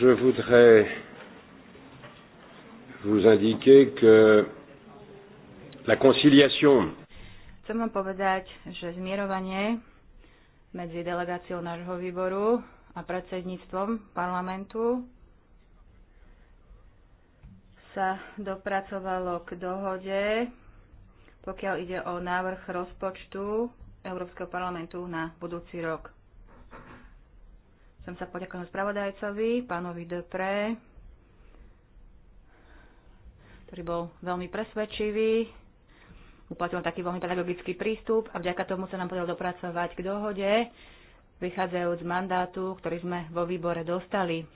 je voudrais vous indiquer que la conciliation Chcem vám povedať, že zmierovanie medzi delegáciou nášho výboru a predsedníctvom parlamentu sa dopracovalo k dohode, pokiaľ ide o návrh rozpočtu Európskeho parlamentu na budúci rok. Chcem sa poďakovať spravodajcovi, pánovi Depre, ktorý bol veľmi presvedčivý, uplatil taký veľmi pedagogický prístup a vďaka tomu sa nám podarilo dopracovať k dohode, vychádzajúc z mandátu, ktorý sme vo výbore dostali.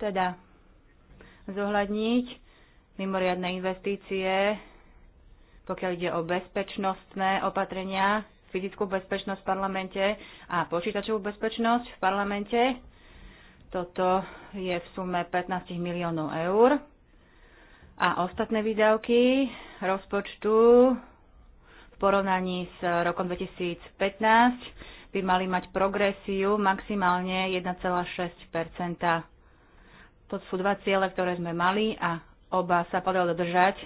Teda zohľadniť mimoriadne investície, pokiaľ ide o bezpečnostné opatrenia fyzickú bezpečnosť v parlamente a počítačovú bezpečnosť v parlamente. Toto je v sume 15 miliónov eur. A ostatné výdavky rozpočtu v porovnaní s rokom 2015 by mali mať progresiu maximálne 1,6 To sú dva ciele, ktoré sme mali a oba sa podalo dodržať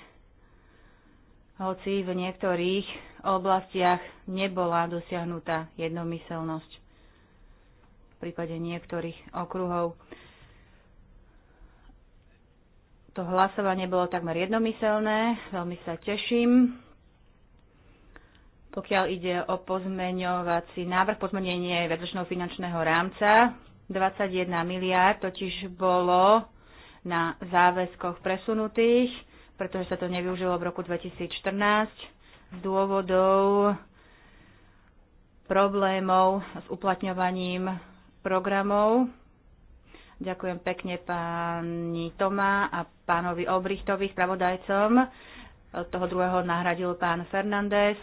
hoci v niektorých oblastiach nebola dosiahnutá jednomyselnosť v prípade niektorých okruhov. To hlasovanie bolo takmer jednomyselné, veľmi sa teším. Pokiaľ ide o pozmeňovací návrh, pozmenenie vedročného finančného rámca, 21 miliárd totiž bolo na záväzkoch presunutých pretože sa to nevyužilo v roku 2014 z dôvodov problémov s uplatňovaním programov. Ďakujem pekne pani Toma a pánovi Obrichtovi, spravodajcom. Toho druhého nahradil pán Fernández.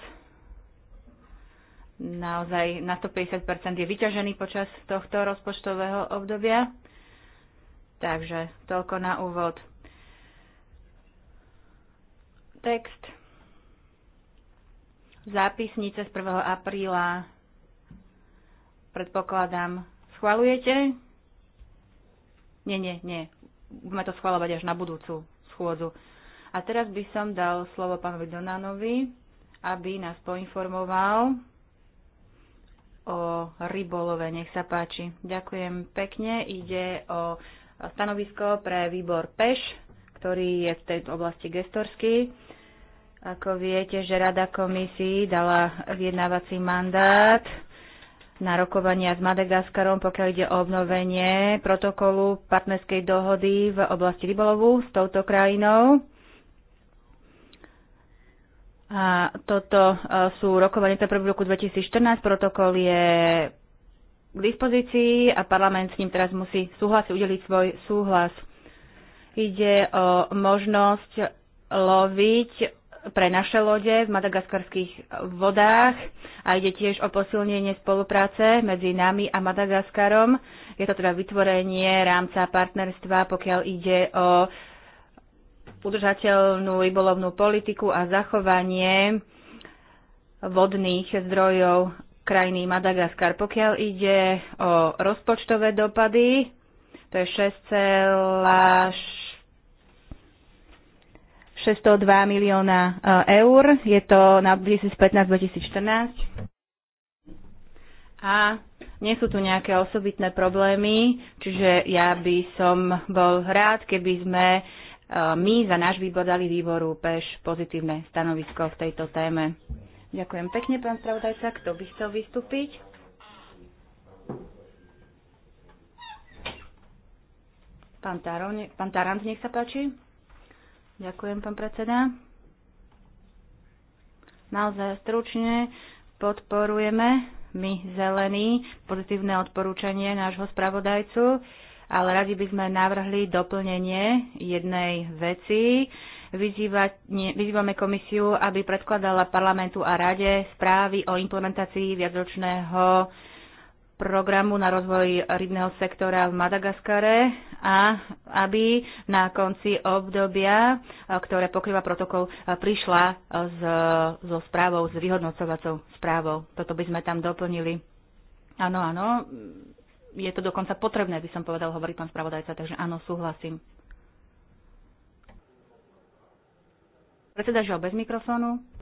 Naozaj na 150 je vyťažený počas tohto rozpočtového obdobia. Takže toľko na úvod text. Zápisnice z 1. apríla predpokladám, schvalujete? Nie, nie, nie. Budeme to schvalovať až na budúcu schôdzu. A teraz by som dal slovo pánovi Donánovi, aby nás poinformoval o rybolove. Nech sa páči. Ďakujem pekne. Ide o stanovisko pre výbor PEŠ, ktorý je v tejto oblasti gestorský. Ako viete, že Rada komisii dala vyjednávací mandát na rokovania s Madagaskarom, pokiaľ ide o obnovenie protokolu partnerskej dohody v oblasti rybolovu s touto krajinou. A toto e, sú rokovanie pre prvý roku 2014. Protokol je k dispozícii a parlament s ním teraz musí súhlasiť, udeliť svoj súhlas. Ide o možnosť loviť pre naše lode v madagaskarských vodách a ide tiež o posilnenie spolupráce medzi nami a Madagaskarom. Je to teda vytvorenie rámca partnerstva, pokiaľ ide o udržateľnú rybolovnú politiku a zachovanie vodných zdrojov krajiny Madagaskar. Pokiaľ ide o rozpočtové dopady, to je 6,6 602 milióna e, eur. Je to na 2015-2014. A nie sú tu nejaké osobitné problémy, čiže ja by som bol rád, keby sme e, my za náš výbor dali výboru PEŠ pozitívne stanovisko v tejto téme. Ďakujem pekne, pán spravodajca. Kto by chcel vystúpiť? Pán, Tarant, nech sa páči. Ďakujem, pán predseda. Naozaj stručne podporujeme my zelení pozitívne odporúčanie nášho spravodajcu, ale radi by sme navrhli doplnenie jednej veci. Vyzývame komisiu, aby predkladala parlamentu a rade správy o implementácii viacročného programu na rozvoj rybného sektora v Madagaskare a aby na konci obdobia, ktoré pokrýva protokol, prišla s, so správou, s vyhodnocovacou správou. Toto by sme tam doplnili. Áno, áno, je to dokonca potrebné, by som povedal, hovorí pán spravodajca, takže áno, súhlasím. Predseda žiaľ bez mikrofónu.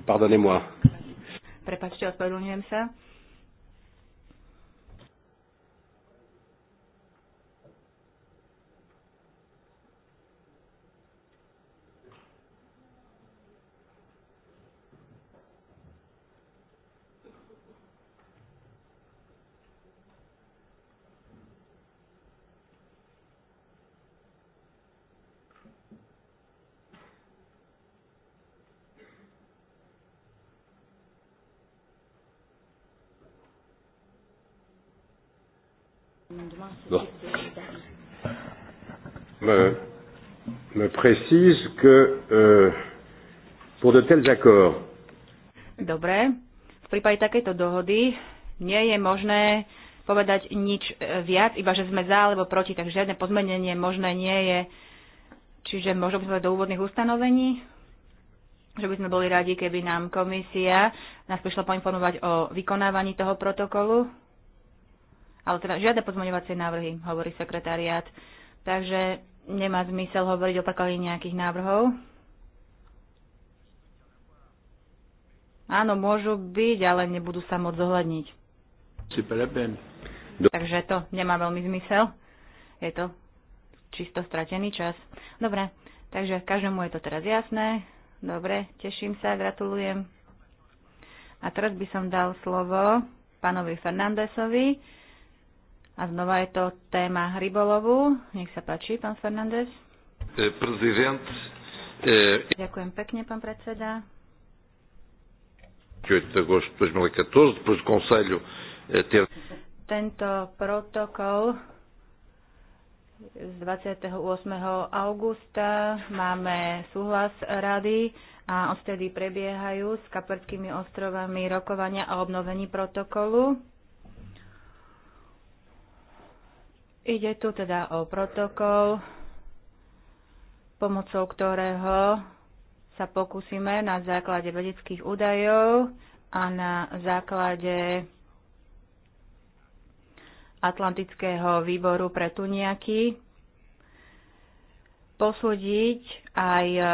Pardonnez-moi. Prepačte, ospravedlňujem sa. bon. me, me précise que euh, pour de tels accords. Dobre. V prípade takéto dohody nie je možné povedať nič e, viac, iba že sme za alebo proti, takže žiadne pozmenenie možné nie je. Čiže možno by sme do úvodných ustanovení, že by sme boli radi, keby nám komisia nás prišla poinformovať o vykonávaní toho protokolu ale teda žiadne pozmeňovacie návrhy, hovorí sekretariát. Takže nemá zmysel hovoriť o opakovení nejakých návrhov. Áno, môžu byť, ale nebudú sa môcť zohľadniť. Takže to nemá veľmi zmysel. Je to čisto stratený čas. Dobre, takže každému je to teraz jasné. Dobre, teším sa, gratulujem. A teraz by som dal slovo pánovi Fernandesovi a znova je to téma rybolovu. Nech sa páči, pán Fernández. Eh, prezident. Eh, Ďakujem pekne, pán predseda. Eh, Tento protokol z 28. augusta máme súhlas rady a odtedy prebiehajú s kaperskými ostrovami rokovania o obnovení protokolu Ide tu teda o protokol, pomocou ktorého sa pokúsime na základe vedeckých údajov a na základe Atlantického výboru pre tuniaky posúdiť aj eh,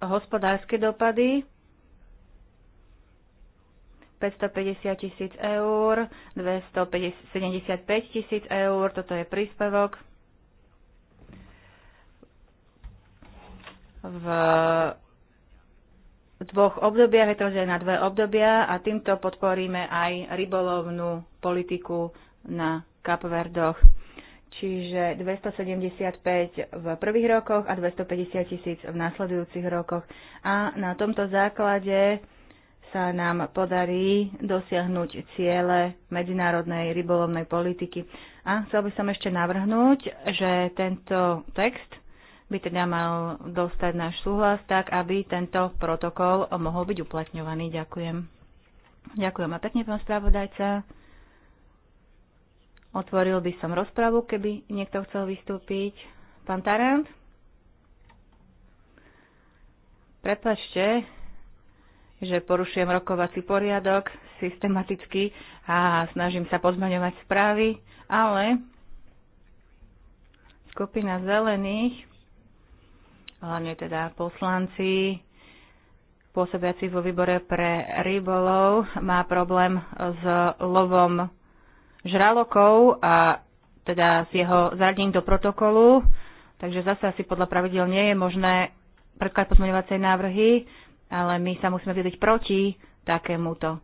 hospodárske dopady 550 tisíc eur, 275 tisíc eur, toto je príspevok. V dvoch obdobiach, je to, že na dve obdobia a týmto podporíme aj rybolovnú politiku na Kapverdoch. Čiže 275 v prvých rokoch a 250 tisíc v následujúcich rokoch. A na tomto základe sa nám podarí dosiahnuť ciele medzinárodnej rybolovnej politiky. A chcel by som ešte navrhnúť, že tento text by teda mal dostať náš súhlas tak, aby tento protokol mohol byť uplatňovaný. Ďakujem. Ďakujem a pekne, pán spravodajca. Otvoril by som rozpravu, keby niekto chcel vystúpiť. Pán Tarant? Prepačte, že porušujem rokovací poriadok systematicky a snažím sa pozmaňovať správy, ale skupina zelených, hlavne teda poslanci, pôsobiaci vo výbore pre rybolov, má problém s lovom žralokov a teda s jeho zradením do protokolu. Takže zase asi podľa pravidel nie je možné predkladať pozmeňovacej návrhy ale my sa musíme vyjadriť proti takémuto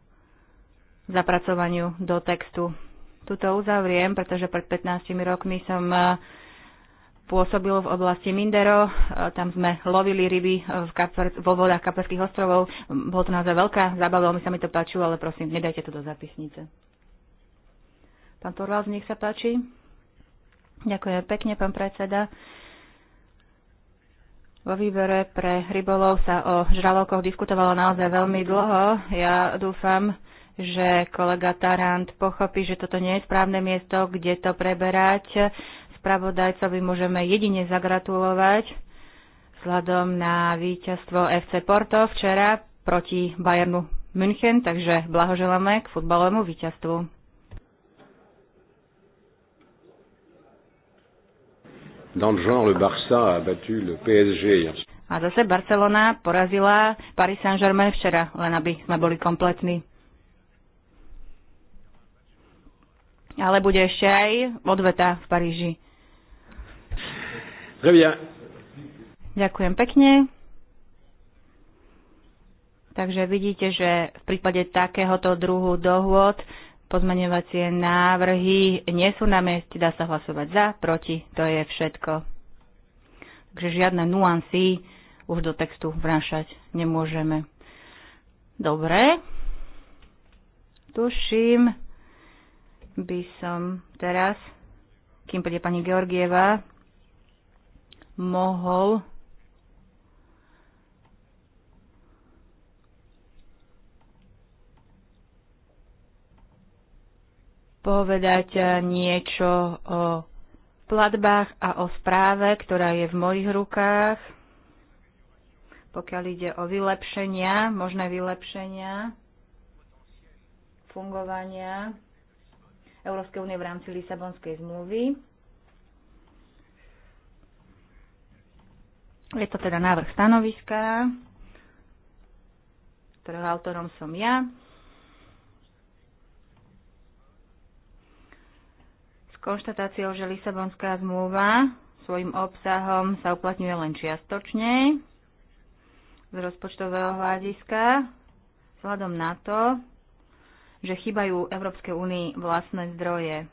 zapracovaniu do textu. Tuto uzavriem, pretože pred 15 rokmi som eh, pôsobil v oblasti Mindero. Eh, tam sme lovili ryby eh, v kapr- vo vodách Kaperských ostrovov. Bolo to naozaj veľká zábava, veľmi sa mi to páčilo, ale prosím, nedajte to do zapisnice. Pán Torvalds, nech sa páči. Ďakujem pekne, pán predseda. Vo výbere pre rybolov sa o žralokoch diskutovalo naozaj veľmi dlho. Ja dúfam, že kolega Tarant pochopí, že toto nie je správne miesto, kde to preberať. Spravodajcovi môžeme jedine zagratulovať vzhľadom na víťazstvo FC Porto včera proti Bayernu München, takže blahoželáme k futbalovému víťazstvu. Dans le genre, le Barça a battu le PSG hier. A zase Barcelona porazila Paris Saint-Germain včera, len aby sme boli kompletní. Ale bude ešte aj odveta v Paríži. Très Ďakujem pekne. Takže vidíte, že v prípade takéhoto druhu dohôd Pozmaňovacie návrhy nie sú na mieste, dá sa hlasovať za, proti, to je všetko. Takže žiadne nuancy už do textu vnášať nemôžeme. Dobre. Tuším, by som teraz, kým príde pani Georgieva, mohol povedať e, niečo o platbách a o správe, ktorá je v mojich rukách, pokiaľ ide o vylepšenia, možné vylepšenia fungovania Európskej únie v rámci Lisabonskej zmluvy. Je to teda návrh stanoviska, ktorého autorom som ja. konštatáciou, že Lisabonská zmluva svojim obsahom sa uplatňuje len čiastočne z rozpočtového hľadiska, vzhľadom na to, že chýbajú Európskej únii vlastné zdroje.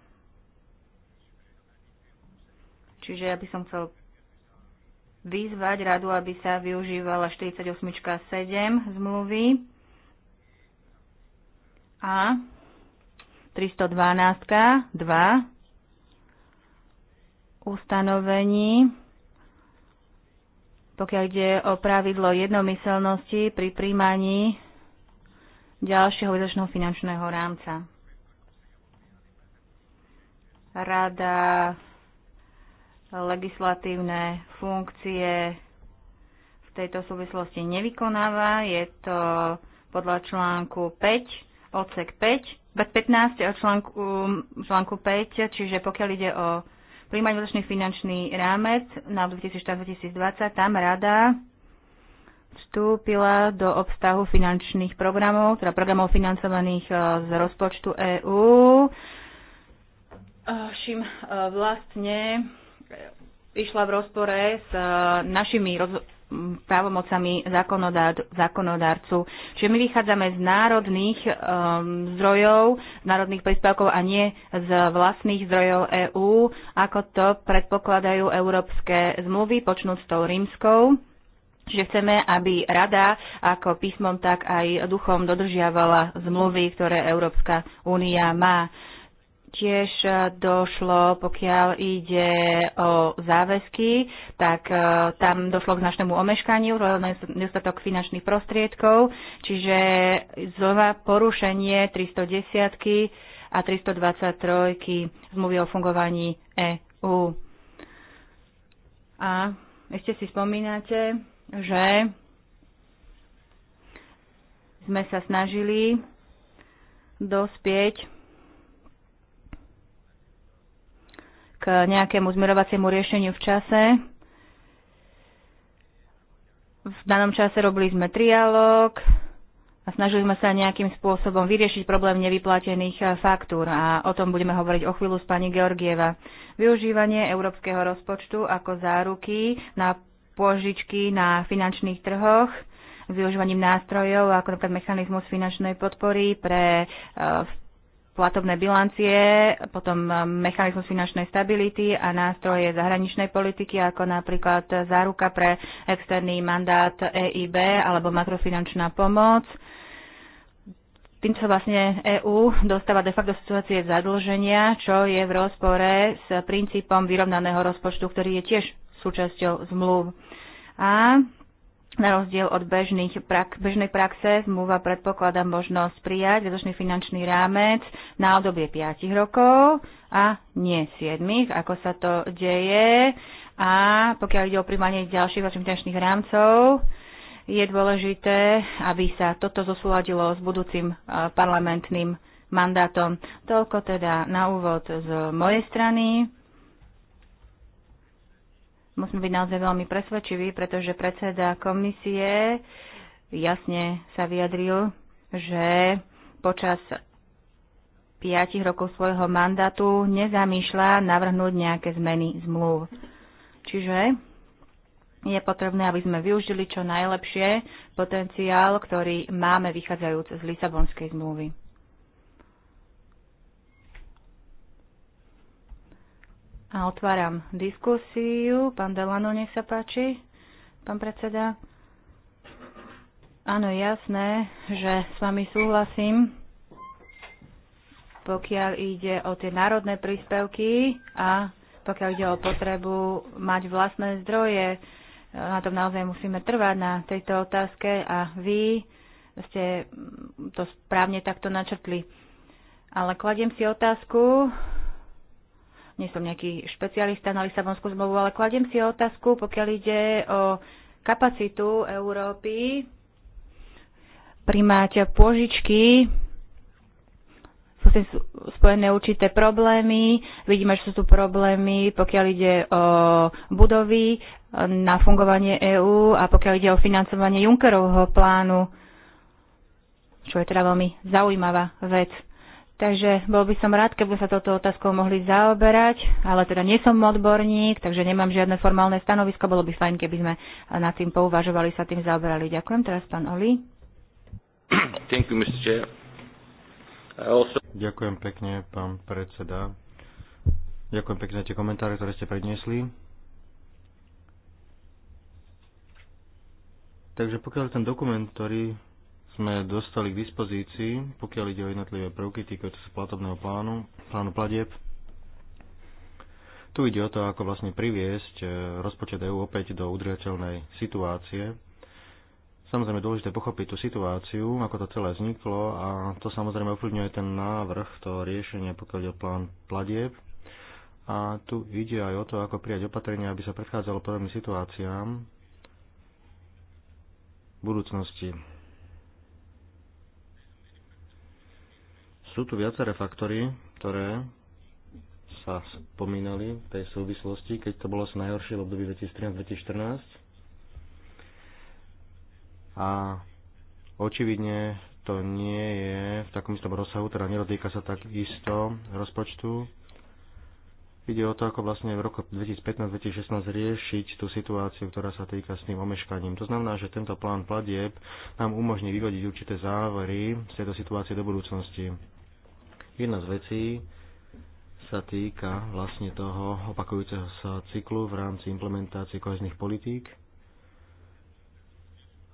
Čiže ja by som chcel vyzvať radu, aby sa využívala 48.7 zmluvy a 312.2 ustanovení, pokiaľ ide o pravidlo jednomyselnosti pri príjmaní ďalšieho vizačného finančného rámca. Rada, legislatívne funkcie v tejto súvislosti nevykonáva. Je to podľa článku 5, odsek 5, 15 článku, um, článku 5, čiže pokiaľ ide o príjmať vodočný finančný rámec na 2014-2020. Tam rada vstúpila do obstahu finančných programov, teda programov financovaných e, z rozpočtu EÚ, čím e, e, vlastne išla v rozpore s našimi roz- právomocami zákonodárcu. Čiže my vychádzame z národných um, zdrojov, z národných príspevkov a nie z vlastných zdrojov EÚ, ako to predpokladajú európske zmluvy, počnúť s tou rímskou že chceme, aby rada ako písmom, tak aj duchom dodržiavala zmluvy, ktoré Európska únia má. Tiež e, došlo, pokiaľ ide o záväzky, tak e, tam došlo k značnému omeškaniu, nedostatok finančných prostriedkov, čiže znova porušenie 310 a 323 zmluvy o fungovaní EÚ. A ešte si spomínate, že sme sa snažili dospieť k nejakému zmierovaciemu riešeniu v čase. V danom čase robili sme trialog a snažili sme sa nejakým spôsobom vyriešiť problém nevyplatených e, faktúr a o tom budeme hovoriť o chvíľu s pani Georgieva. Využívanie európskeho rozpočtu ako záruky na pôžičky na finančných trhoch využívaním nástrojov, ako napríklad mechanizmus finančnej podpory pre e, platobné bilancie, potom eh, mechanizmus finančnej stability a nástroje zahraničnej politiky, ako napríklad záruka pre externý mandát EIB alebo makrofinančná pomoc. Tým sa vlastne EÚ dostáva de facto situácie zadlženia, čo je v rozpore s princípom vyrovnaného rozpočtu, ktorý je tiež súčasťou zmluv. A na rozdiel od bežných prak, bežnej praxe zmluva predpokladá možnosť prijať vedočný finančný rámec na obdobie 5 rokov a nie 7, ako sa to deje. A pokiaľ ide o príjmanie ďalších vedočných finančných rámcov, je dôležité, aby sa toto zosúladilo s budúcim e, parlamentným mandátom. Toľko teda na úvod z mojej strany musíme byť naozaj veľmi presvedčiví, pretože predseda komisie jasne sa vyjadril, že počas piatich rokov svojho mandátu nezamýšľa navrhnúť nejaké zmeny zmluv. Čiže je potrebné, aby sme využili čo najlepšie potenciál, ktorý máme vychádzajúc z Lisabonskej zmluvy. A otváram diskusiu. Pán Delano, nech sa páči. Pán predseda. Áno, jasné, že s vami súhlasím, pokiaľ ide o tie národné príspevky a pokiaľ ide o potrebu mať vlastné zdroje. Na tom naozaj musíme trvať na tejto otázke a vy ste to správne takto načrtli. Ale kladiem si otázku, nie som nejaký špecialista na Lisabonskú zmluvu, ale kladiem si otázku, pokiaľ ide o kapacitu Európy primáť pôžičky, sú tým spojené určité problémy. Vidíme, že sú tu problémy, pokiaľ ide o budovy na fungovanie EÚ a pokiaľ ide o financovanie Junckerovho plánu, čo je teda veľmi zaujímavá vec. Takže bol by som rád, keby sa toto otázkou mohli zaoberať, ale teda nie som odborník, takže nemám žiadne formálne stanovisko. Bolo by fajn, keby sme nad tým pouvažovali, sa tým zaoberali. Ďakujem. Teraz pán Oli. Thank you, Mr. Chair. Also... Ďakujem pekne, pán predseda. Ďakujem pekne za tie komentáre, ktoré ste predniesli. Takže pokiaľ ten dokument, ktorý sme dostali k dispozícii, pokiaľ ide o jednotlivé prvky týkajúce sa platobného plánu, plánu platieb. Tu ide o to, ako vlastne priviesť e, rozpočet EÚ opäť do udržateľnej situácie. Samozrejme, dôležité pochopiť tú situáciu, ako to celé vzniklo a to samozrejme ovplyvňuje ten návrh, to riešenie, pokiaľ ide o plán platieb. A tu ide aj o to, ako prijať opatrenia, aby sa predchádzalo podobným situáciám v budúcnosti. Sú tu viaceré faktory, ktoré sa spomínali v tej súvislosti, keď to bolo asi najhoršie v období 2013-2014. A očividne to nie je v takom istom rozsahu, teda nedotýka sa tak isto rozpočtu. Ide o to, ako vlastne v roku 2015-2016 riešiť tú situáciu, ktorá sa týka s tým omeškaním. To znamená, že tento plán platieb nám umožní vyvodiť určité závery z tejto situácie do budúcnosti. Jedna z vecí sa týka vlastne toho opakujúceho sa cyklu v rámci implementácie kohezných politík.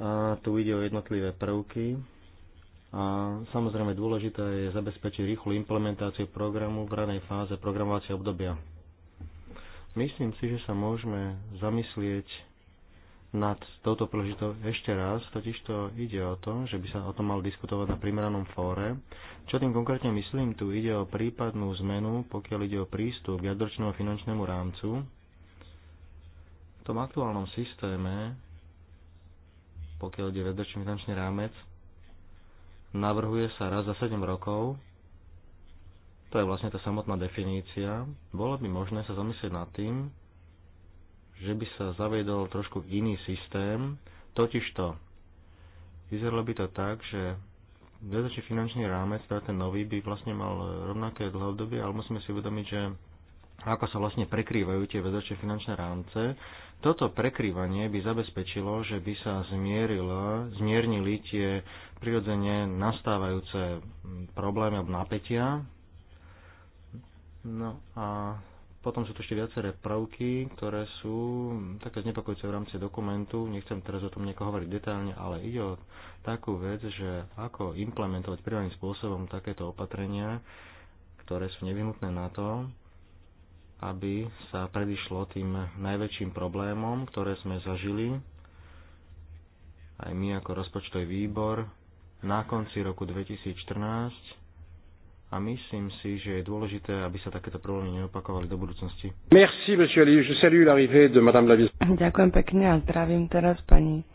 A tu ide o jednotlivé prvky. A samozrejme dôležité je zabezpečiť rýchlu implementáciu programu v ranej fáze programovacie obdobia. Myslím si, že sa môžeme zamyslieť nad touto príležitou ešte raz, totiž to ide o to, že by sa o tom mal diskutovať na primeranom fóre. Čo tým konkrétne myslím, tu ide o prípadnú zmenu, pokiaľ ide o prístup k jadročnému finančnému rámcu. V tom aktuálnom systéme, pokiaľ ide jadročný finančný rámec, navrhuje sa raz za 7 rokov, to je vlastne tá samotná definícia, bolo by možné sa zamyslieť nad tým, že by sa zaviedol trošku iný systém, totižto vyzeralo by to tak, že vedočný finančný rámec, teda ten nový, by vlastne mal rovnaké dlhodobie, ale musíme si uvedomiť, že ako sa vlastne prekrývajú tie väzačné finančné rámce. Toto prekrývanie by zabezpečilo, že by sa zmierilo, zmiernili tie prirodzene nastávajúce problémy alebo napätia. No a potom sú tu ešte viaceré prvky, ktoré sú také znepokojúce v rámci dokumentu. Nechcem teraz o tom nieko hovoriť detailne, ale ide o takú vec, že ako implementovať prírodným spôsobom takéto opatrenia, ktoré sú nevyhnutné na to, aby sa predišlo tým najväčším problémom, ktoré sme zažili aj my ako rozpočtový výbor na konci roku 2014 a myslím si, že je dôležité, aby sa takéto problémy neopakovali do budúcnosti. Merci, monsieur Ali. Je salue l'arrivée de madame la Ďakujem pekne a zdravím teraz pani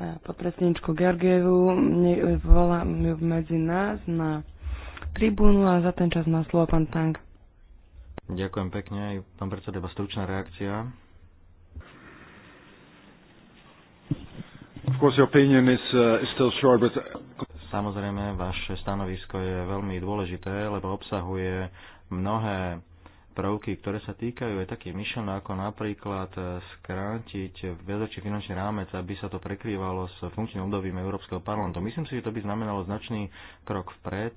e, podpredsedničku Georgievu. E, Volám ju medzi nás na tribúnu a za ten čas má slovo pán Tang. Ďakujem pekne. Aj pán predseda, iba stručná reakcia. Of course, your opinion is, uh, is still short, but Samozrejme, vaše stanovisko je veľmi dôležité, lebo obsahuje mnohé prvky, ktoré sa týkajú aj takých myšlenok, ako napríklad eh, skrátiť väzočí finančný rámec, aby sa to prekrývalo s funkčným obdobím Európskeho parlamentu. Myslím si, že to by znamenalo značný krok vpred.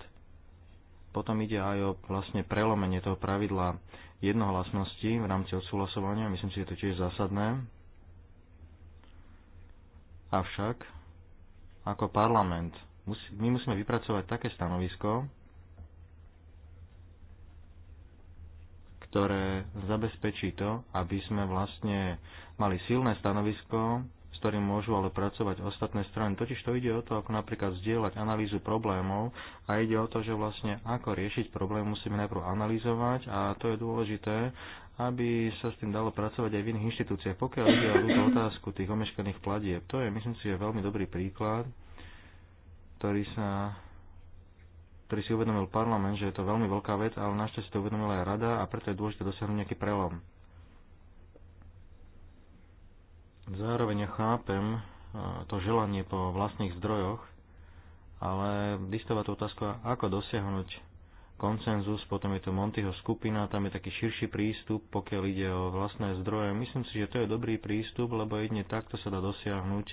Potom ide aj o vlastne prelomenie toho pravidla jednohlasnosti v rámci odsúhlasovania. Myslím si, že to tiež zásadné. Avšak, ako parlament my musíme vypracovať také stanovisko, ktoré zabezpečí to, aby sme vlastne mali silné stanovisko, s ktorým môžu ale pracovať ostatné strany. Totiž to ide o to, ako napríklad zdieľať analýzu problémov a ide o to, že vlastne ako riešiť problém musíme najprv analyzovať a to je dôležité, aby sa s tým dalo pracovať aj v iných inštitúciách. Pokiaľ ide o túto otázku tých omeškaných platieb, to je, myslím si, je veľmi dobrý príklad, ktorý sa ktorý si uvedomil parlament, že je to veľmi veľká vec, ale našťastie to uvedomila aj rada a preto je dôležité dosiahnuť nejaký prelom. Zároveň ja chápem e, to želanie po vlastných zdrojoch, ale distová to otázka, ako dosiahnuť konsenzus, potom je to Montyho skupina, tam je taký širší prístup, pokiaľ ide o vlastné zdroje. Myslím si, že to je dobrý prístup, lebo jedne takto sa dá dosiahnuť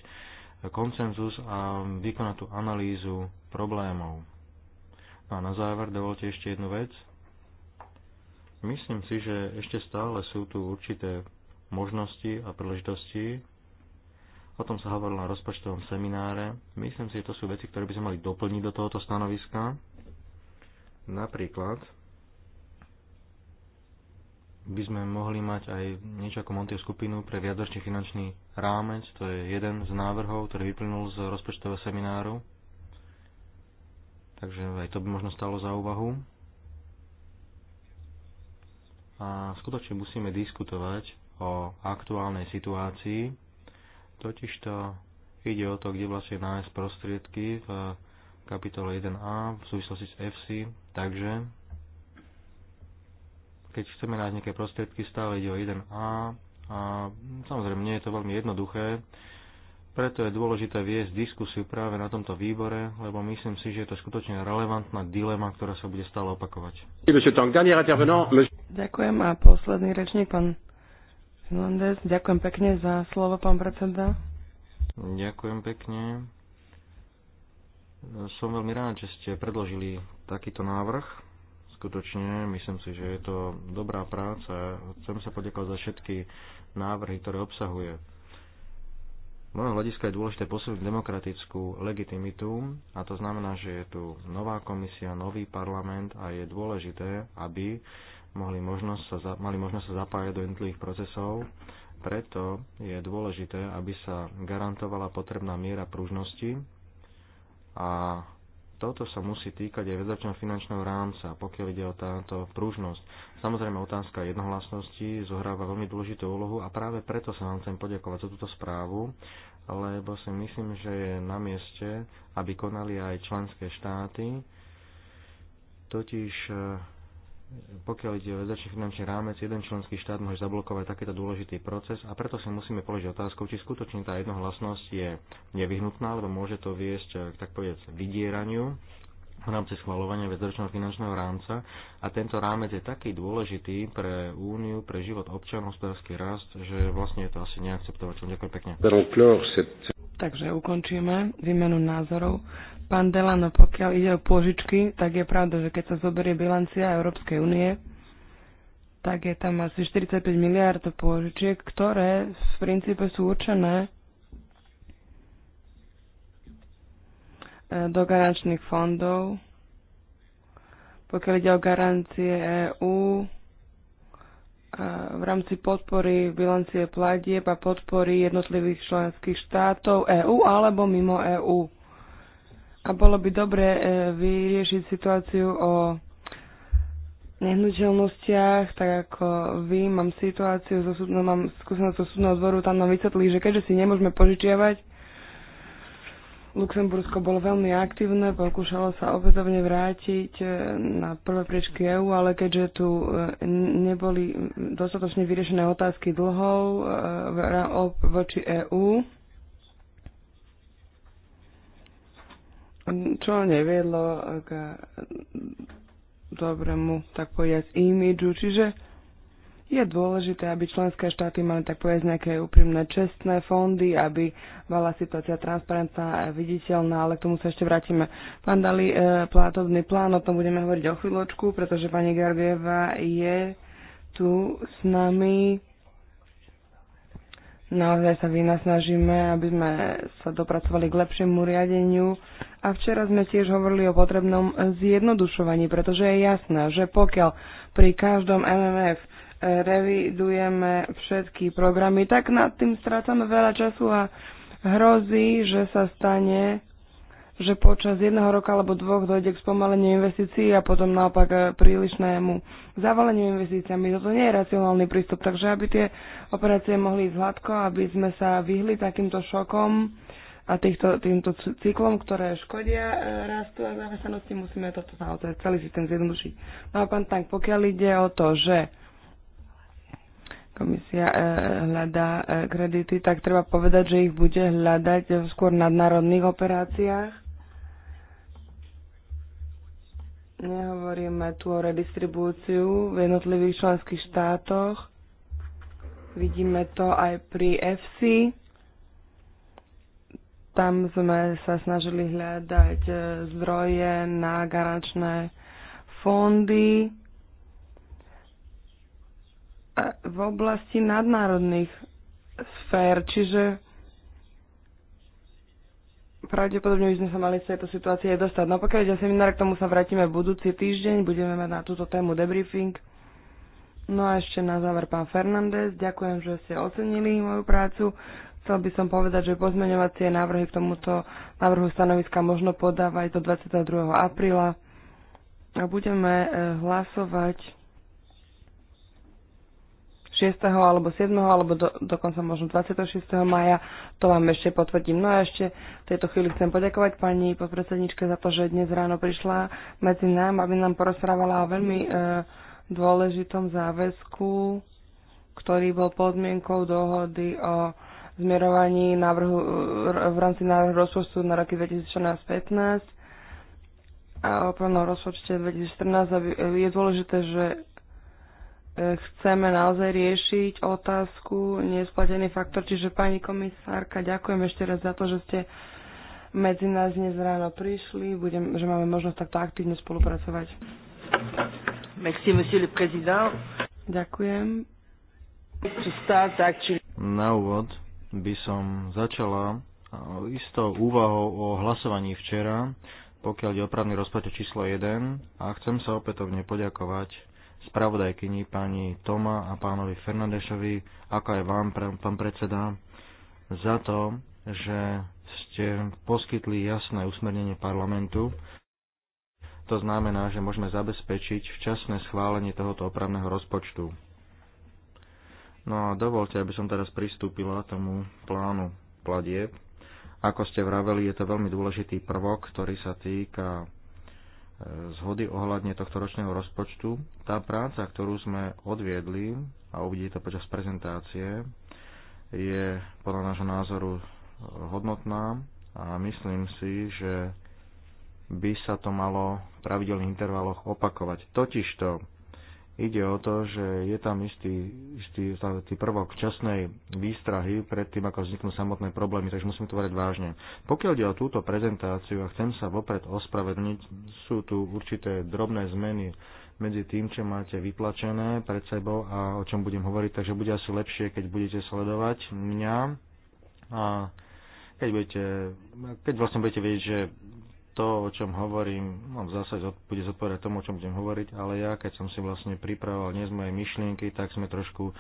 koncenzus a vykonať tú analýzu problémov. No a na záver dovolte ešte jednu vec. Myslím si, že ešte stále sú tu určité možnosti a príležitosti. O tom sa hovorilo na rozpočtovom semináre. Myslím si, že to sú veci, ktoré by sme mali doplniť do tohoto stanoviska. Napríklad by sme mohli mať aj niečo ako Montiu skupinu pre viacročný finančný rámec. To je jeden z návrhov, ktorý vyplynul z rozpočtového semináru. Takže aj to by možno stalo za úvahu. A skutočne musíme diskutovať o aktuálnej situácii. Totižto ide o to, kde vlastne nájsť prostriedky v kapitole 1a v súvislosti s FC. Takže keď chceme nájsť nejaké prostriedky, stále ide o 1A a samozrejme nie je to veľmi jednoduché, preto je dôležité viesť diskusiu práve na tomto výbore, lebo myslím si, že je to skutočne relevantná dilema, ktorá sa bude stále opakovať. Ďakujem a posledný rečník, pán Finlandes. Ďakujem pekne za slovo, pán predseda. Ďakujem pekne. Som veľmi rád, že ste predložili takýto návrh Skutočne, myslím si, že je to dobrá práca. Chcem sa poďakovať za všetky návrhy, ktoré obsahuje. Mojho hľadiska je dôležité posúdiť demokratickú legitimitu a to znamená, že je tu nová komisia, nový parlament a je dôležité, aby mohli možnosť sa, mali možnosť sa zapájať do jednotlivých procesov. Preto je dôležité, aby sa garantovala potrebná miera pružnosti a toto sa musí týkať aj vedačného finančného rámca, pokiaľ ide o táto pružnosť. Samozrejme, otázka jednohlasnosti zohráva veľmi dôležitú úlohu a práve preto sa vám chcem podiakovať za túto správu, lebo si myslím, že je na mieste, aby konali aj členské štáty, totiž eh, pokiaľ ide o vedačný finančný rámec, jeden členský štát môže zablokovať takýto dôležitý proces a preto si musíme položiť otázku, či skutočne tá jednohlasnosť je nevyhnutná, lebo môže to viesť eh, k tak povedať vydieraniu v rámci schvalovania vedročného finančného rámca a tento rámec je taký dôležitý pre Úniu, pre život občanov, hospodársky rast, že vlastne je to asi neakceptovateľné. Ďakujem pekne. Takže ukončíme výmenu názorov Pán Delano, pokiaľ ide o pôžičky, tak je pravda, že keď sa zoberie bilancia Európskej únie, tak je tam asi 45 miliard pôžičiek, ktoré v princípe sú určené eh, do garančných fondov. Pokiaľ ide o garancie EÚ, eh, v rámci podpory bilancie platieb a podpory jednotlivých členských štátov EÚ alebo mimo EÚ. A bolo by dobre e, vyriešiť situáciu o nehnuteľnostiach, tak ako vy, mám situáciu, zo súdno, mám skúsenosť zo súdneho dvoru, tam nám vysvetlí, že keďže si nemôžeme požičiavať, Luxembursko bolo veľmi aktívne, pokúšalo sa opätovne vrátiť e, na prvé priečky EÚ, ale keďže tu e, neboli dostatočne vyriešené otázky dlhov voči EÚ, čo neviedlo k dobrému, tak povedať, imidžu. Čiže je dôležité, aby členské štáty mali, tak povedať, nejaké úprimné čestné fondy, aby bola situácia transparentná a viditeľná, ale k tomu sa ešte vrátime. Pán Dali, e, plátovný plán, o tom budeme hovoriť o chvíľočku, pretože pani Gardieva je tu s nami naozaj sa vynasnažíme, aby sme sa dopracovali k lepšiemu riadeniu. A včera sme tiež hovorili o potrebnom zjednodušovaní, pretože je jasné, že pokiaľ pri každom MMF revidujeme všetky programy, tak nad tým strácame veľa času a hrozí, že sa stane, že počas jedného roka alebo dvoch dojde k spomaleniu investícií a potom naopak e, prílišnému zavaleniu investíciami. Toto nie je racionálny prístup, takže aby tie operácie mohli ísť hladko, aby sme sa vyhli takýmto šokom a týchto, týmto cyklom, ktoré škodia e, rastu a zamestnanosti, musíme toto naozaj celý systém zjednodušiť. No a pán Tank, pokiaľ ide o to, že komisia e, hľadá e, kredity, tak treba povedať, že ich bude hľadať v skôr nadnárodných operáciách Nehovoríme tu o redistribúciu v jednotlivých členských štátoch. Vidíme to aj pri FC. Tam sme sa snažili hľadať e, zdroje na garančné fondy e, v oblasti nadnárodných sfér, čiže pravdepodobne by sme sa mali z tejto situácie dostať. No pokiaľ ide o seminár, k tomu sa vrátime v budúci týždeň, budeme mať na túto tému debriefing. No a ešte na záver pán Fernández, ďakujem, že ste ocenili moju prácu. Chcel by som povedať, že pozmeňovacie návrhy k tomuto návrhu stanoviska možno podávať do 22. apríla a budeme eh, hlasovať 6. alebo 7. alebo do, dokonca možno 26. maja. To vám ešte potvrdím. No a ešte v tejto chvíli chcem poďakovať pani podpredsedničke za to, že dnes ráno prišla medzi nám, aby nám porozprávala o veľmi e, dôležitom záväzku, ktorý bol podmienkou dohody o zmierovaní návrhu, e, v rámci návrhu rozpočtu na roky 2014 2015 a o plnom rozpočte 2014 e, je dôležité, že chceme naozaj riešiť otázku nesplatený faktor. Čiže pani komisárka, ďakujem ešte raz za to, že ste medzi nás dnes ráno prišli, budem, že máme možnosť takto aktívne spolupracovať. Merci, monsieur le président. Ďakujem. Na úvod by som začala istou úvahou o hlasovaní včera, pokiaľ je opravný rozpočet číslo 1 a chcem sa opätovne poďakovať spravodajkyni pani Toma a pánovi Fernandešovi, ako aj vám, pán predseda, za to, že ste poskytli jasné usmernenie parlamentu. To znamená, že môžeme zabezpečiť včasné schválenie tohoto opravného rozpočtu. No a dovolte, aby som teraz pristúpila tomu plánu platieb. Ako ste vraveli, je to veľmi dôležitý prvok, ktorý sa týka zhody ohľadne tohto ročného rozpočtu. Tá práca, ktorú sme odviedli, a uvidíte to počas prezentácie, je podľa nášho názoru hodnotná a myslím si, že by sa to malo v pravidelných intervaloch opakovať. Totižto Ide o to, že je tam istý, istý, tý prvok časnej výstrahy pred tým, ako vzniknú samotné problémy, takže musím to variť vážne. Pokiaľ ide o túto prezentáciu a chcem sa vopred ospravedlniť, sú tu určité drobné zmeny medzi tým, čo máte vyplačené pred sebou a o čom budem hovoriť, takže bude asi lepšie, keď budete sledovať mňa a keď, budete, keď vlastne budete vedieť, že to, o čom hovorím, no v zásade bude zodpovedať tomu, o čom budem hovoriť, ale ja, keď som si vlastne pripravoval dnes moje myšlienky, tak sme trošku e,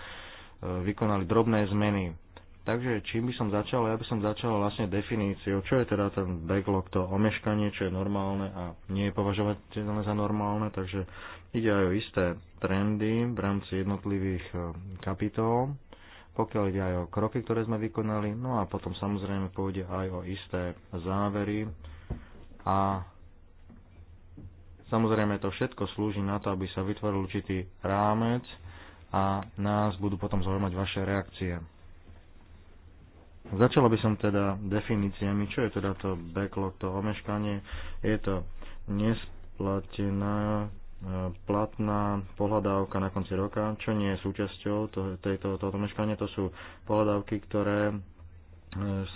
vykonali drobné zmeny. Takže čím by som začal? Ja by som začal vlastne definíciou, čo je teda ten backlog, to omeškanie, čo je normálne a nie je považovateľné za normálne, takže ide aj o isté trendy v rámci jednotlivých e, kapitol, pokiaľ ide aj o kroky, ktoré sme vykonali, no a potom samozrejme pôjde aj o isté závery, a samozrejme to všetko slúži na to, aby sa vytvoril určitý rámec a nás budú potom zaujímať vaše reakcie. Začala by som teda definíciami, čo je teda to backlog, to omeškanie. Je to nesplatená e, platná pohľadávka na konci roka, čo nie je súčasťou to, tejto, tohoto omeškania. To sú pohľadávky, ktoré e,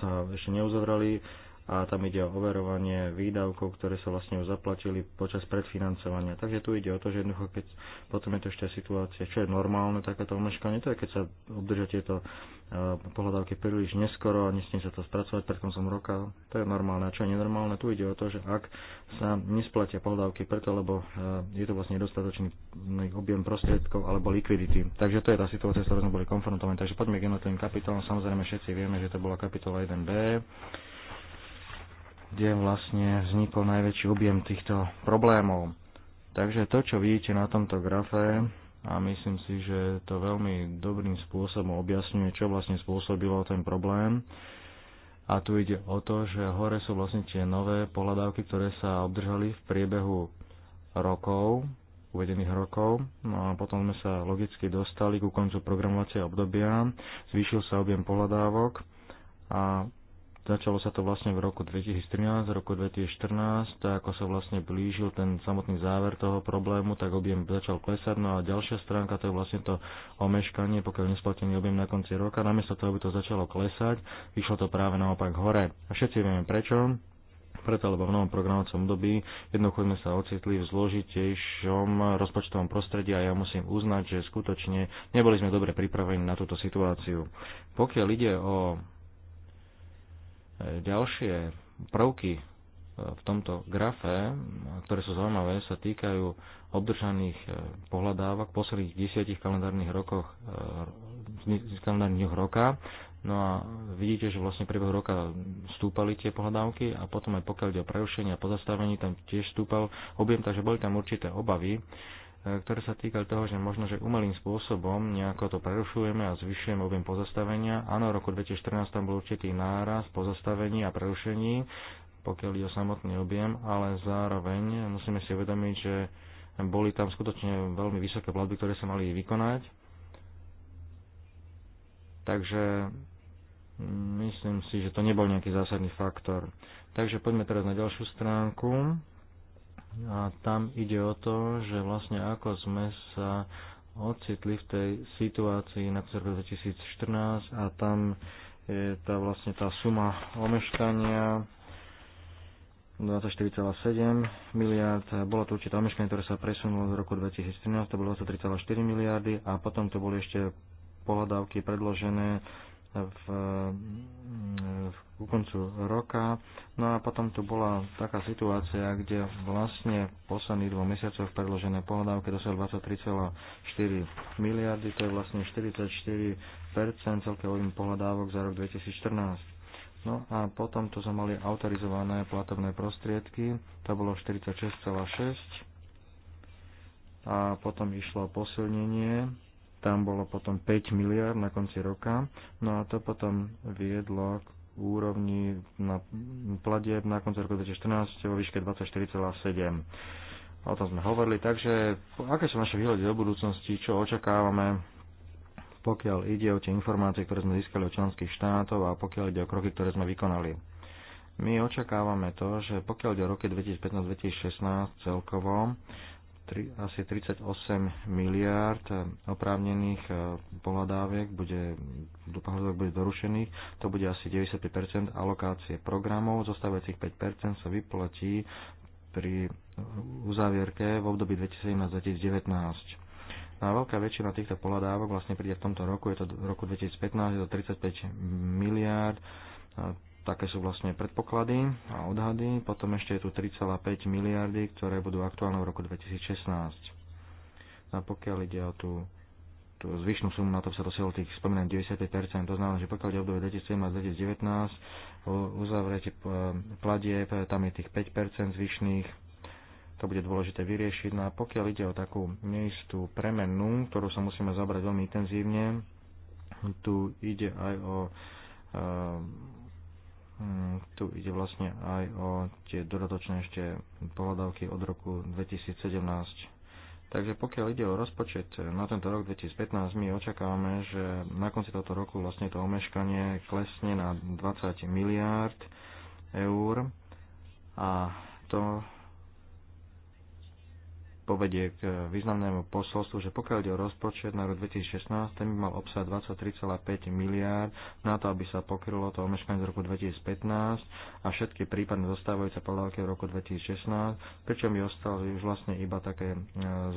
sa ešte neuzavrali, a tam ide o overovanie výdavkov, ktoré sa vlastne už zaplatili počas predfinancovania. Takže tu ide o to, že jednoducho, keď potom je to ešte situácia, čo je normálne takéto omeškanie, to je, keď sa obdržia tieto e, pohľadávky príliš neskoro a nesmie sa to spracovať pred koncom roka, to je normálne. A čo je nenormálne, tu ide o to, že ak sa nesplatia pohľadávky preto, lebo e, je to vlastne nedostatočný objem prostriedkov alebo likvidity. Takže to je tá situácia, s ktorou sme boli konfrontovaní. Takže poďme k jednotlivým kapitolom. Samozrejme, všetci vieme, že to bola kapitola 1b kde vlastne vznikol najväčší objem týchto problémov. Takže to, čo vidíte na tomto grafe, a myslím si, že to veľmi dobrým spôsobom objasňuje, čo vlastne spôsobilo ten problém. A tu ide o to, že hore sú vlastne tie nové pohľadávky, ktoré sa obdržali v priebehu rokov, uvedených rokov. No a potom sme sa logicky dostali ku koncu programovacieho obdobia, zvýšil sa objem pohľadávok a Začalo sa to vlastne v roku 2013, v roku 2014, ako sa vlastne blížil ten samotný záver toho problému, tak objem začal klesať. No a ďalšia stránka to je vlastne to omeškanie, pokiaľ nesplatený objem na konci roka. Namiesto toho by to začalo klesať, išlo to práve naopak hore. A všetci vieme prečo, preto, lebo v novom programovacom období jednoducho sme sa ocitli v zložitejšom rozpočtovom prostredí a ja musím uznať, že skutočne neboli sme dobre pripravení na túto situáciu. Pokiaľ ide o Ďalšie prvky e, v tomto grafe, ktoré sú zaujímavé, sa týkajú obdržaných e, pohľadávok v posledných desiatich kalendárnych rokoch, e, kalendárnych roka. No a vidíte, že vlastne priebehu roka stúpali tie pohľadávky a potom aj pokiaľ ide o prerušenie a pozastavenie, tam tiež stúpal objem, takže boli tam určité obavy, ktoré sa týkali toho, že možno, že umelým spôsobom nejako to prerušujeme a zvyšujeme objem pozastavenia. Áno, v roku 2014 tam bol určitý náraz pozastavení a prerušení, pokiaľ ide o samotný objem, ale zároveň musíme si uvedomiť, že boli tam skutočne veľmi vysoké platby, ktoré sa mali vykonať. Takže myslím si, že to nebol nejaký zásadný faktor. Takže poďme teraz na ďalšiu stránku a tam ide o to, že vlastne ako sme sa ocitli v tej situácii na roku 2014 a tam je tá vlastne tá suma omeškania 24,7 miliard, bolo to určité omeškanie, ktoré sa presunulo z roku 2013, to bolo 23,4 miliardy a potom to boli ešte pohľadávky predložené v, v, koncu roka. No a potom tu bola taká situácia, kde vlastne v posledných dvoch mesiacoch predložené pohľadávke sa 23,4 miliardy, to je vlastne 44% celkého im pohľadávok za rok 2014. No a potom tu sme mali autorizované platobné prostriedky, to bolo 46,6 a potom išlo posilnenie tam bolo potom 5 miliard na konci roka, no a to potom viedlo k úrovni na platieb na konci roku 2014 vo výške 24,7. O tom sme hovorili, takže aké sú naše výhľady do budúcnosti, čo očakávame, pokiaľ ide o tie informácie, ktoré sme získali od členských štátov a pokiaľ ide o kroky, ktoré sme vykonali. My očakávame to, že pokiaľ ide o roky 2015-2016 celkovo, asi 38 miliárd eh, oprávnených eh, pohľadávek bude, pohľadávek bude dorušených. To bude asi 95 alokácie programov. Zostávajúcich 5 sa vyplatí pri uzávierke v období 2017-2019. No a veľká väčšina týchto pohľadávok vlastne príde v tomto roku, je to v roku 2015, je to 35 miliárd Také sú vlastne predpoklady a odhady. Potom ešte je tu 3,5 miliardy, ktoré budú aktuálne v roku 2016. A pokiaľ ide o tú, tú zvyšnú sumu, na to sa dosiahlo tých spomínaných 95%, to znamená, že pokiaľ ide o obdobie 2017-2019, uzavrete e, platieb, e, tam je tých 5% zvyšných, to bude dôležité vyriešiť. No a pokiaľ ide o takú neistú premenu, ktorú sa musíme zabrať veľmi intenzívne, tu ide aj o e, Mm, tu ide vlastne aj o tie dodatočné ešte pohľadavky od roku 2017. Takže pokiaľ ide o rozpočet na tento rok 2015, my očakávame, že na konci tohto roku vlastne to omeškanie klesne na 20 miliárd eur a to povedie k významnému posolstvu, že pokiaľ ide o rozpočet na rok 2016, ten by mal obsah 23,5 miliárd na to, aby sa pokrylo to omeškanie z roku 2015 a všetky prípadne zostávajúce pohľadky v roku 2016, pričom by ostali už vlastne iba také e,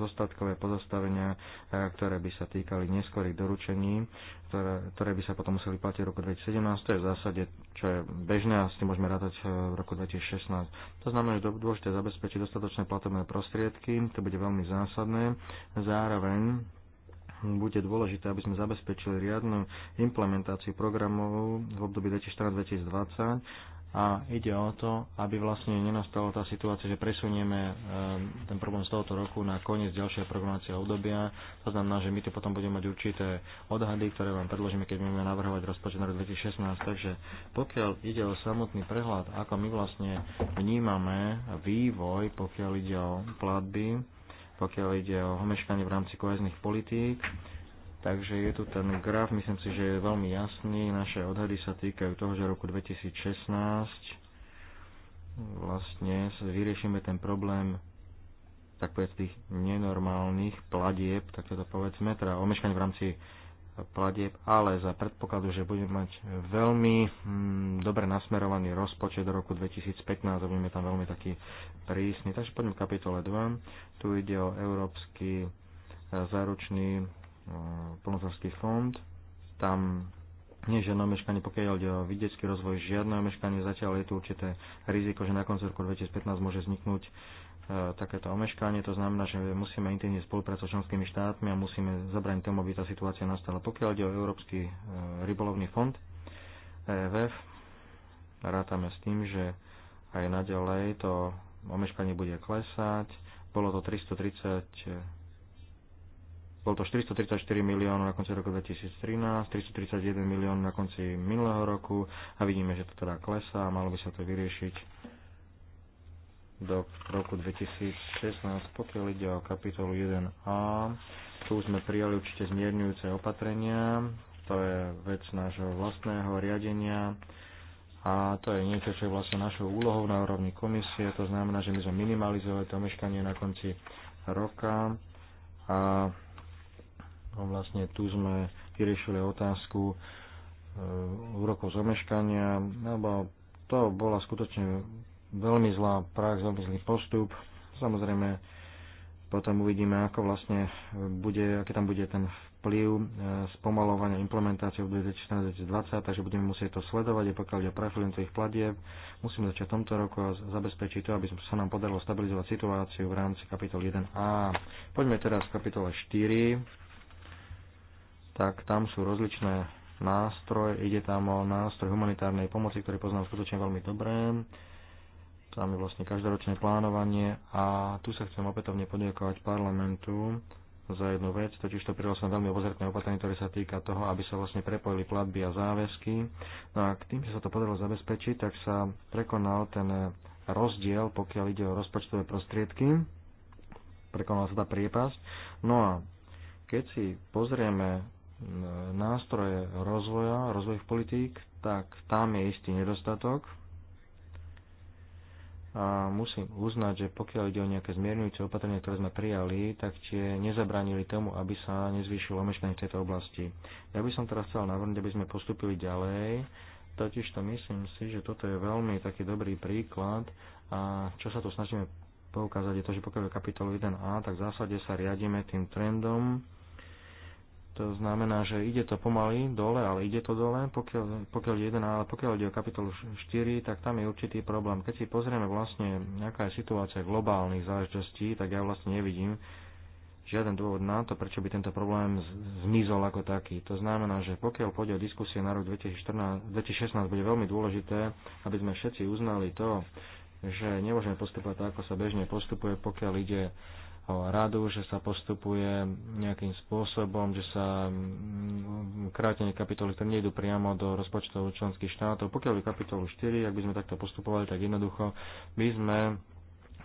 zostatkové pozostavenia, e, ktoré by sa týkali neskorých doručení ktoré, ktoré by sa potom museli platiť v roku 2017. To je v zásade, čo je bežné a s tým môžeme rátať e, v roku 2016. To znamená, že dôležité zabezpečiť dostatočné platobné prostriedky, to bude veľmi zásadné. Zároveň bude dôležité, aby sme zabezpečili riadnu implementáciu programov v období 2014-2020 a ide o to, aby vlastne nenastala tá situácia, že presunieme e, ten problém z tohoto roku na koniec ďalšieho programovacieho obdobia. To znamená, že my tu potom budeme mať určité odhady, ktoré vám predložíme, keď budeme navrhovať rozpočet na rok 2016. Takže pokiaľ ide o samotný prehľad, ako my vlastne vnímame vývoj, pokiaľ ide o platby, pokiaľ ide o homeškanie v rámci kohezných politík, Takže je tu ten graf, myslím si, že je veľmi jasný. Naše odhady sa týkajú toho, že roku 2016 vlastne vyriešime ten problém tak povedz tých nenormálnych pladieb, tak teda povedzme, teda omeškaň v rámci pladieb, ale za predpokladu, že budeme mať veľmi mm, dobre nasmerovaný rozpočet do roku 2015 a budeme tam veľmi taký prísny. Takže poďme v kapitole 2. Tu ide o európsky e, záručný plnotovský fond. Tam nie je žiadne omeškanie, pokiaľ ide o vidiecký rozvoj, žiadne omeškanie, zatiaľ je tu určité riziko, že na konci roku 2015 môže vzniknúť e, takéto omeškanie. To znamená, že musíme intenzívne spolupracovať s členskými štátmi a musíme zabrániť tomu, aby tá situácia nastala. Pokiaľ ide o Európsky e, rybolovný fond, EFF, rátame s tým, že aj naďalej to omeškanie bude klesať. Bolo to 330 bol to 434 miliónov na konci roku 2013, 331 miliónov na konci minulého roku a vidíme, že to teda klesá a malo by sa to vyriešiť do roku 2016. Pokiaľ ide o kapitolu 1a, tu sme prijali určite zmierňujúce opatrenia, to je vec nášho vlastného riadenia a to je niečo, čo je vlastne našou úlohou na úrovni komisie, to znamená, že my sme minimalizovali to meškanie na konci roka a No, vlastne tu sme vyriešili otázku e, úrokov zomeškania, lebo to bola skutočne veľmi zlá prax, veľmi zlý postup. Samozrejme, potom uvidíme, ako vlastne bude, aký tam bude ten vplyv spomalovania e, implementácie v 2014-2020, takže budeme musieť to sledovať, a pokiaľ ide o preferencových platieb, musíme začať tomto roku a zabezpečiť to, aby sa nám podarilo stabilizovať situáciu v rámci kapitoly 1a. Poďme teraz k kapitole 4 tak tam sú rozličné nástroje. Ide tam o nástroj humanitárnej pomoci, ktorý poznám skutočne veľmi dobré. Tam je vlastne každoročné plánovanie a tu sa chcem opätovne podiekovať parlamentu za jednu vec, totiž to prilo som veľmi obozretné opatrenie, ktoré sa týka toho, aby sa vlastne prepojili platby a záväzky. No a k tým, že sa to podarilo zabezpečiť, tak sa prekonal ten rozdiel, pokiaľ ide o rozpočtové prostriedky, prekonala sa tá priepasť. No a keď si pozrieme nástroje rozvoja, rozvojových politík, tak tam je istý nedostatok. A musím uznať, že pokiaľ ide o nejaké zmierňujúce opatrenia, ktoré sme prijali, tak tie nezabránili tomu, aby sa nezvýšilo omešťanie v tejto oblasti. Ja by som teraz chcel navrhnúť, aby sme postupili ďalej, totiž to myslím si, že toto je veľmi taký dobrý príklad a čo sa tu snažíme poukázať je to, že pokiaľ je kapitolu 1a, tak v zásade sa riadíme tým trendom, to znamená, že ide to pomaly dole, ale ide to dole, pokiaľ, pokiaľ, jeden, ale pokiaľ ide o kapitolu 4, tak tam je určitý problém. Keď si pozrieme vlastne, aká je situácia globálnych záležitostí, tak ja vlastne nevidím žiaden dôvod na to, prečo by tento problém zmizol ako taký. To znamená, že pokiaľ pôjde o diskusie na rok 2014, 2016, bude veľmi dôležité, aby sme všetci uznali to, že nemôžeme postupovať tak, ako sa bežne postupuje, pokiaľ ide radu, že sa postupuje nejakým spôsobom, že sa mm, mm, krátenie kapitoly, ktoré nejdu priamo do rozpočtov členských štátov. Pokiaľ by kapitolu 4, ak by sme takto postupovali, tak jednoducho by sme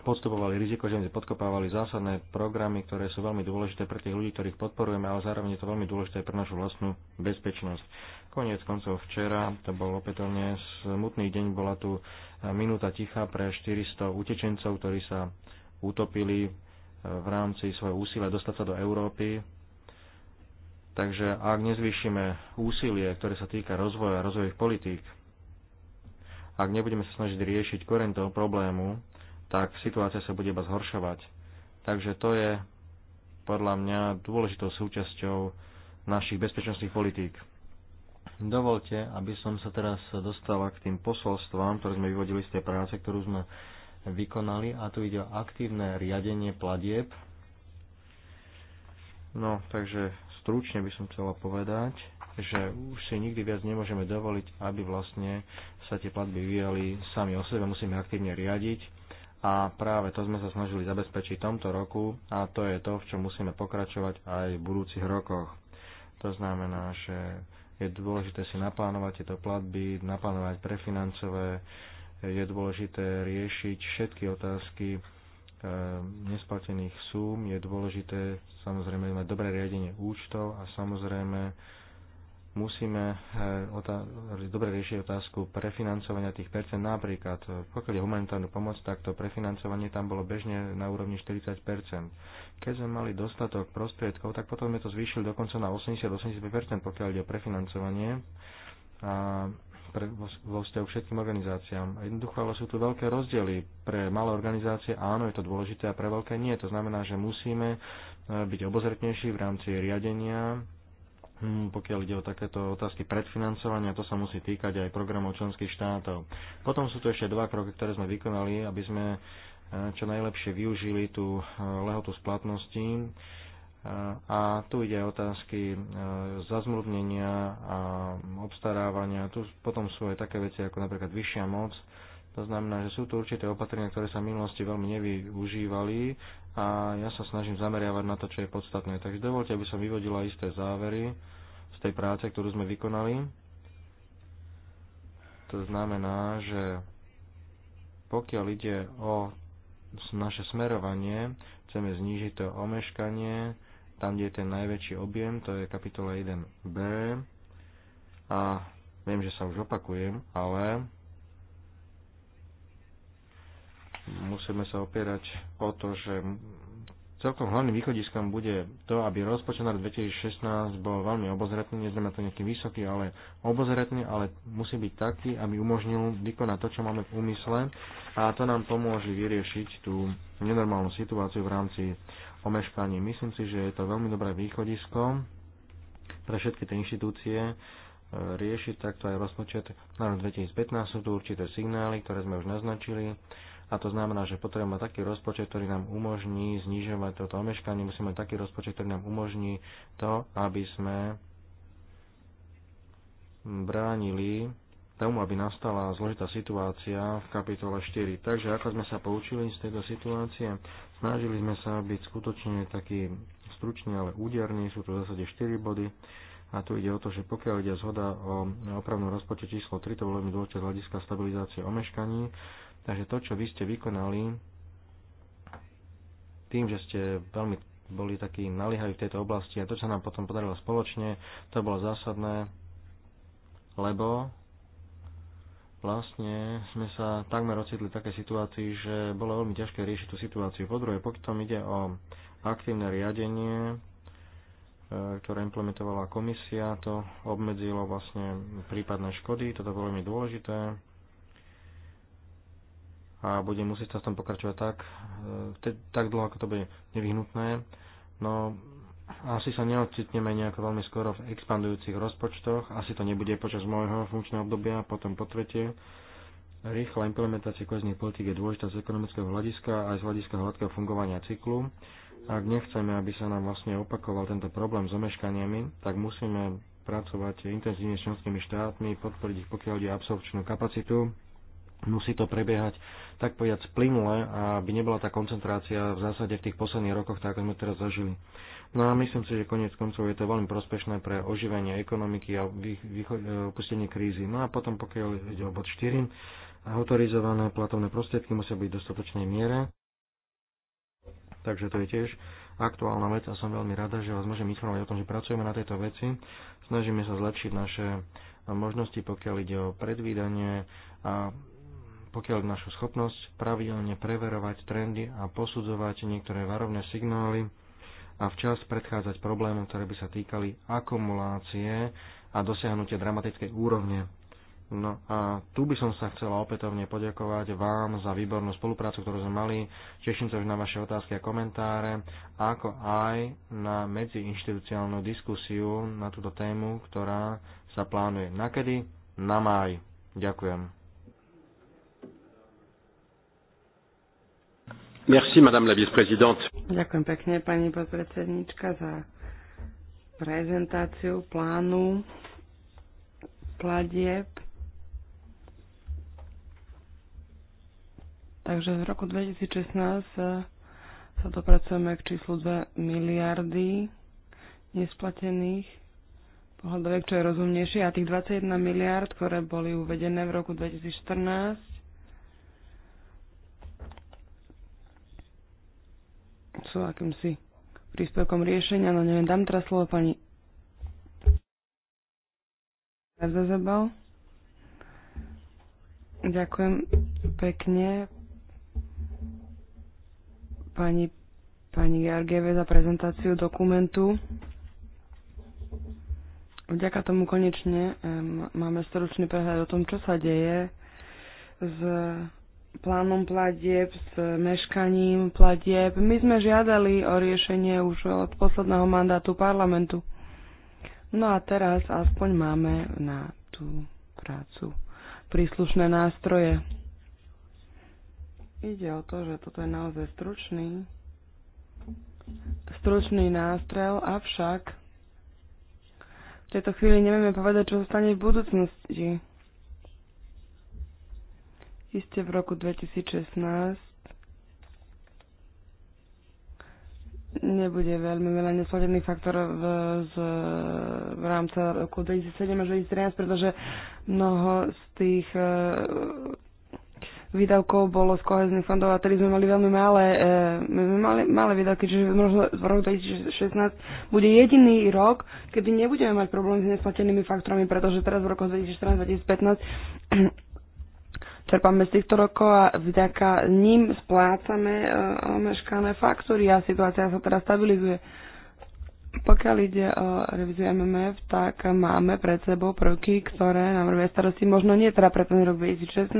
podstupovali riziko, že sme podkopávali zásadné programy, ktoré sú veľmi dôležité pre tých ľudí, ktorých podporujeme, ale zároveň je to veľmi dôležité pre našu vlastnú bezpečnosť. Koniec koncov včera, to bol opätovne smutný deň, bola tu minúta ticha pre 400 utečencov, ktorí sa utopili v rámci svojho úsilia dostať sa do Európy. Takže ak nezvýšime úsilie, ktoré sa týka rozvoja a rozvojových politík, ak nebudeme sa snažiť riešiť koreň toho problému, tak situácia sa bude iba zhoršovať. Takže to je podľa mňa dôležitou súčasťou našich bezpečnostných politík. Dovolte, aby som sa teraz dostala k tým posolstvám, ktoré sme vyvodili z tej práce, ktorú sme vykonali a tu ide o aktívne riadenie platieb. No, takže stručne by som chcela povedať, že už si nikdy viac nemôžeme dovoliť, aby vlastne sa tie platby vyjali sami o sebe, musíme aktívne riadiť a práve to sme sa snažili zabezpečiť tomto roku a to je to, v čom musíme pokračovať aj v budúcich rokoch. To znamená, že je dôležité si naplánovať tieto platby, naplánovať prefinancové je dôležité riešiť všetky otázky eh, nesplatených súm, je dôležité samozrejme mať dobré riadenie účtov a samozrejme musíme eh, dobre riešiť otázku prefinancovania tých percent. Napríklad, eh, pokiaľ je humanitárnu pomoc, tak to prefinancovanie tam bolo bežne na úrovni 40 Keď sme mali dostatok prostriedkov, tak potom sme to zvýšili dokonca na 80-85 pokiaľ ide o prefinancovanie. A pre, vo, vo vzťahu všetkým organizáciám. A jednoducho, ale sú tu veľké rozdiely. Pre malé organizácie áno, je to dôležité a pre veľké nie. To znamená, že musíme e, byť obozretnejší v rámci riadenia, hm, pokiaľ ide o takéto otázky predfinancovania, to sa musí týkať aj programov členských štátov. Potom sú tu ešte dva kroky, ktoré sme vykonali, aby sme e, čo najlepšie využili tú e, lehotu splatnosti a tu ide otázky e, zazmluvnenia a obstarávania. Tu potom sú aj také veci ako napríklad vyššia moc. To znamená, že sú tu určité opatrenia, ktoré sa v minulosti veľmi nevyužívali a ja sa snažím zameriavať na to, čo je podstatné. Takže dovolte, aby som vyvodila isté závery z tej práce, ktorú sme vykonali. To znamená, že pokiaľ ide o naše smerovanie, chceme znížiť to omeškanie, tam, kde je ten najväčší objem, to je kapitola 1b. A viem, že sa už opakujem, ale musíme sa opierať o to, že celkom hlavným východiskom bude to, aby rozpočet na 2016 bol veľmi obozretný, neznamená to nejaký vysoký, ale obozretný, ale musí byť taký, aby umožnil vykonať to, čo máme v úmysle a to nám pomôže vyriešiť tú nenormálnu situáciu v rámci omeškaní. Myslím si, že je to veľmi dobré východisko pre všetky tie inštitúcie e, riešiť takto aj rozpočet na rok 2015. Sú tu určité signály, ktoré sme už naznačili a to znamená, že potrebujeme taký rozpočet, ktorý nám umožní znižovať toto omeškanie, musíme mať taký rozpočet, ktorý nám umožní to, aby sme bránili tomu, aby nastala zložitá situácia v kapitole 4. Takže ako sme sa poučili z tejto situácie, snažili sme sa byť skutočne taký stručný, ale úderný, sú to v zásade 4 body. A tu ide o to, že pokiaľ ide zhoda o opravnom rozpočte číslo 3, to bolo veľmi dôležité z hľadiska stabilizácie omeškaní, takže to, čo vy ste vykonali, tým, že ste veľmi boli takí naliehaví v tejto oblasti a to, čo nám potom podarilo spoločne, to bolo zásadné, lebo vlastne sme sa takmer ocitli v takej situácii, že bolo veľmi ťažké riešiť tú situáciu. Po druhé, pokiaľ ide o aktívne riadenie, e, ktoré implementovala komisia, to obmedzilo vlastne prípadné škody, toto bolo veľmi dôležité a bude musieť sa v tom pokračovať tak, e, tak dlho, ako to bude nevyhnutné. No asi sa neocitneme nejako veľmi skoro v expandujúcich rozpočtoch, asi to nebude počas môjho funkčného obdobia, potom po tretie. Rýchla implementácia kohezných politik je dôležitá z ekonomického hľadiska aj z hľadiska hladkého fungovania cyklu. Ak nechceme, aby sa nám vlastne opakoval tento problém s omeškaniami, tak musíme pracovať intenzívne s členskými štátmi, podporiť ich pokiaľ ide absorpčnú kapacitu. Musí to prebiehať tak povedať splynule, aby nebola tá koncentrácia v zásade v tých posledných rokoch, tak ako sme teraz zažili. No a myslím si, že koniec koncov je to veľmi prospešné pre oživenie ekonomiky a e, opustenie krízy. No a potom, pokiaľ ide o bod 4, autorizované platovné prostriedky musia byť v dostatočnej miere. Takže to je tiež aktuálna vec a som veľmi rada, že vás môžem informovať o tom, že pracujeme na tejto veci. Snažíme sa zlepšiť naše možnosti, pokiaľ ide o predvídanie a pokiaľ našu schopnosť pravidelne preverovať trendy a posudzovať niektoré varovné signály a včas predchádzať problémom, ktoré by sa týkali akumulácie a dosiahnutie dramatickej úrovne. No a tu by som sa chcela opätovne poďakovať vám za výbornú spoluprácu, ktorú sme mali. Teším sa už na vaše otázky a komentáre, ako aj na medziinštitucionálnu diskusiu na túto tému, ktorá sa plánuje. Nakedy? Na máj. Ďakujem. Merci, madame la vice-présidente. Ďakujem pekne, pani podpredsednička, za prezentáciu plánu platieb. Takže v roku 2016 eh, sa dopracujeme k číslu 2 miliardy nesplatených pohľadoviek, čo je rozumnejšie. A tých 21 miliard, ktoré boli uvedené v roku 2014, sú akýmsi príspevkom riešenia, no neviem, dám teraz slovo pani Zazabal. Ďakujem pekne pani, pani Georgieve za prezentáciu dokumentu. Vďaka tomu konečne máme stručný prehľad o tom, čo sa deje s plánom platieb, s meškaním platieb. My sme žiadali o riešenie už od posledného mandátu parlamentu. No a teraz aspoň máme na tú prácu príslušné nástroje. Ide o to, že toto je naozaj stručný, stručný nástrel, avšak v tejto chvíli nevieme povedať, čo zostane v budúcnosti Iste v roku 2016 nebude veľmi veľa nesladených faktorov v, z, v rámci roku 2007 až 2013, pretože mnoho z tých e, výdavkov bolo z kohezných fondov a tedy sme mali veľmi malé, e, malé, malé výdavky, čiže možno v roku 2016 bude jediný rok, kedy nebudeme mať problém s nesplatenými faktorami, pretože teraz v roku 2014-2015 čerpáme z týchto rokov a vďaka ním splácame e, omeškané faktúry a situácia sa teraz stabilizuje. Pokiaľ ide o revíziu MMF, tak máme pred sebou prvky, ktoré nám robia starosti možno nie teda pre ten rok 2016,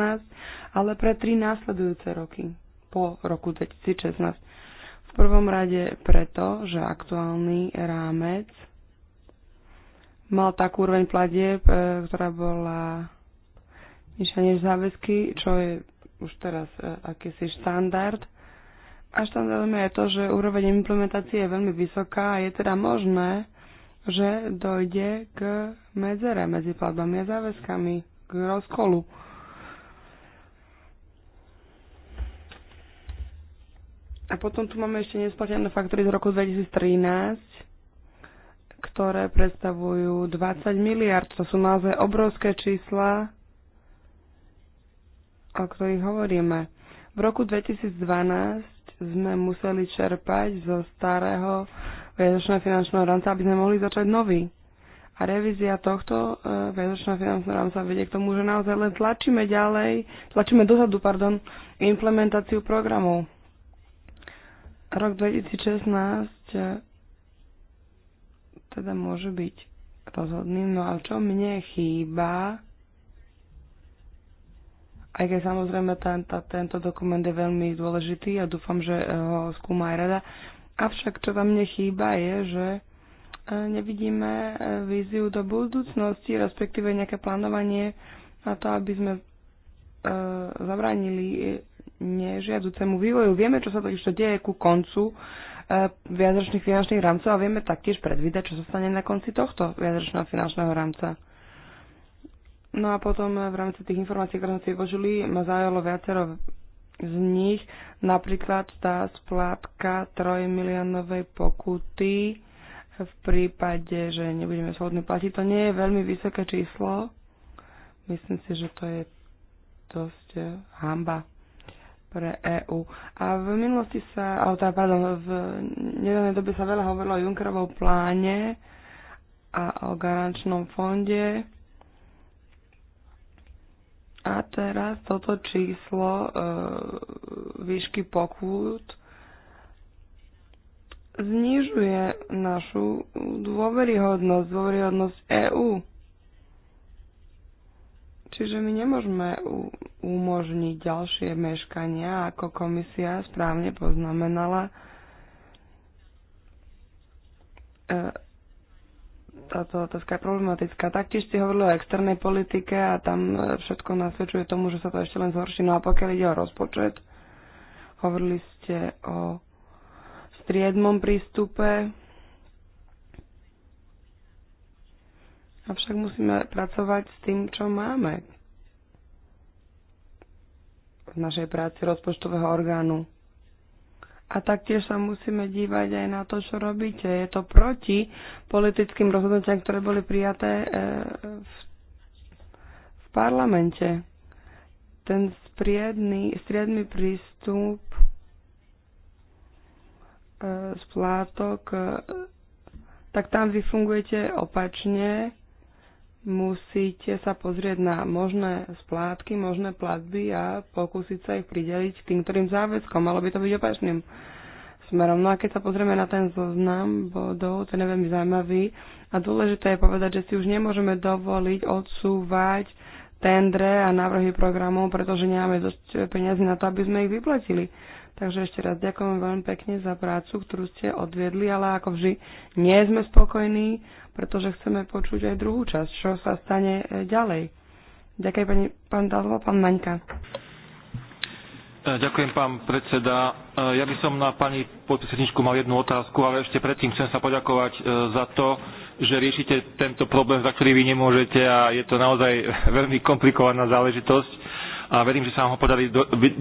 ale pre tri následujúce roky po roku 2016. V prvom rade preto, že aktuálny rámec mal takú úroveň platieb, e, ktorá bola zniženie záväzky, čo je už teraz e, akýsi štandard. A štandardom je aj to, že úroveň implementácie je veľmi vysoká a je teda možné, že dojde k medzere medzi platbami a záväzkami, k rozkolu. A potom tu máme ešte nesplatené faktory z roku 2013, ktoré predstavujú 20 miliard. To sú naozaj obrovské čísla o ktorých hovoríme. V roku 2012 sme museli čerpať zo starého viedočného finančného rámca, aby sme mohli začať nový. A revízia tohto uh, e, viedočného finančného rámca vedie k tomu, že naozaj len tlačíme ďalej, tlačíme dozadu, pardon, implementáciu programov. Rok 2016 e, teda môže byť rozhodným, no a čo mne chýba, aj keď samozrejme tá, tento dokument je veľmi dôležitý a ja dúfam, že eh, ho skúma aj rada. Avšak čo vám nechýba je, že eh, nevidíme eh, víziu do budúcnosti, respektíve nejaké plánovanie na to, aby sme zabránili nežiaducemu vývoju. Vieme, čo sa to ešte deje ku koncu viacročných finančných rámcov a vieme taktiež predvídať, čo sa stane na konci tohto viacročného finančného rámca. No a potom eh, v rámci tých informácií, ktoré sme si vložili, ma zaujalo viacero z nich, napríklad tá splátka 3 miliónovej pokuty v prípade, že nebudeme slobodne platiť. To nie je veľmi vysoké číslo. Myslím si, že to je dosť eh, hamba pre EÚ. A v minulosti sa, ale tá, pardon, v nedávnej dobe sa veľa hovorilo o Junkerovom pláne a o garančnom fonde a teraz toto číslo e, výšky pokút znižuje našu dôveryhodnosť, dôveryhodnosť EÚ. Čiže my nemôžeme umožniť ďalšie meškania, ako komisia správne poznamenala. E, táto otázka je problematická. Taktiež si hovorili o externej politike a tam e, všetko nasvedčuje tomu, že sa to ešte len zhorší. No a pokiaľ ide o rozpočet, hovorili ste o striedmom prístupe. Avšak musíme pracovať s tým, čo máme v našej práci rozpočtového orgánu a taktiež sa musíme dívať aj na to, čo robíte. Je to proti politickým rozhodnutiam, ktoré boli prijaté e, v, v parlamente. Ten striedný, striedný prístup e, splátok, e, tak tam vy fungujete opačne musíte sa pozrieť na možné splátky, možné platby a pokúsiť sa ich prideliť tým, ktorým záväzkom. Malo by to byť opačným smerom. No a keď sa pozrieme na ten zoznam bodov, ten je veľmi zaujímavý a dôležité je povedať, že si už nemôžeme dovoliť odsúvať tendre a návrhy programov, pretože nemáme dosť peniazy na to, aby sme ich vyplatili. Takže ešte raz ďakujem veľmi pekne za prácu, ktorú ste odviedli, ale ako vždy nie sme spokojní pretože chceme počuť aj druhú časť, čo sa stane e, ďalej. Ďakujem pani, pán Dalvo, pán Maňka. E, ďakujem, pán predseda. E, ja by som na pani podpredsedničku mal jednu otázku, ale ešte predtým chcem sa poďakovať za to, že riešite tento problém, za ktorý vy nemôžete a je to naozaj veľmi komplikovaná záležitosť a verím, že sa vám ho podarí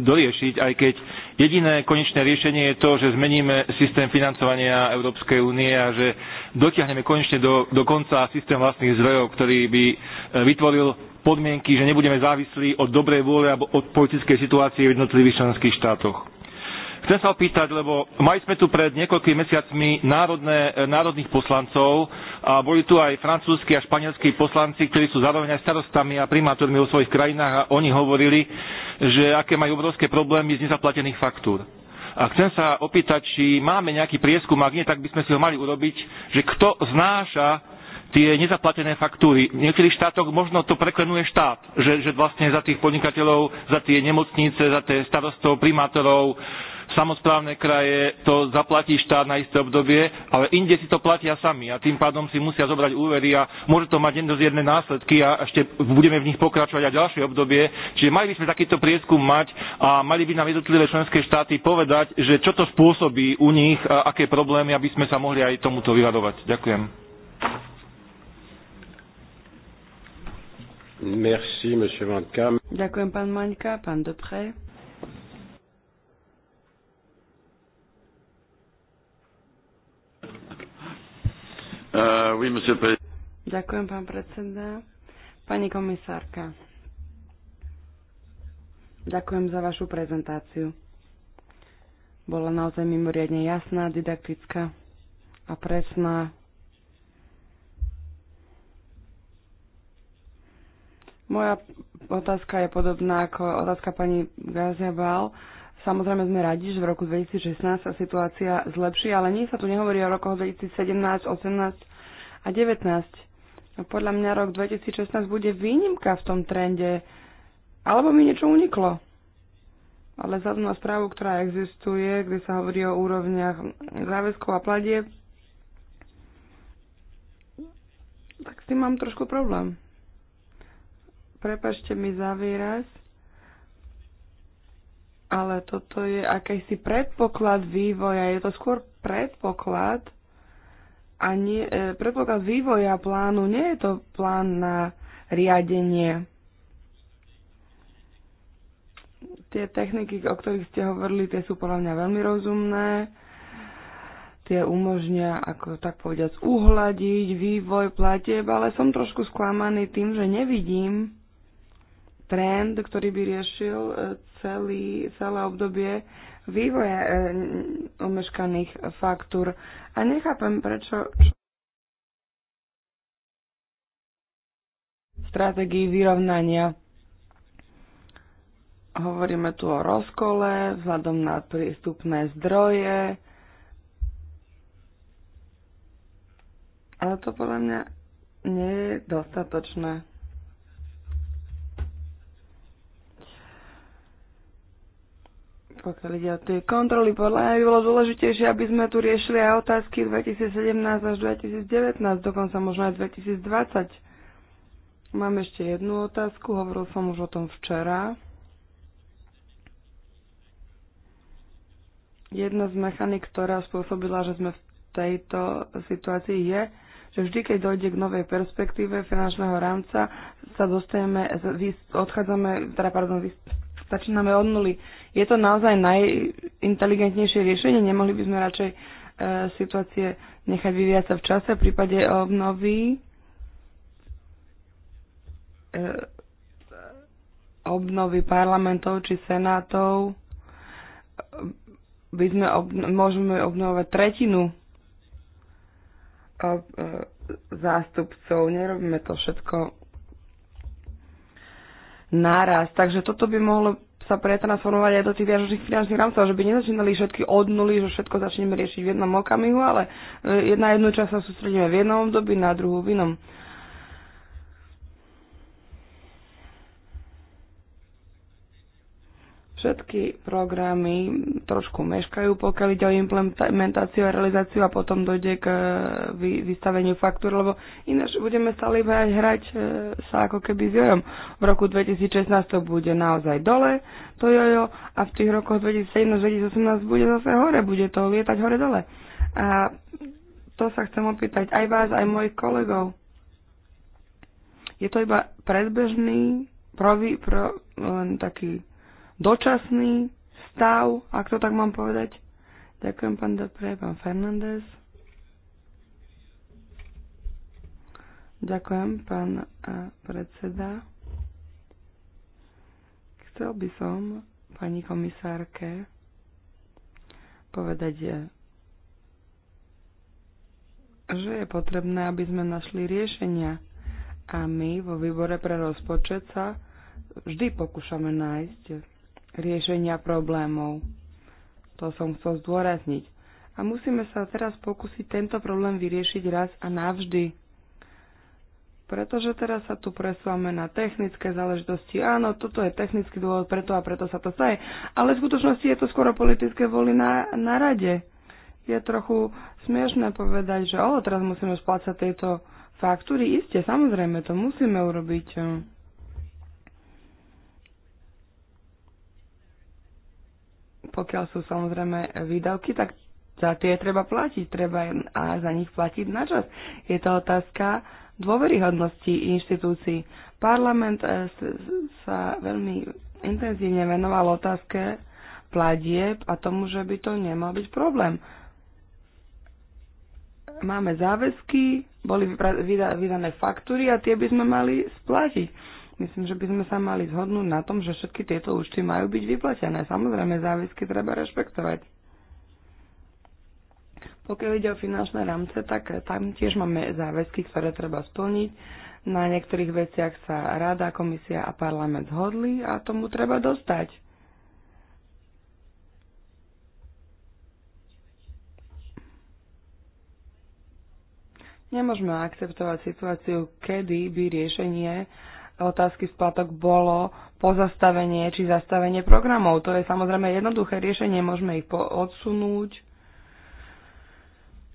doriešiť, aj keď jediné konečné riešenie je to, že zmeníme systém financovania Európskej únie a že dotiahneme konečne do, do konca systém vlastných zdrojov, ktorý by e, vytvoril podmienky, že nebudeme závislí od dobrej vôle alebo od politickej situácie v jednotlivých členských štátoch. Chcem sa opýtať, lebo mali sme tu pred niekoľkými mesiacmi národné, eh, národných poslancov a boli tu aj francúzski a španielskí poslanci, ktorí sú zároveň aj starostami a primátormi vo svojich krajinách a oni hovorili, že aké majú obrovské problémy z nezaplatených faktúr. A chcem sa opýtať, či máme nejaký prieskum, ak nie, tak by sme si ho mali urobiť, že kto znáša tie nezaplatené faktúry. V niektorých štátoch možno to preklenuje štát, že, že vlastne za tých podnikateľov, za tie nemocnice, za tie starostov, primátorov, samozprávne kraje to zaplatí štát na isté obdobie, ale inde si to platia sami a tým pádom si musia zobrať úvery a môže to mať jedné následky a ešte budeme v nich pokračovať aj ďalšie obdobie. Čiže mali by sme takýto prieskum mať a mali by nám jednotlivé členské štáty povedať, že čo to spôsobí u nich, a aké problémy, aby sme sa mohli aj tomuto vyhadovať. Ďakujem. Merci, monsieur Ďakujem, pán Maňka, pán Dopré. Uh, ďakujem, pán predseda. Pani komisárka, ďakujem za vašu prezentáciu. Bola naozaj mimoriadne jasná, didaktická a presná. Moja otázka je podobná ako otázka pani Gaziabal. Uh, Samozrejme sme radi, že v roku 2016 sa situácia zlepší, ale nie sa tu nehovorí o rokoch 2017, 18 a 19. No, podľa mňa rok 2016 bude výnimka v tom trende, alebo mi niečo uniklo. Ale vzhľadom na správu, ktorá existuje, kde sa hovorí o úrovniach záväzkov a pladie, tak s tým mám trošku problém. Prepašte mi zavírať ale toto je akýsi predpoklad vývoja. Je to skôr predpoklad a nie, e, predpoklad vývoja plánu. Nie je to plán na riadenie. Tie techniky, o ktorých ste hovorili, tie sú podľa mňa veľmi rozumné. Tie umožnia, ako tak povediať, uhladiť vývoj platieb, ale som trošku sklamaný tým, že nevidím trend, ktorý by riešil e, celý, celé obdobie vývoja e, omeškaných faktúr. A nechápem, prečo stratégii vyrovnania. Hovoríme tu o rozkole vzhľadom na prístupné zdroje. Ale to podľa mňa nie je dostatočné. pokiaľ ide o tie kontroly, podľa mňa by bolo dôležitejšie, aby sme tu riešili aj otázky 2017 až 2019, dokonca možno aj 2020. Mám ešte jednu otázku, hovoril som už o tom včera. Jedna z mechanik, ktorá spôsobila, že sme v tejto situácii je, že vždy, keď dojde k novej perspektíve finančného rámca, sa dostaneme, odchádzame, teda pardon, začíname od nuly. Je to naozaj najinteligentnejšie riešenie? Nemohli by sme radšej e, situácie nechať vyvíjať sa v čase v prípade obnovy? E, obnovy parlamentov či senátov by sme obno- môžeme obnovovať tretinu e, e, zástupcov. Nerobíme to všetko naraz. Takže toto by mohlo sa pretransformovať aj do tých viažočných finančných rámcov, že by nezačínali všetky od nuly, že všetko začneme riešiť v jednom okamihu, ale e, na jednu časť sa sústredíme v jednom období, na druhú v inom. Všetky programy trošku meškajú, pokiaľ ide o implementáciu a realizáciu a potom dojde k eh, vystaveniu faktúr, lebo ináč budeme stále iba hrať eh, sa ako keby s jojom. V roku 2016 to bude naozaj dole, to jojo, a v tých rokoch 2017-2018 bude zase hore, bude to lietať hore-dole. A to sa chcem opýtať aj vás, aj mojich kolegov. Je to iba predbežný, prvý pro, len taký dočasný stav, ak to tak mám povedať. Ďakujem, pán Dopre, pán Fernández. Ďakujem, pán eh, predseda. Chcel by som pani komisárke povedať, že je potrebné, aby sme našli riešenia. A my vo výbore pre rozpočet sa vždy pokúšame nájsť riešenia problémov. To som chcel zdôrazniť. A musíme sa teraz pokúsiť tento problém vyriešiť raz a navždy. Pretože teraz sa tu presúvame na technické záležitosti. Áno, toto je technický dôvod, preto a preto sa to staje. Ale v skutočnosti je to skoro politické voly na, na rade. Je trochu smiešné povedať, že o, teraz musíme splácať tieto faktúry. Isté, samozrejme, to musíme urobiť. pokiaľ sú samozrejme výdavky, tak za tie treba platiť, treba a za nich platiť na čas. Je to otázka dôveryhodnosti inštitúcií. Parlament eh, sa veľmi intenzívne venoval otázke platieb a tomu, že by to nemal byť problém. Máme záväzky, boli vydané faktúry a tie by sme mali splatiť Myslím, že by sme sa mali zhodnúť na tom, že všetky tieto účty majú byť vyplatené. Samozrejme, záväzky treba rešpektovať. Pokiaľ ide o finančné rámce, tak tam tiež máme záväzky, ktoré treba splniť. Na niektorých veciach sa Rada, Komisia a Parlament zhodli a tomu treba dostať. Nemôžeme akceptovať situáciu, kedy by riešenie otázky splatok bolo pozastavenie či zastavenie programov. To je samozrejme jednoduché riešenie, môžeme ich odsunúť,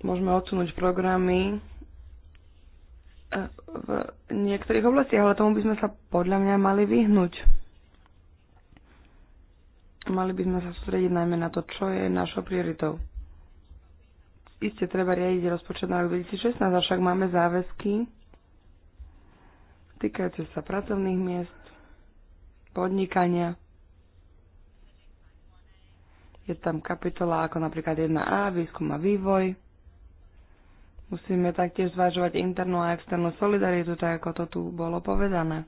môžeme odsunúť programy e, v niektorých oblastiach, ale tomu by sme sa podľa mňa mali vyhnúť. Mali by sme sa sústrediť najmä na to, čo je našou prioritou. Isté treba riadiť rozpočet na rok 2016, avšak máme záväzky, týkajúce sa pracovných miest, podnikania. Je tam kapitola ako napríklad 1A, výskum a vývoj. Musíme taktiež zvažovať internú a externú solidaritu, tak ako to tu bolo povedané.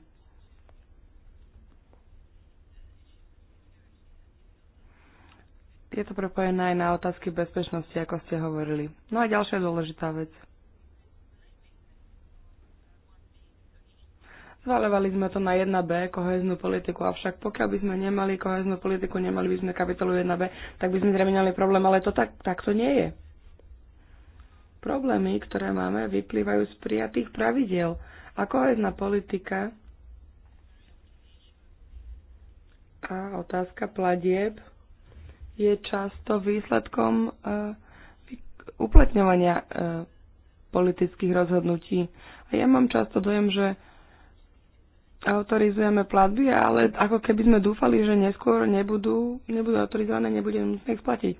Je to prepojené aj na otázky bezpečnosti, ako ste hovorili. No a ďalšia dôležitá vec – Zvalovali sme to na 1B, koheznú politiku, avšak pokiaľ by sme nemali koheznú politiku, nemali by sme kapitolu 1B, tak by sme zrejme nemali problém, ale to tak, tak to nie je. Problémy, ktoré máme, vyplývajú z prijatých pravidel. a kohezná politika a otázka pladieb je často výsledkom uh, uplatňovania uh, politických rozhodnutí. A ja mám často dojem, že autorizujeme platby, ale ako keby sme dúfali, že neskôr nebudú, nebudú autorizované, nebudeme musieť ich platiť.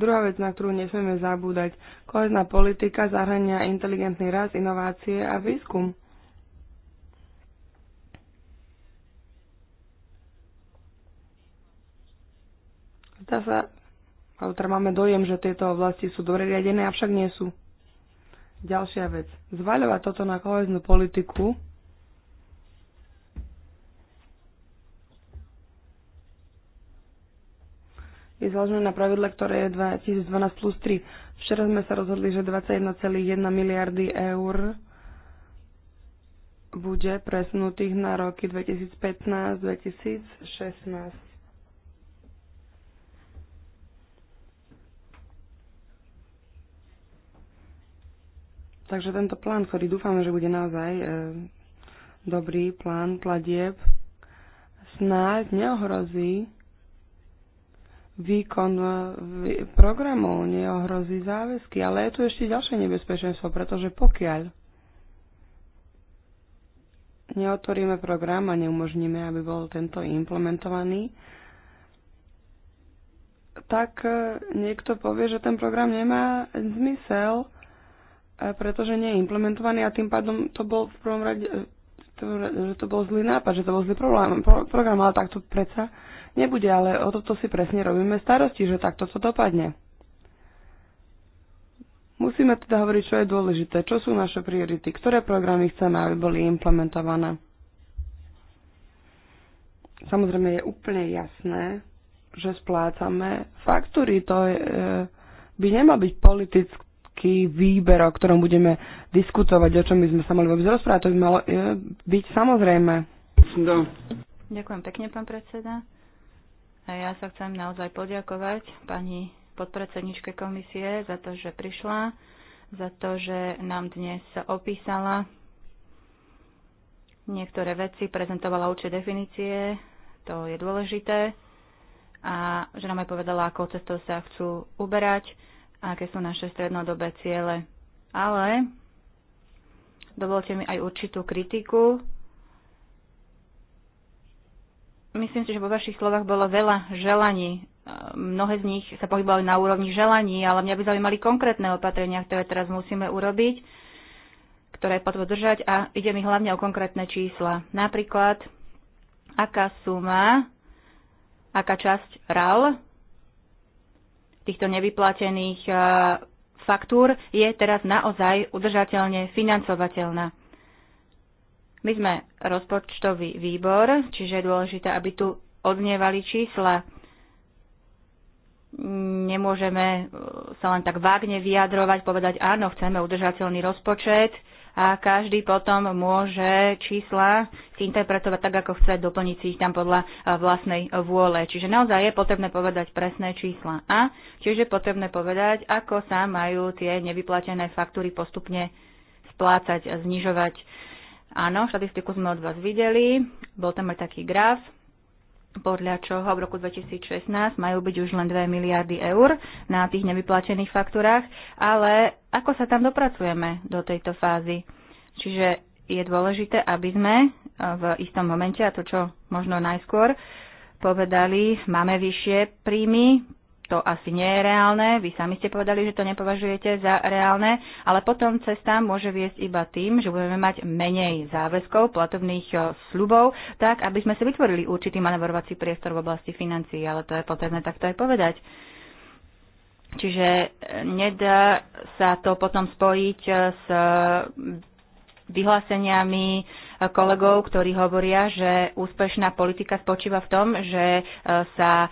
Druhá vec, na ktorú nesmieme zabúdať, kohezná politika zahrania inteligentný rast, inovácie a výskum. Zdá sa, teda máme dojem, že tieto oblasti sú dobre riadené, avšak nie sú. Ďalšia vec. Zvaľovať toto na koheznú politiku je založené na pravidle, ktoré je 2012 plus 3. Včera sme sa rozhodli, že 21,1 miliardy eur bude presunutých na roky 2015-2016. Takže tento plán, ktorý dúfame, že bude naozaj e, dobrý plán platieb, snáď neohrozí výkon e, programov, neohrozí záväzky, ale je tu ešte ďalšie nebezpečenstvo, pretože pokiaľ neotvoríme program a neumožníme, aby bol tento implementovaný, tak e, niekto povie, že ten program nemá zmysel, pretože nie je implementovaný a tým pádom to bol v prvom rade, e, to, že to bol zlý nápad, že to bol zlý problém, pro, program, ale takto predsa nebude, ale o toto si presne robíme starosti, že takto to dopadne. Musíme teda hovoriť, čo je dôležité, čo sú naše priority, ktoré programy chceme, aby boli implementované. Samozrejme je úplne jasné, že splácame faktúry. To je, e, by nemal byť politický taký výber, o ktorom budeme diskutovať, o čom by sme sa mali vôbec rozprávať. To by malo e, byť samozrejme. No. Ďakujem pekne, pán predseda. A ja sa chcem naozaj poďakovať pani podpredsedničke komisie za to, že prišla, za to, že nám dnes opísala niektoré veci, prezentovala určite definície, to je dôležité, a že nám aj povedala, akou cestou sa chcú uberať aké sú naše strednodobé ciele. Ale dovolte mi aj určitú kritiku. Myslím si, že vo vašich slovách bolo veľa želaní. Mnohé z nich sa pohybovali na úrovni želaní, ale mňa by zaujímali konkrétne opatrenia, ktoré teraz musíme urobiť, ktoré potom držať a ide mi hlavne o konkrétne čísla. Napríklad, aká suma, aká časť RAL týchto nevyplatených e, faktúr je teraz naozaj udržateľne financovateľná. My sme rozpočtový výbor, čiže je dôležité, aby tu odnievali čísla. Nemôžeme e, sa len tak vágne vyjadrovať, povedať áno, chceme udržateľný rozpočet, a každý potom môže čísla si interpretovať tak, ako chce, doplniť si ich tam podľa eh, vlastnej vôle. Čiže naozaj je potrebné povedať presné čísla. A tiež je potrebné povedať, ako sa majú tie nevyplatené faktúry postupne splácať a znižovať. Áno, štatistiku sme od vás videli, bol tam aj taký graf, podľa čoho v roku 2016 majú byť už len 2 miliardy eur na tých nevyplatených faktúrach, ale ako sa tam dopracujeme do tejto fázy? Čiže je dôležité, aby sme e, v istom momente, a to čo možno najskôr, povedali, máme vyššie príjmy, to asi nie je reálne, vy sami ste povedali, že to nepovažujete za reálne, ale potom cesta môže viesť iba tým, že budeme mať menej záväzkov, platovných eh, slubov, tak aby sme si vytvorili určitý manevrovací priestor v oblasti financií, ale to je potrebné takto aj povedať. Čiže eh, nedá sa to potom spojiť eh, s vyhláseniami e, kolegov, ktorí hovoria, že úspešná politika spočíva v tom, že e, sa e,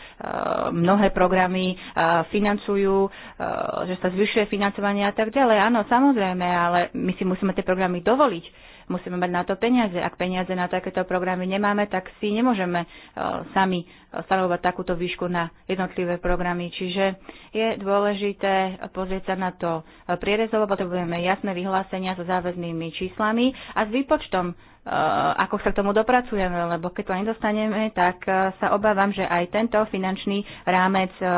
mnohé programy financujú, že sa zvyšuje financovanie a tak ďalej. Áno, samozrejme, ale my si musíme tie programy dovoliť musíme mať na to peniaze. Ak peniaze na takéto programy nemáme, tak si nemôžeme e, sami stanovať takúto výšku na jednotlivé programy. Čiže je dôležité pozrieť sa na to prierezovo, potrebujeme jasné vyhlásenia so záväznými číslami a s výpočtom Eh, ako sa k tomu dopracujeme, lebo keď to nedostaneme, tak eh, sa obávam, že aj tento finančný rámec eh,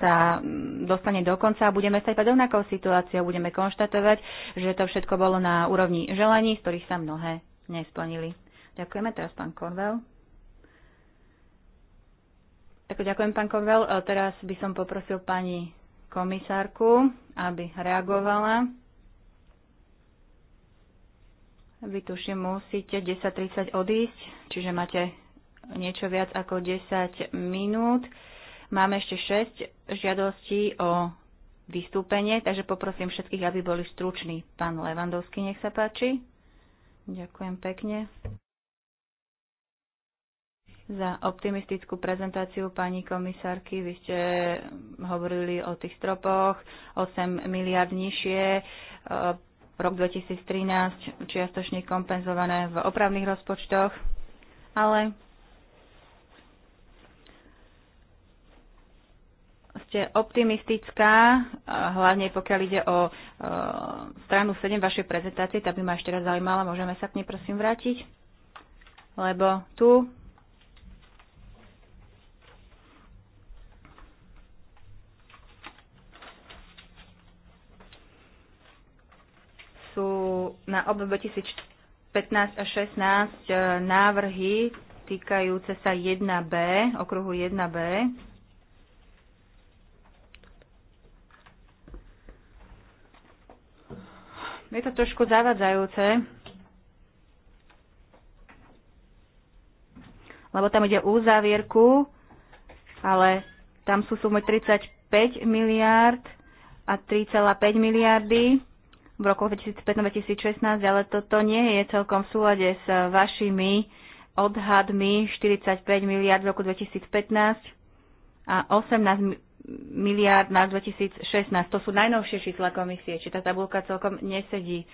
sa mm, dostane do konca a budeme stať pred rovnakou situáciou. Budeme konštatovať, že to všetko bolo na úrovni želaní, z ktorých sa mnohé nesplnili. Ďakujeme teraz pán Korvel. Tak ďakujem, pán Korvel. Teraz by som poprosil pani komisárku, aby reagovala. Vy tuším musíte 10.30 odísť, čiže máte niečo viac ako 10 minút. Máme ešte 6 žiadostí o vystúpenie, takže poprosím všetkých, aby boli struční. Pán Levandovský, nech sa páči. Ďakujem pekne za optimistickú prezentáciu pani komisárky. Vy ste hovorili o tých stropoch, 8 miliard nižšie, rok 2013 čiastočne kompenzované v opravných rozpočtoch, ale ste optimistická, hlavne pokiaľ ide o e, stranu 7 vašej prezentácie, tá by ma ešte raz zaujímala, môžeme sa k nej prosím vrátiť, lebo tu sú na obdobie 2015 a 16 e, návrhy týkajúce sa 1B, okruhu 1B. Je to trošku zavadzajúce, lebo tam ide úzavierku, ale tam sú sumy 35 miliárd a 3,5 miliardy v roku 2015-2016, ale toto nie je celkom v súlade s vašimi odhadmi 45 miliard v roku 2015 a 18 miliard na 2016. To sú najnovšie čísla komisie, či tá tabulka celkom nesedí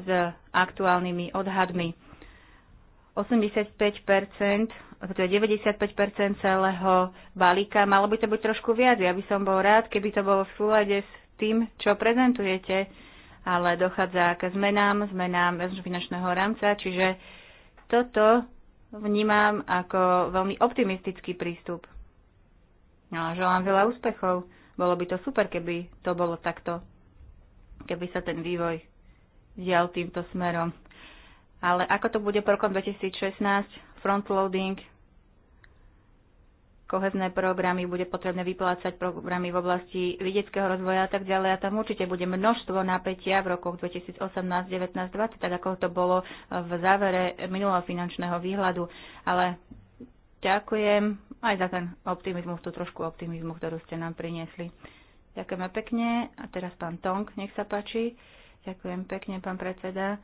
s aktuálnymi odhadmi. 85%, to je 95% celého balíka. Malo by to byť trošku viac. Ja by som bol rád, keby to bolo v súlade s tým, čo prezentujete ale dochádza k zmenám, zmenám finančného rámca, čiže toto vnímam ako veľmi optimistický prístup. No, želám veľa úspechov. Bolo by to super, keby to bolo takto, keby sa ten vývoj dial týmto smerom. Ale ako to bude po rokom 2016, frontloading, kohezné programy, bude potrebné vyplácať programy v oblasti vidieckého rozvoja a tak ďalej. A tam určite bude množstvo napätia v rokoch 2018, 19, 20, tak ako to bolo v závere minulého finančného výhľadu. Ale ďakujem aj za ten optimizmus, tú trošku optimizmu, ktorú ste nám priniesli. Ďakujeme pekne. A teraz pán Tong, nech sa páči. Ďakujem pekne, pán predseda.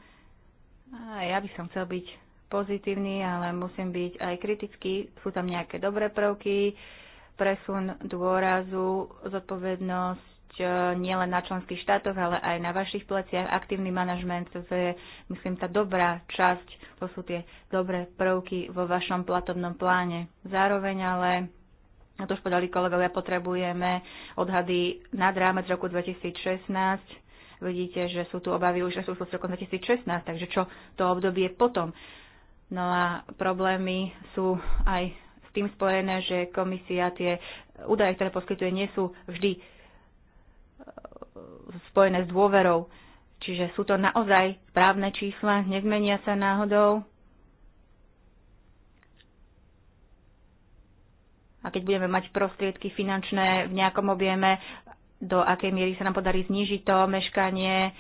A ja by som chcel byť pozitívny, ale musím byť aj kritický. Sú tam nejaké dobré prvky, presun dôrazu, zodpovednosť e, nielen na členských štátoch, ale aj na vašich pleciach, aktívny manažment, to je, myslím, tá dobrá časť, to sú tie dobré prvky vo vašom platobnom pláne. Zároveň ale a to už podali kolegovia, potrebujeme odhady nad rámec roku 2016. Vidíte, že sú tu obavy už, že sú s roku 2016, takže čo to obdobie potom. No a problémy sú aj s tým spojené, že komisia tie údaje, ktoré poskytuje, nie sú vždy e, spojené s dôverou. Čiže sú to naozaj právne čísla, nezmenia sa náhodou. A keď budeme mať prostriedky finančné v nejakom objeme, do akej miery sa nám podarí znižiť to meškanie. E,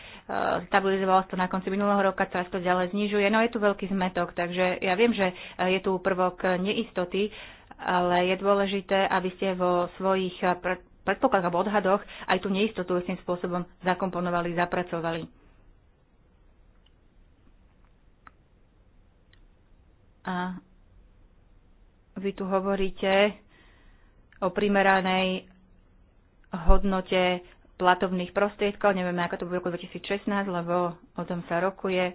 stabilizovalo sa to na konci minulého roka, teraz to ďalej znižuje. No je tu veľký zmetok, takže ja viem, že e, je tu prvok neistoty, ale je dôležité, aby ste vo svojich e, predpokladoch alebo odhadoch aj tú neistotu istým spôsobom zakomponovali, zapracovali. A vy tu hovoríte o primeranej hodnote platovných prostriedkov. Nevieme, ako to bude v roku 2016, lebo o tom sa rokuje.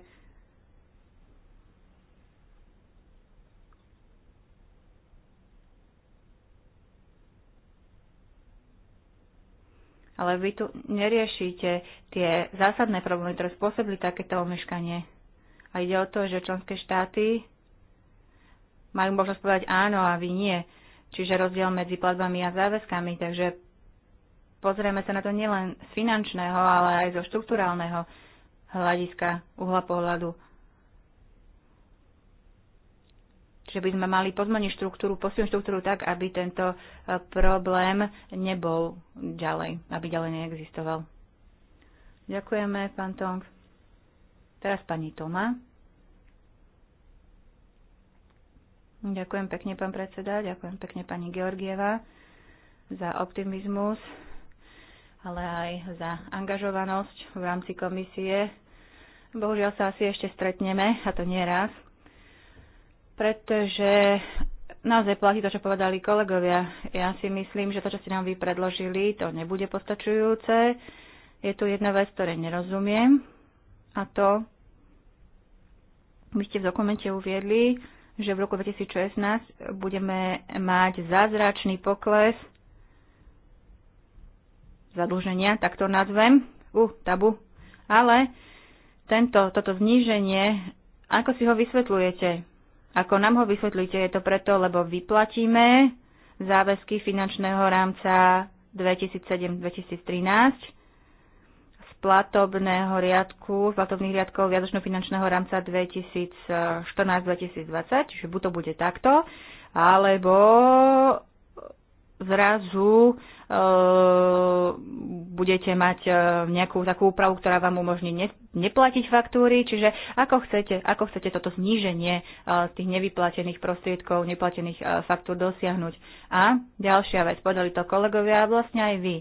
Ale vy tu neriešite tie zásadné problémy, ktoré spôsobili takéto omeškanie. A ide o to, že členské štáty majú možnosť povedať áno a vy nie. Čiže rozdiel medzi platbami a záväzkami. Takže pozrieme sa na to nielen z finančného, ale aj zo štruktúrálneho hľadiska uhla pohľadu. Čiže by sme mali pozmeniť štruktúru, posilniť štruktúru tak, aby tento e, problém nebol ďalej, aby ďalej neexistoval. Ďakujeme, pán Tong. Teraz pani Toma. Ďakujem pekne, pán predseda, ďakujem pekne, pani Georgieva, za optimizmus, ale aj za angažovanosť v rámci komisie. Bohužiaľ sa asi ešte stretneme, a to nie raz, pretože naozaj platí to, čo povedali kolegovia. Ja si myslím, že to, čo ste nám vy predložili, to nebude postačujúce. Je tu jedna vec, ktorej nerozumiem, a to my ste v dokumente uviedli, že v roku 2016 budeme mať zázračný pokles zadlženia, tak to nazvem, uh, tabu. Ale tento, toto zníženie, ako si ho vysvetľujete? Ako nám ho vysvetľujete, Je to preto, lebo vyplatíme záväzky finančného rámca 2007-2013 z platobného riadku, platobných riadkov viadočno-finančného rámca 2014-2020, čiže buď to bude takto, alebo zrazu Ehm, budete mať ehm, nejakú takú úpravu, ktorá vám umožní neplatiť faktúry, čiže ako chcete, ako chcete toto zníženie ehm, tých nevyplatených prostriedkov, neplatených faktúr dosiahnuť. A ďalšia vec, podali to kolegovia a vlastne aj vy,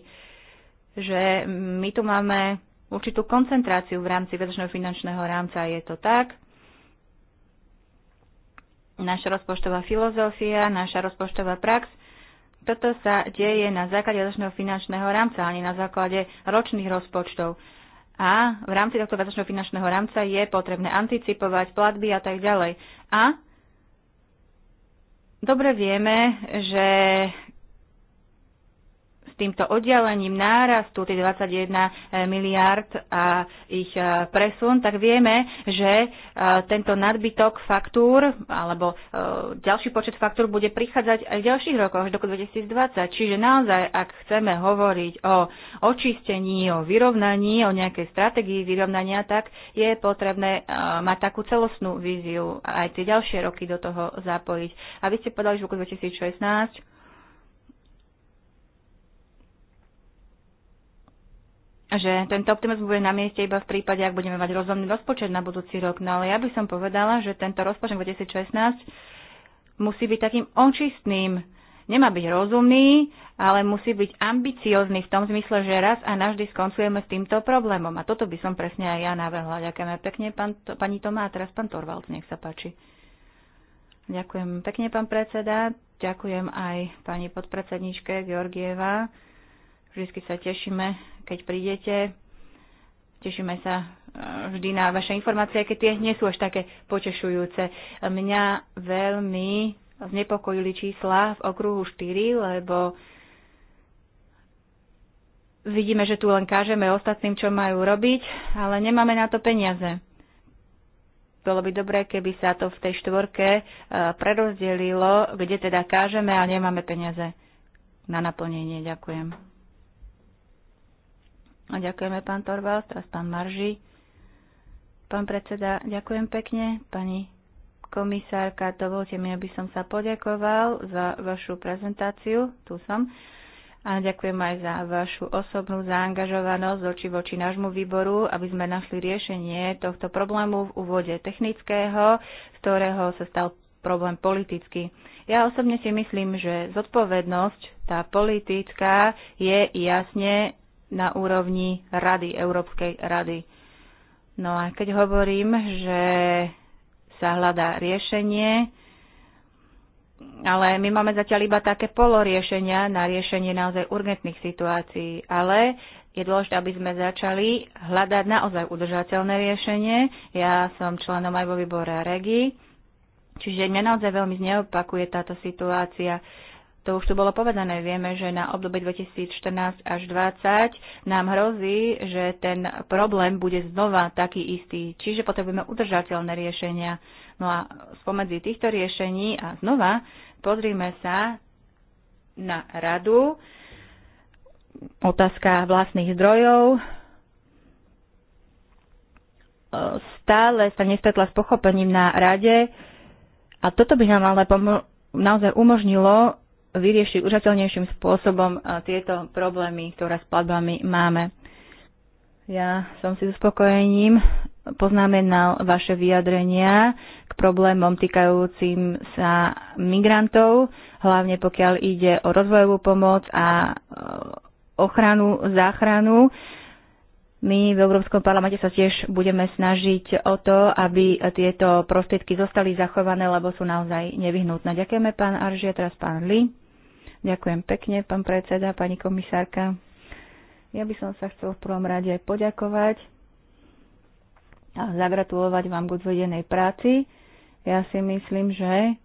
že my tu máme určitú koncentráciu v rámci väčšného finančného rámca. Je to tak, naša rozpočtová filozofia, naša rozpočtová prax – toto sa deje na základe ročného finančného rámca, ani na základe ročných rozpočtov. A v rámci tohto ročného finančného rámca je potrebné anticipovať platby a tak ďalej. A dobre vieme, že týmto oddialením nárastu, tých 21 eh, miliárd a ich eh, presun, tak vieme, že eh, tento nadbytok faktúr alebo ďalší počet faktúr bude prichádzať aj v ďalších rokoch až do 2020. Čiže naozaj, ak chceme hovoriť o očistení, o vyrovnaní, o nejakej stratégii vyrovnania, tak je potrebné mať takú celostnú víziu aj tie ďalšie roky do toho zapojiť. A vy ste povedali, že v roku 2016 že tento optimizmus bude na mieste iba v prípade, ak budeme mať rozumný rozpočet na budúci rok. No ale ja by som povedala, že tento rozpočet 2016 musí byť takým očistným. Nemá byť rozumný, ale musí byť ambiciózny v tom zmysle, že raz a navždy skoncujeme s týmto problémom. A toto by som presne aj ja navrhla. Ďakujeme pekne, pán, to, pani Tomá. A teraz pán Torvald, nech sa páči. Ďakujem pekne, pán predseda. Ďakujem aj pani podpredsedničke Georgieva Vždy sa tešíme, keď prídete. Tešíme sa e, vždy na vaše informácie, keď tie nie sú až také potešujúce. Mňa veľmi znepokojili čísla v okruhu 4, lebo vidíme, že tu len kážeme ostatným, čo majú robiť, ale nemáme na to peniaze. Bolo by dobré, keby sa to v tej štvorke e, prerozdelilo, kde teda kážeme a nemáme peniaze na naplnenie. Ďakujem. A ďakujeme, pán Torval, teraz pán Marži. Pán predseda, ďakujem pekne. Pani komisárka, dovolte mi, aby som sa poďakoval za vašu prezentáciu. Tu som. A ďakujem aj za vašu osobnú zaangažovanosť voči voči nášmu výboru, aby sme našli riešenie tohto problému v úvode technického, z ktorého sa stal problém politický. Ja osobne si myslím, že zodpovednosť, tá politická, je jasne na úrovni Rady, Európskej rady. No a keď hovorím, že sa hľadá riešenie, ale my máme zatiaľ iba také poloriešenia na riešenie naozaj urgentných situácií. Ale je dôležité, aby sme začali hľadať naozaj udržateľné riešenie. Ja som členom aj vo výbore REGI, čiže mňa naozaj veľmi zneopakuje táto situácia. To už tu bolo povedané. Vieme, že na obdobie 2014 až 2020 nám hrozí, že ten problém bude znova taký istý. Čiže potrebujeme udržateľné riešenia. No a spomedzi týchto riešení a znova pozrime sa na radu. Otázka vlastných zdrojov. Stále sa nestretla s pochopením na rade. A toto by nám ale naozaj umožnilo vyriešiť užateľnejším spôsobom tieto problémy, ktoré s platbami máme. Ja som si s uspokojením poznamenal vaše vyjadrenia k problémom týkajúcim sa migrantov, hlavne pokiaľ ide o rozvojovú pomoc a e, ochranu, záchranu. My v Európskom parlamente sa tiež budeme snažiť o to, aby tieto prostriedky zostali zachované, lebo sú naozaj nevyhnutné. Ďakujeme, pán Aržia, teraz pán Lee. Ďakujem pekne, pán predseda, pani komisárka. Ja by som sa chcel v prvom rade poďakovať a zagratulovať vám k odvedenej práci. Ja si myslím, že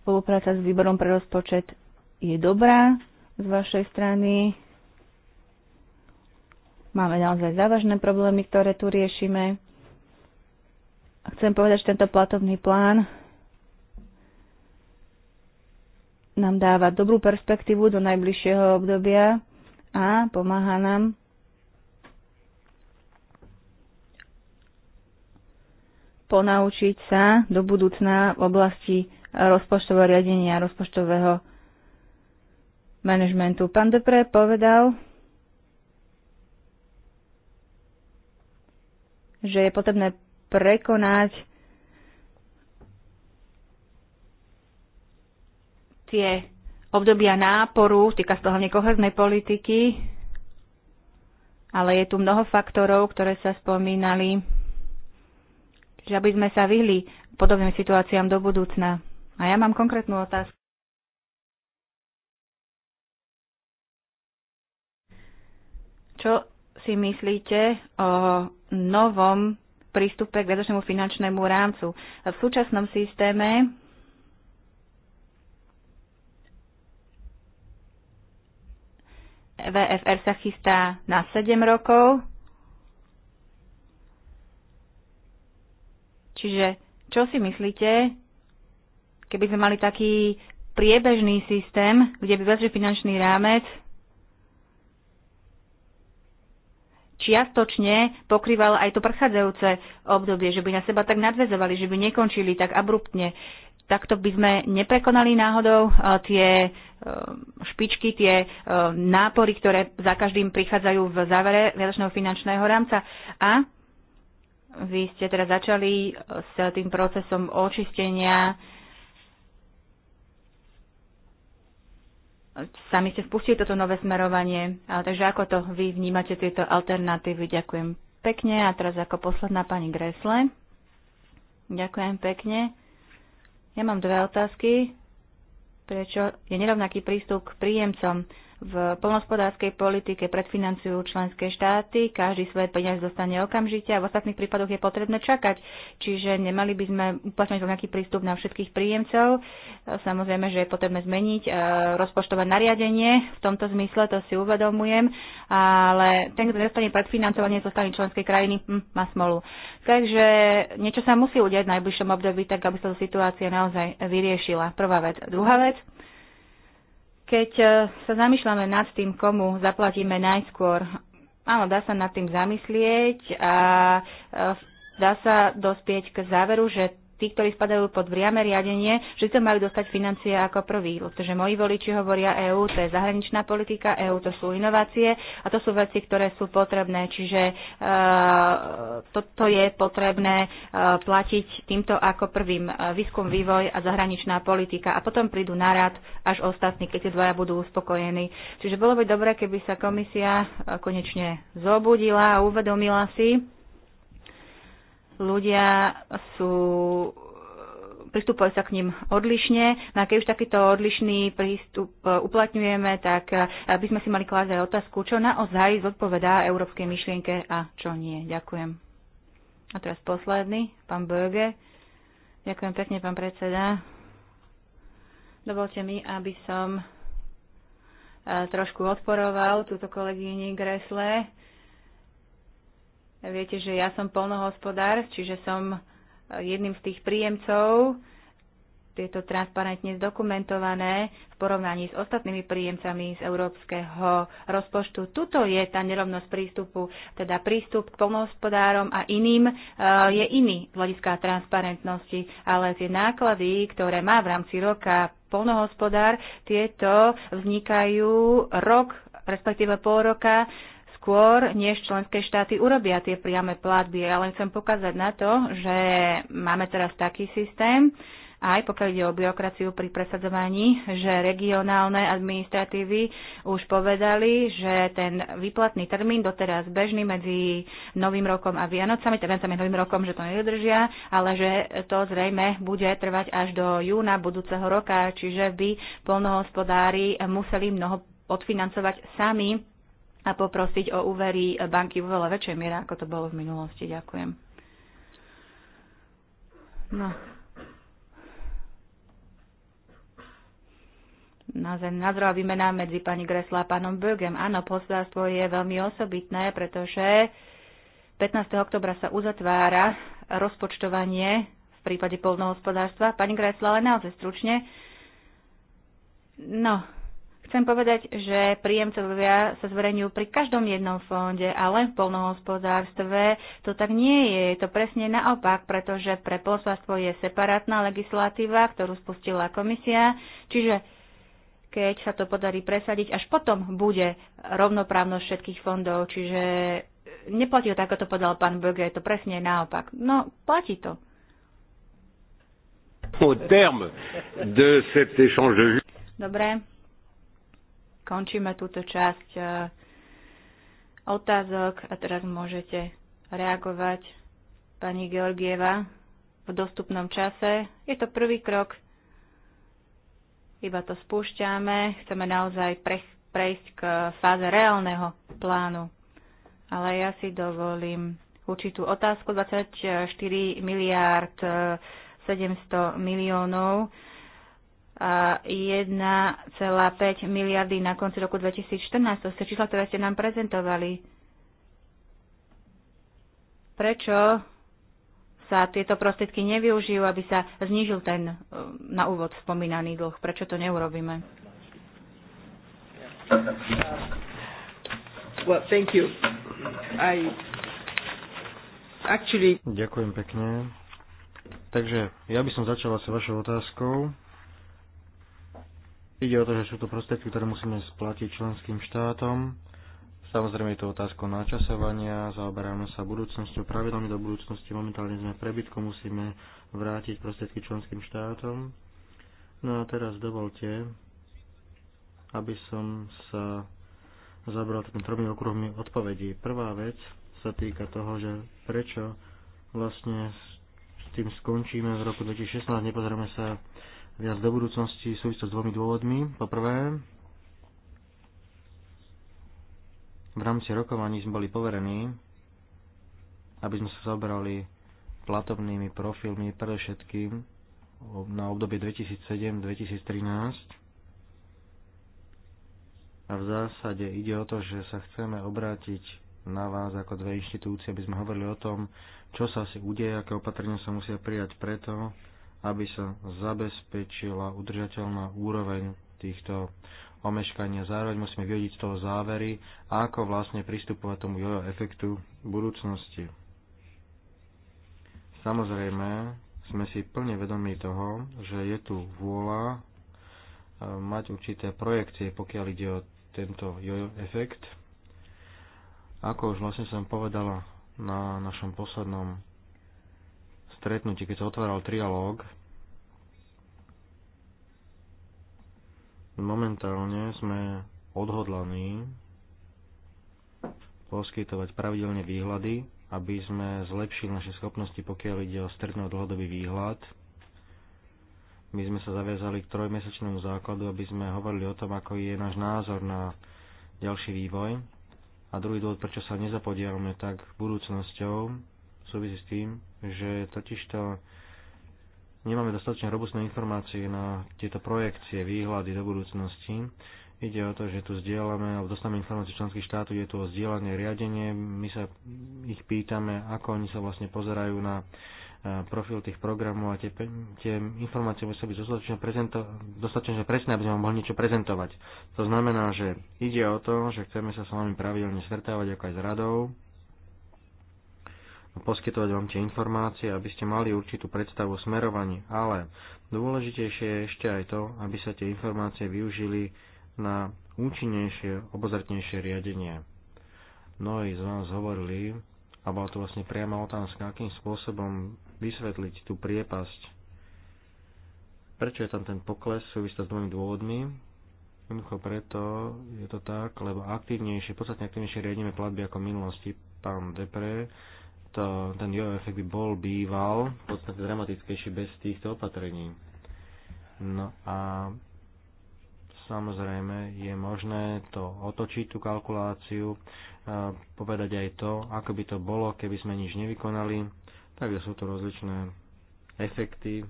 spolupráca s výborom pre rozpočet je dobrá z vašej strany. Máme naozaj závažné problémy, ktoré tu riešime. Chcem povedať, že tento platovný plán nám dáva dobrú perspektívu do najbližšieho obdobia a pomáha nám ponaučiť sa do budúcna v oblasti rozpočtového riadenia, rozpočtového manažmentu. Pán Depre povedal, že je potrebné prekonať tie obdobia náporu, týka sa to hlavne koheznej politiky, ale je tu mnoho faktorov, ktoré sa spomínali, že aby sme sa vyhli podobným situáciám do budúcna. A ja mám konkrétnu otázku. Čo si myslíte o novom prístupe k vedočnému finančnému rámcu? V súčasnom systéme VFR sa chystá na 7 rokov. Čiže čo si myslíte, keby sme mali taký priebežný systém, kde by vezli finančný rámec čiastočne pokrýval aj to prchádzajúce obdobie, že by na seba tak nadvezovali, že by nekončili tak abruptne takto by sme neprekonali náhodou e, tie e, špičky, tie e, nápory, ktoré za každým prichádzajú v závere viadočného finančného rámca. A vy ste teda začali s tým procesom očistenia. Sami ste spustili toto nové smerovanie. Takže ako to vy vnímate tieto alternatívy? Ďakujem pekne. A teraz ako posledná pani Gresle. Ďakujem pekne. Ja mám dve otázky. Prečo je nerovnaký prístup k príjemcom? v polnospodárskej politike predfinancujú členské štáty, každý svoje peniaz dostane okamžite a v ostatných prípadoch je potrebné čakať. Čiže nemali by sme uplatňovať rovnaký prístup na všetkých príjemcov. Samozrejme, že je potrebné zmeniť e, rozpočtové nariadenie v tomto zmysle, to si uvedomujem, ale ten, kto dostane predfinancovanie zo strany členskej krajiny, hm, má smolu. Takže niečo sa musí udiať v najbližšom období, tak aby sa situácia naozaj vyriešila. Prvá vec. Druhá vec keď e, sa zamýšľame nad tým, komu zaplatíme najskôr, áno, dá sa nad tým zamyslieť a e, dá sa dospieť k záveru, že tí, ktorí spadajú pod priame riadenie, že to majú dostať financie ako prvý. Pretože moji voliči hovoria EÚ, to je zahraničná politika, EÚ to sú inovácie a to sú veci, ktoré sú potrebné. Čiže uh, e, toto je potrebné uh, platiť týmto ako prvým uh, výskum, vývoj a zahraničná politika. A potom prídu na rad až ostatní, keď tie dvaja budú uspokojení. Čiže bolo by dobré, keby sa komisia konečne zobudila a uvedomila si, Ľudia sú e, pristupujú sa k ním odlišne. No a keď už takýto odlišný prístup e, uplatňujeme, tak e, by sme si mali klásť aj otázku, čo naozaj zodpovedá európskej myšlienke a čo nie. Ďakujem. A teraz posledný, pán Böge. Ďakujem pekne, pán predseda. Dovolte mi, aby som trošku odporoval túto kolegyni Gresle Viete, že ja som polnohospodár, čiže som e, jedným z tých príjemcov. Je to transparentne zdokumentované v porovnaní s ostatnými príjemcami z európskeho rozpočtu. Tuto je tá nerovnosť prístupu, teda prístup k polnohospodárom a iným e, je iný z hľadiska transparentnosti, ale tie náklady, ktoré má v rámci roka polnohospodár, tieto vznikajú rok respektíve pol roka skôr, než členské štáty urobia tie priame platby. Ja len chcem pokázať na to, že máme teraz taký systém, aj pokiaľ ide o byrokraciu pri presadzovaní, že regionálne administratívy už povedali, že ten výplatný termín doteraz bežný medzi Novým rokom a Vianocami, teda sa Novým rokom, že to nedodržia, ale že to zrejme bude trvať až do júna budúceho roka, čiže by polnohospodári museli mnoho odfinancovať sami a poprosiť o úvery banky vo veľa väčšej miere, ako to bolo v minulosti. Ďakujem. No. zem, nazrela výmena medzi pani Gresla a pánom Bögem. Áno, posolstvo je veľmi osobitné, pretože 15. oktobra sa uzatvára rozpočtovanie v prípade polnohospodárstva. Pani Gresla, ale naozaj stručne. No, Chcem povedať, že príjemcovia sa zverejňujú pri každom jednom fonde a len v polnohospodárstve to tak nie je. Je to presne naopak, pretože pre poslastvo je separátna legislatíva, ktorú spustila komisia, čiže keď sa to podarí presadiť, až potom bude rovnoprávnosť všetkých fondov, čiže neplatí to tak, ako to podal pán Böge, je to presne naopak. No, platí to. Dobre, končíme túto časť e, otázok a teraz môžete reagovať pani Georgieva v dostupnom čase. Je to prvý krok, iba to spúšťame, chceme naozaj prejsť k fáze reálneho plánu. Ale ja si dovolím určitú otázku. 24 miliárd 700 e, miliónov 1,5 miliardy na konci roku 2014. To sú čísla, ktoré ste nám prezentovali. Prečo sa tieto prostriedky nevyužijú, aby sa znížil ten um, na úvod spomínaný dlh? Prečo to neurobíme? Ďakujem pekne. Takže ja by som začal s vašou otázkou Ide o to, že sú to prostriedky, ktoré musíme splatiť členským štátom. Samozrejme je to otázka načasovania, zaoberáme sa budúcnosťou, pravidlami do budúcnosti, momentálne sme v prebytku, musíme vrátiť prostriedky členským štátom. No a teraz dovolte, aby som sa zabral takým tromi okruhmi odpovedí. Prvá vec sa týka toho, že prečo vlastne s tým skončíme v roku 2016, nepozrieme sa viac do budúcnosti sú s dvomi dôvodmi. Po prvé, v rámci rokovaní sme boli poverení, aby sme sa zaoberali platobnými profilmi predovšetkým na obdobie 2007-2013. A v zásade ide o to, že sa chceme obrátiť na vás ako dve inštitúcie, aby sme hovorili o tom, čo sa asi udeje, aké opatrenia sa musia prijať preto, aby sa zabezpečila udržateľná úroveň týchto omeškania. Zároveň musíme vyhodiť z toho závery, ako vlastne pristupovať tomu jojo efektu v budúcnosti. Samozrejme, sme si plne vedomí toho, že je tu vôľa e, mať určité projekcie, pokiaľ ide o tento jojo efekt. Ako už vlastne som povedala na našom poslednom stretnutí, keď sa otváral trialóg, momentálne sme odhodlaní poskytovať pravidelne výhľady, aby sme zlepšili naše schopnosti, pokiaľ ide o stredný dlhodobý výhľad. My sme sa zaviazali k trojmesačnému základu, aby sme hovorili o tom, ako je náš názor na ďalší vývoj. A druhý dôvod, prečo sa nezapodielame tak budúcnosťou, súvisí s tým, že totižto nemáme dostatočne robustné informácie na tieto projekcie, výhľady do budúcnosti. Ide o to, že tu zdieľame, alebo dostávame informácie členských štátov, je tu o zdieľanie riadenie, my sa ich pýtame, ako oni sa vlastne pozerajú na e, profil tých programov a tie, tie informácie musia byť dostatočne, prezento, dostatočne presné, aby sme mohli niečo prezentovať. To znamená, že ide o to, že chceme sa s vami pravidelne stretávať ako aj s radou, poskytovať vám tie informácie, aby ste mali určitú predstavu o smerovaní, ale dôležitejšie je ešte aj to, aby sa tie informácie využili na účinnejšie, obozretnejšie riadenie. Mnohí z vás hovorili, a bola to vlastne priama otázka, akým spôsobom vysvetliť tú priepasť, prečo je tam ten pokles, súvisť s dvomi dôvodmi, Jednoducho preto je to tak, lebo aktívnejšie, podstatne aktívnejšie riadíme platby ako v minulosti. Pán Depre to, ten jojo efekt by bol býval v podstate dramatickejší bez týchto opatrení. No a samozrejme je možné to otočiť tú kalkuláciu, povedať aj to, ako by to bolo, keby sme nič nevykonali. Takže sú to rozličné efekty.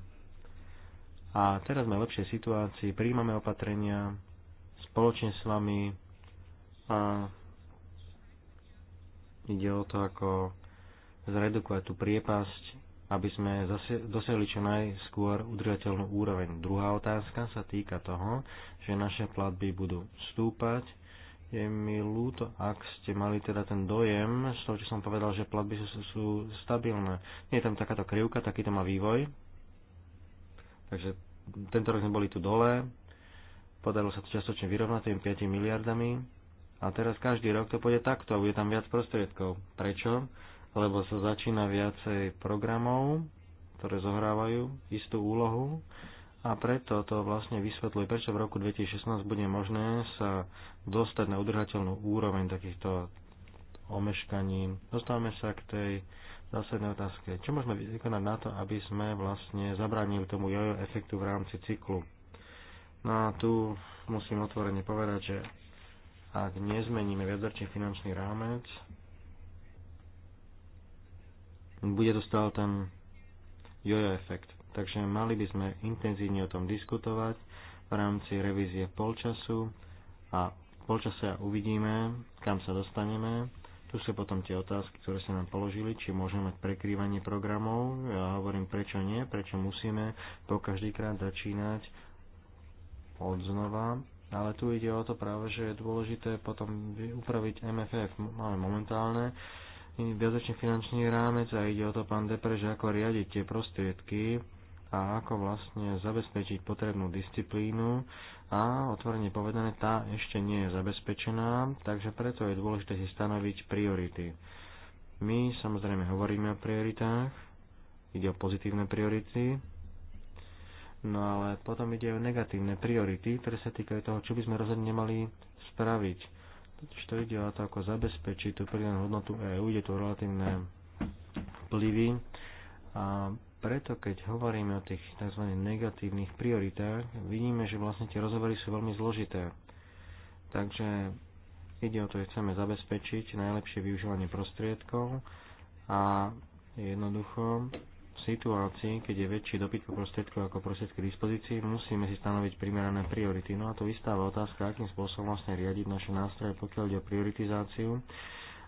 A teraz sme v lepšej situácii, príjmame opatrenia spoločne s vami a ide o to, ako zredukovať tú priepasť, aby sme dosiahli čo najskôr udržateľnú úroveň. Druhá otázka sa týka toho, že naše platby budú stúpať. Je mi ľúto, ak ste mali teda ten dojem z toho, čo som povedal, že platby sú, sú stabilné. Nie je tam takáto krivka, takýto má vývoj. Takže tento rok sme boli tu dole, podarilo sa to častočne vyrovnať tým 5 miliardami a teraz každý rok to pôjde takto a bude tam viac prostriedkov. Prečo? lebo sa začína viacej programov, ktoré zohrávajú istú úlohu a preto to vlastne vysvetľuje, prečo v roku 2016 bude možné sa dostať na udržateľnú úroveň takýchto omeškaní. Dostávame sa k tej zásadnej otázke. Čo môžeme vykonať na to, aby sme vlastne zabránili tomu jojo efektu v rámci cyklu? No a tu musím otvorene povedať, že ak nezmeníme viacročný finančný rámec, bude to stále ten jojo efekt. Takže mali by sme intenzívne o tom diskutovať v rámci revízie polčasu a v polčase uvidíme, kam sa dostaneme. Tu sú potom tie otázky, ktoré sa nám položili, či môžeme mať prekrývanie programov. Ja hovorím, prečo nie, prečo musíme po každýkrát začínať od znova. Ale tu ide o to práve, že je dôležité potom upraviť MFF. Máme momentálne viacročný finančný rámec a ide o to, pán Depre, že ako riadiť tie prostriedky a ako vlastne zabezpečiť potrebnú disciplínu a otvorene povedané, tá ešte nie je zabezpečená, takže preto je dôležité si stanoviť priority. My samozrejme hovoríme o prioritách, ide o pozitívne priority, no ale potom ide o negatívne priority, ktoré sa týkajú toho, čo by sme rozhodne nemali spraviť to ide o to, ako zabezpečiť tú pridanú hodnotu EÚ, ide tu relatívne vplyvy a preto, keď hovoríme o tých tzv. negatívnych prioritách, vidíme, že vlastne tie rozhovory sú veľmi zložité. Takže ide o to, že chceme zabezpečiť najlepšie využívanie prostriedkov a jednoducho situácii, keď je väčší dopyt po prostriedku ako prostriedky k dispozícii, musíme si stanoviť primerané priority. No a tu vystáva otázka, akým spôsobom vlastne riadiť naše nástroje, pokiaľ ide o prioritizáciu.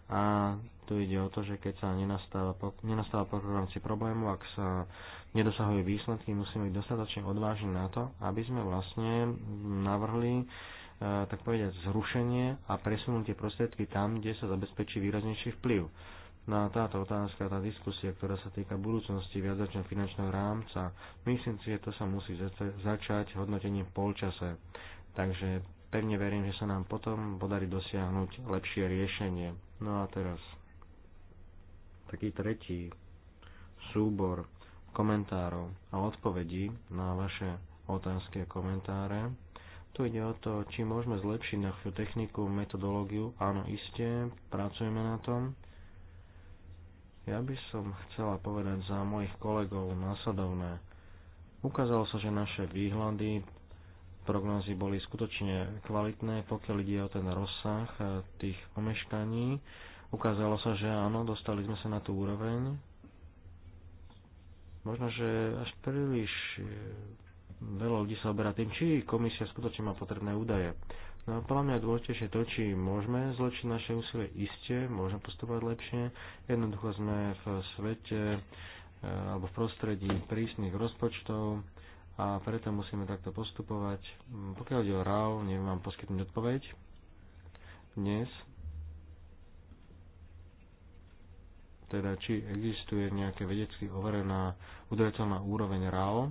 A tu ide o to, že keď sa nenastáva, nenastáva pokrok problému, ak sa nedosahujú výsledky, musíme byť dostatočne odvážni na to, aby sme vlastne navrhli e, tak povedať zrušenie a presunutie prostriedky tam, kde sa zabezpečí výraznejší vplyv na no táto otázka, tá diskusia, ktorá sa týka budúcnosti viacročného finančného rámca. Myslím si, že to sa musí začať hodnotením polčase. Takže pevne verím, že sa nám potom podarí dosiahnuť lepšie riešenie. No a teraz taký tretí súbor komentárov a odpovedí na vaše otázky a komentáre. Tu ide o to, či môžeme zlepšiť našu techniku, metodológiu. Áno, isté, pracujeme na tom ja by som chcela povedať za mojich kolegov následovné. Ukázalo sa, že naše výhľady, prognozy boli skutočne kvalitné, pokiaľ ide o ten rozsah eh, tých omeškaní. Ukázalo sa, že áno, dostali sme sa na tú úroveň. Možno, že až príliš eh, veľa ľudí sa oberá tým, či komisia skutočne má potrebné údaje. No a podľa mňa dôležitejšie to, či môžeme zločiť naše úsilie iste, môžeme postupovať lepšie. Jednoducho sme v svete e, alebo v prostredí prísnych rozpočtov a preto musíme takto postupovať. Mm, pokiaľ ide o RAU, neviem vám poskytnúť odpoveď dnes. Teda, či existuje nejaké vedecky overená udržateľná úroveň RAO,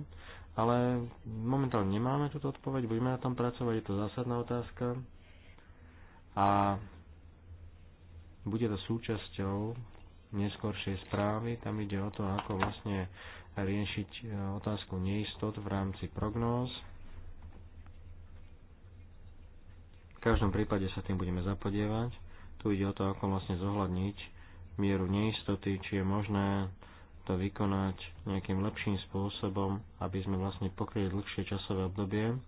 ale momentálne nemáme túto odpoveď, budeme na tom pracovať, je to zásadná otázka. A bude to súčasťou neskoršej správy, tam ide o to, ako vlastne riešiť e, otázku neistot v rámci prognóz. V každom prípade sa tým budeme zapodievať. Tu ide o to, ako vlastne zohľadniť mieru neistoty, či je možné to vykonať nejakým lepším spôsobom, aby sme vlastne pokryli dlhšie časové obdobie.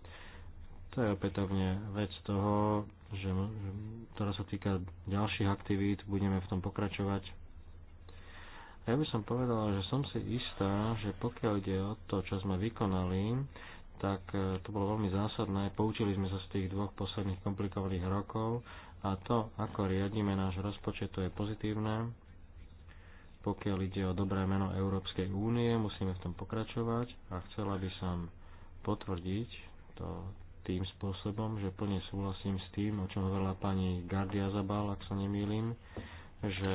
To je opätovne vec toho, že, ktorá sa týka ďalších aktivít, budeme v tom pokračovať. A ja by som povedala, že som si istá, že pokiaľ ide o to, čo sme vykonali, tak e, to bolo veľmi zásadné. Poučili sme sa z tých dvoch posledných komplikovaných rokov a to, ako riadíme náš rozpočet, to je pozitívne pokiaľ ide o dobré meno Európskej únie, musíme v tom pokračovať a chcela by som potvrdiť to tým spôsobom, že plne súhlasím s tým, o čom hovorila pani Gardia Zabal, ak sa nemýlim, že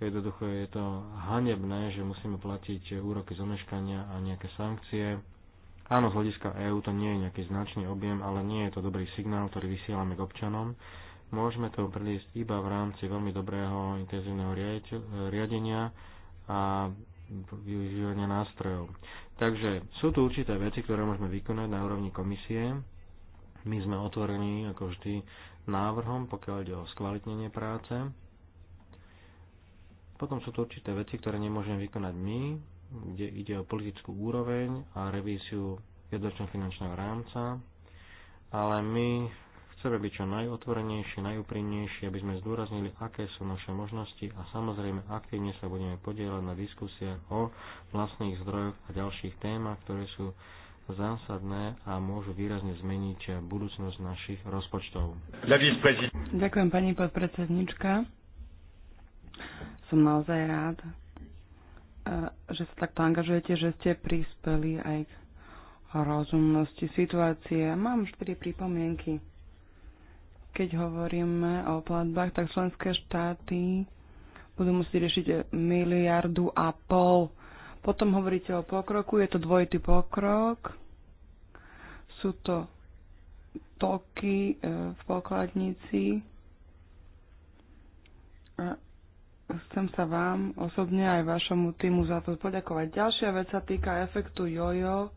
jednoducho je to hanebné, že musíme platiť úroky zomeškania a nejaké sankcie. Áno, z hľadiska EÚ to nie je nejaký značný objem, ale nie je to dobrý signál, ktorý vysielame k občanom Môžeme to preliesť iba v rámci veľmi dobrého intenzívneho riadenia a využívania nástrojov. Takže sú tu určité veci, ktoré môžeme vykonať na úrovni komisie. My sme otvorení, ako vždy, návrhom, pokiaľ ide o skvalitnenie práce. Potom sú tu určité veci, ktoré nemôžeme vykonať my, kde ide o politickú úroveň a revíziu jednočného finančného rámca, ale my Chceme byť čo najotvorenejšie, najúprimnejšie, aby sme zdôraznili, aké sú naše možnosti a samozrejme aktívne sa budeme podielať na diskusiách o vlastných zdrojoch a ďalších témach, ktoré sú zásadné a môžu výrazne zmeniť budúcnosť našich rozpočtov. Ďakujem pani podpredsednička. Som naozaj rád, e, že sa takto angažujete, že ste prispeli aj k rozumnosti situácie. Mám štyri pripomienky. Keď hovoríme o platbách, tak členské štáty budú musieť riešiť miliardu a pol. Potom hovoríte o pokroku, je to dvojitý pokrok. Sú to toky e, v pokladnici. A chcem sa vám osobne aj vašemu týmu za to poďakovať. Ďalšia vec sa týka efektu jojo.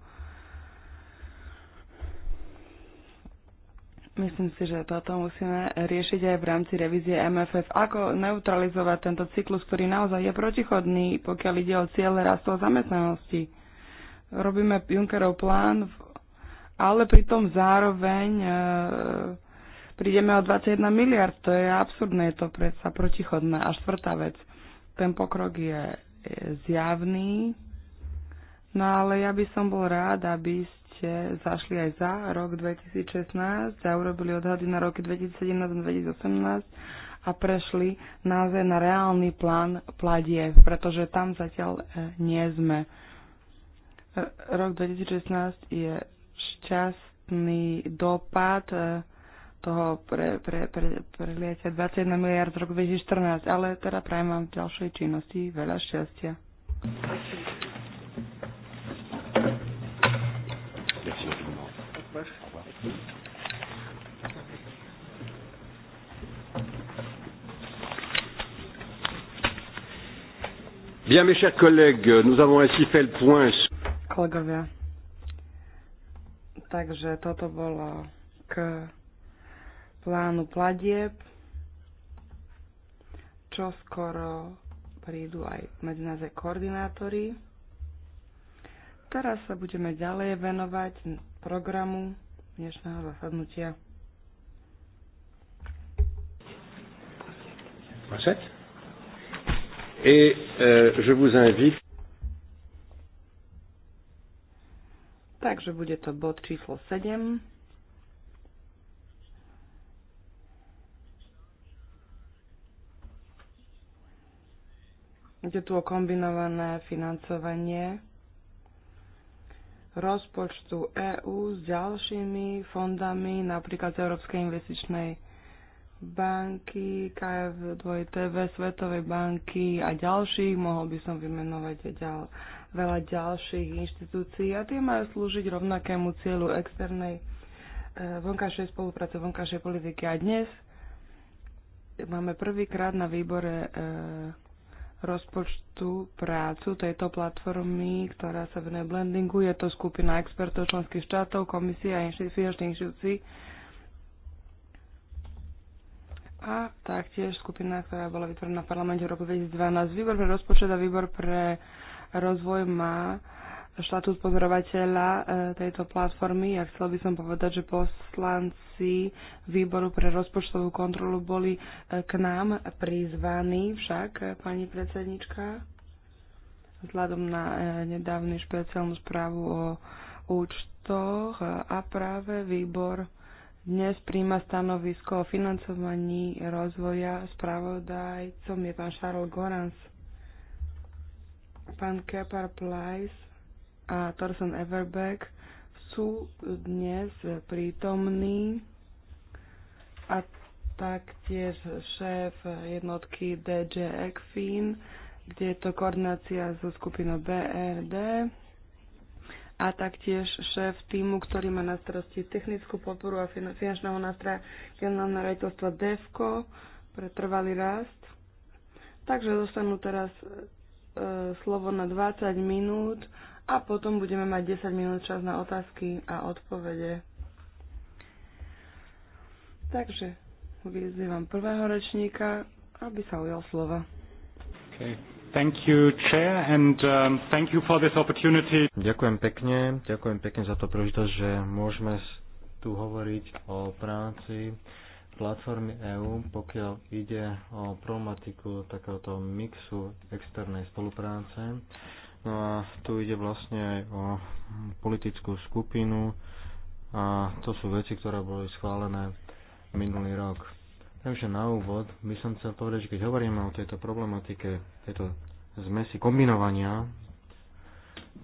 Myslím si, že toto musíme riešiť aj v rámci revízie MFF. Ako neutralizovať tento cyklus, ktorý naozaj je protichodný, pokiaľ ide o cieľe rastu a zamestnanosti. Robíme Junckerov plán, ale pritom zároveň e, prídeme o 21 miliard. To je absurdné, je to predsa protichodné. A štvrtá vec. Ten pokrok je, je zjavný, no ale ja by som bol rád, aby ste ste zašli aj za rok 2016 a urobili odhady na roky 2017 a 2018 a prešli naozaj na reálny plán pladieb, pretože tam zatiaľ e, nie sme. E, rok 2016 je šťastný dopad e, toho pre, pre, pre, 21 miliard z roku 2014, ale teda prajem vám v ďalšej činnosti veľa šťastia. Au Bien, mes chers collègues, nous avons ainsi fait le point. sur. Kolegovia. Takže toto bolo k plánu pladieb, čo skoro prídu aj medzi nás koordinátori. Teraz sa budeme ďalej venovať programu dnešného zasadnutia. Euh, Takže bude to bod číslo 7. Ide tu o kombinované financovanie rozpočtu EÚ s ďalšími fondami, napríklad z Európskej investičnej banky, KF2TV, Svetovej banky a ďalších. Mohol by som vymenovať ďal, veľa ďalších inštitúcií a tie majú slúžiť rovnakému cieľu externej e, vonkajšej spolupráce, vonkajšej politiky. A dnes máme prvýkrát na výbore e, rozpočtu prácu tejto platformy, ktorá sa venuje blendingu. Je to skupina expertov členských štátov, komisie a finančných inštitúcií a taktiež skupina, ktorá bola vytvorená v parlamente v roku 2012. Výbor pre rozpočet a výbor pre rozvoj má štatút pozorovateľa e, tejto platformy. Ja chcel by som povedať, že poslanci výboru pre rozpočtovú kontrolu boli e, k nám prizvaní však, e, pani predsednička, vzhľadom na nedávny špeciálnu správu o účtoch a práve výbor dnes príjma stanovisko o financovaní rozvoja. Spravodajcom je pán Charles Gorans. Pán Kepar Plajs a Thorsten Everbeck sú dnes prítomní a taktiež šéf jednotky DG ECFIN, kde je to koordinácia so skupinou BRD e a taktiež šéf týmu, ktorý má na starosti technickú podporu a finančného nástroja generálneho rejtovstva DEFCO pre trvalý rast. Takže dostanú teraz e, slovo na 20 minút a potom budeme mať 10 minút čas na otázky a odpovede. Takže vyzývam prvého rečníka, aby sa ujal slova. Okay. Thank you, Chair, and um, thank you for this opportunity. Ďakujem pekne, ďakujem pekne za to príležitosť, že môžeme tu hovoriť o práci platformy EÚ, pokiaľ ide o problematiku takéhoto mixu externej spolupráce. No a tu ide vlastne aj o politickú skupinu a to sú veci, ktoré boli schválené minulý rok. Takže na úvod by som chcel povedať, že keď hovoríme o tejto problematike, tejto zmesi kombinovania,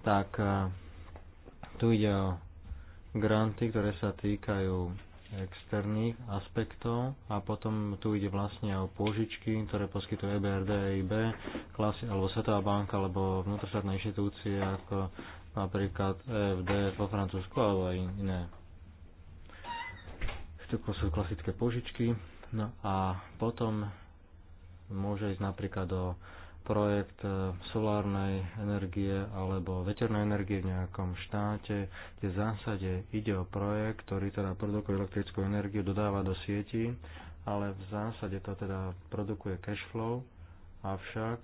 tak eh, tu ide o granty, ktoré sa týkajú externých aspektov a potom tu ide vlastne o pôžičky, ktoré poskytuje EBRD, EIB, klasi, alebo Svetová banka, alebo vnútroštátne inštitúcie ako napríklad EFD vo Francúzsku alebo aj iné. To sú klasické pôžičky. No a potom môže ísť napríklad do projekt e, solárnej energie alebo veternej energie v nejakom štáte, kde v zásade ide o projekt, ktorý teda produkuje elektrickú energiu, dodáva do sieti, ale v zásade to teda produkuje cash flow, avšak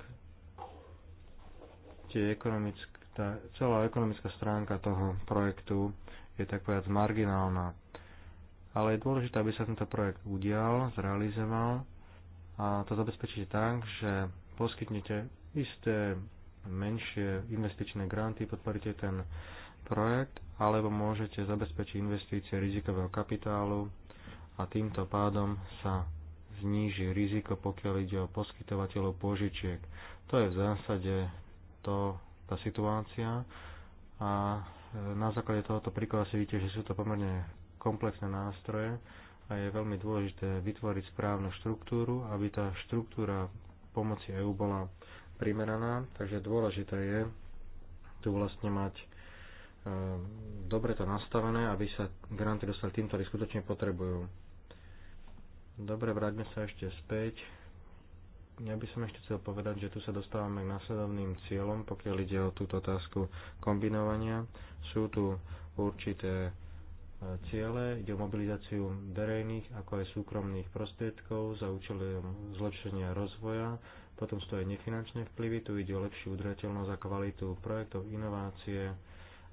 tie ekonomické, tá, celá ekonomická stránka toho projektu je tak povedať marginálna. Ale je dôležité, aby sa tento projekt udial, zrealizoval a to zabezpečiť tak, že poskytnete isté menšie investičné granty, podporíte ten projekt, alebo môžete zabezpečiť investície rizikového kapitálu a týmto pádom sa zníži riziko, pokiaľ ide o poskytovateľov požičiek. To je v zásade to, tá situácia a e, na základe tohoto príkladu si vidíte, že sú to pomerne komplexné nástroje a je veľmi dôležité vytvoriť správnu štruktúru, aby tá štruktúra pomoci EU bola primeraná, takže dôležité je tu vlastne mať e, dobre to nastavené, aby sa granty dostali tým, ktorí skutočne potrebujú. Dobre, vráťme sa ešte späť. Ja by som ešte chcel povedať, že tu sa dostávame k následovným cieľom, pokiaľ ide o túto otázku kombinovania. Sú tu určité ciele. Ide o mobilizáciu verejných ako aj súkromných prostriedkov za účelom zlepšenia rozvoja. Potom sú to aj nefinančné vplyvy. Tu ide o lepšiu udržateľnosť a kvalitu projektov, inovácie.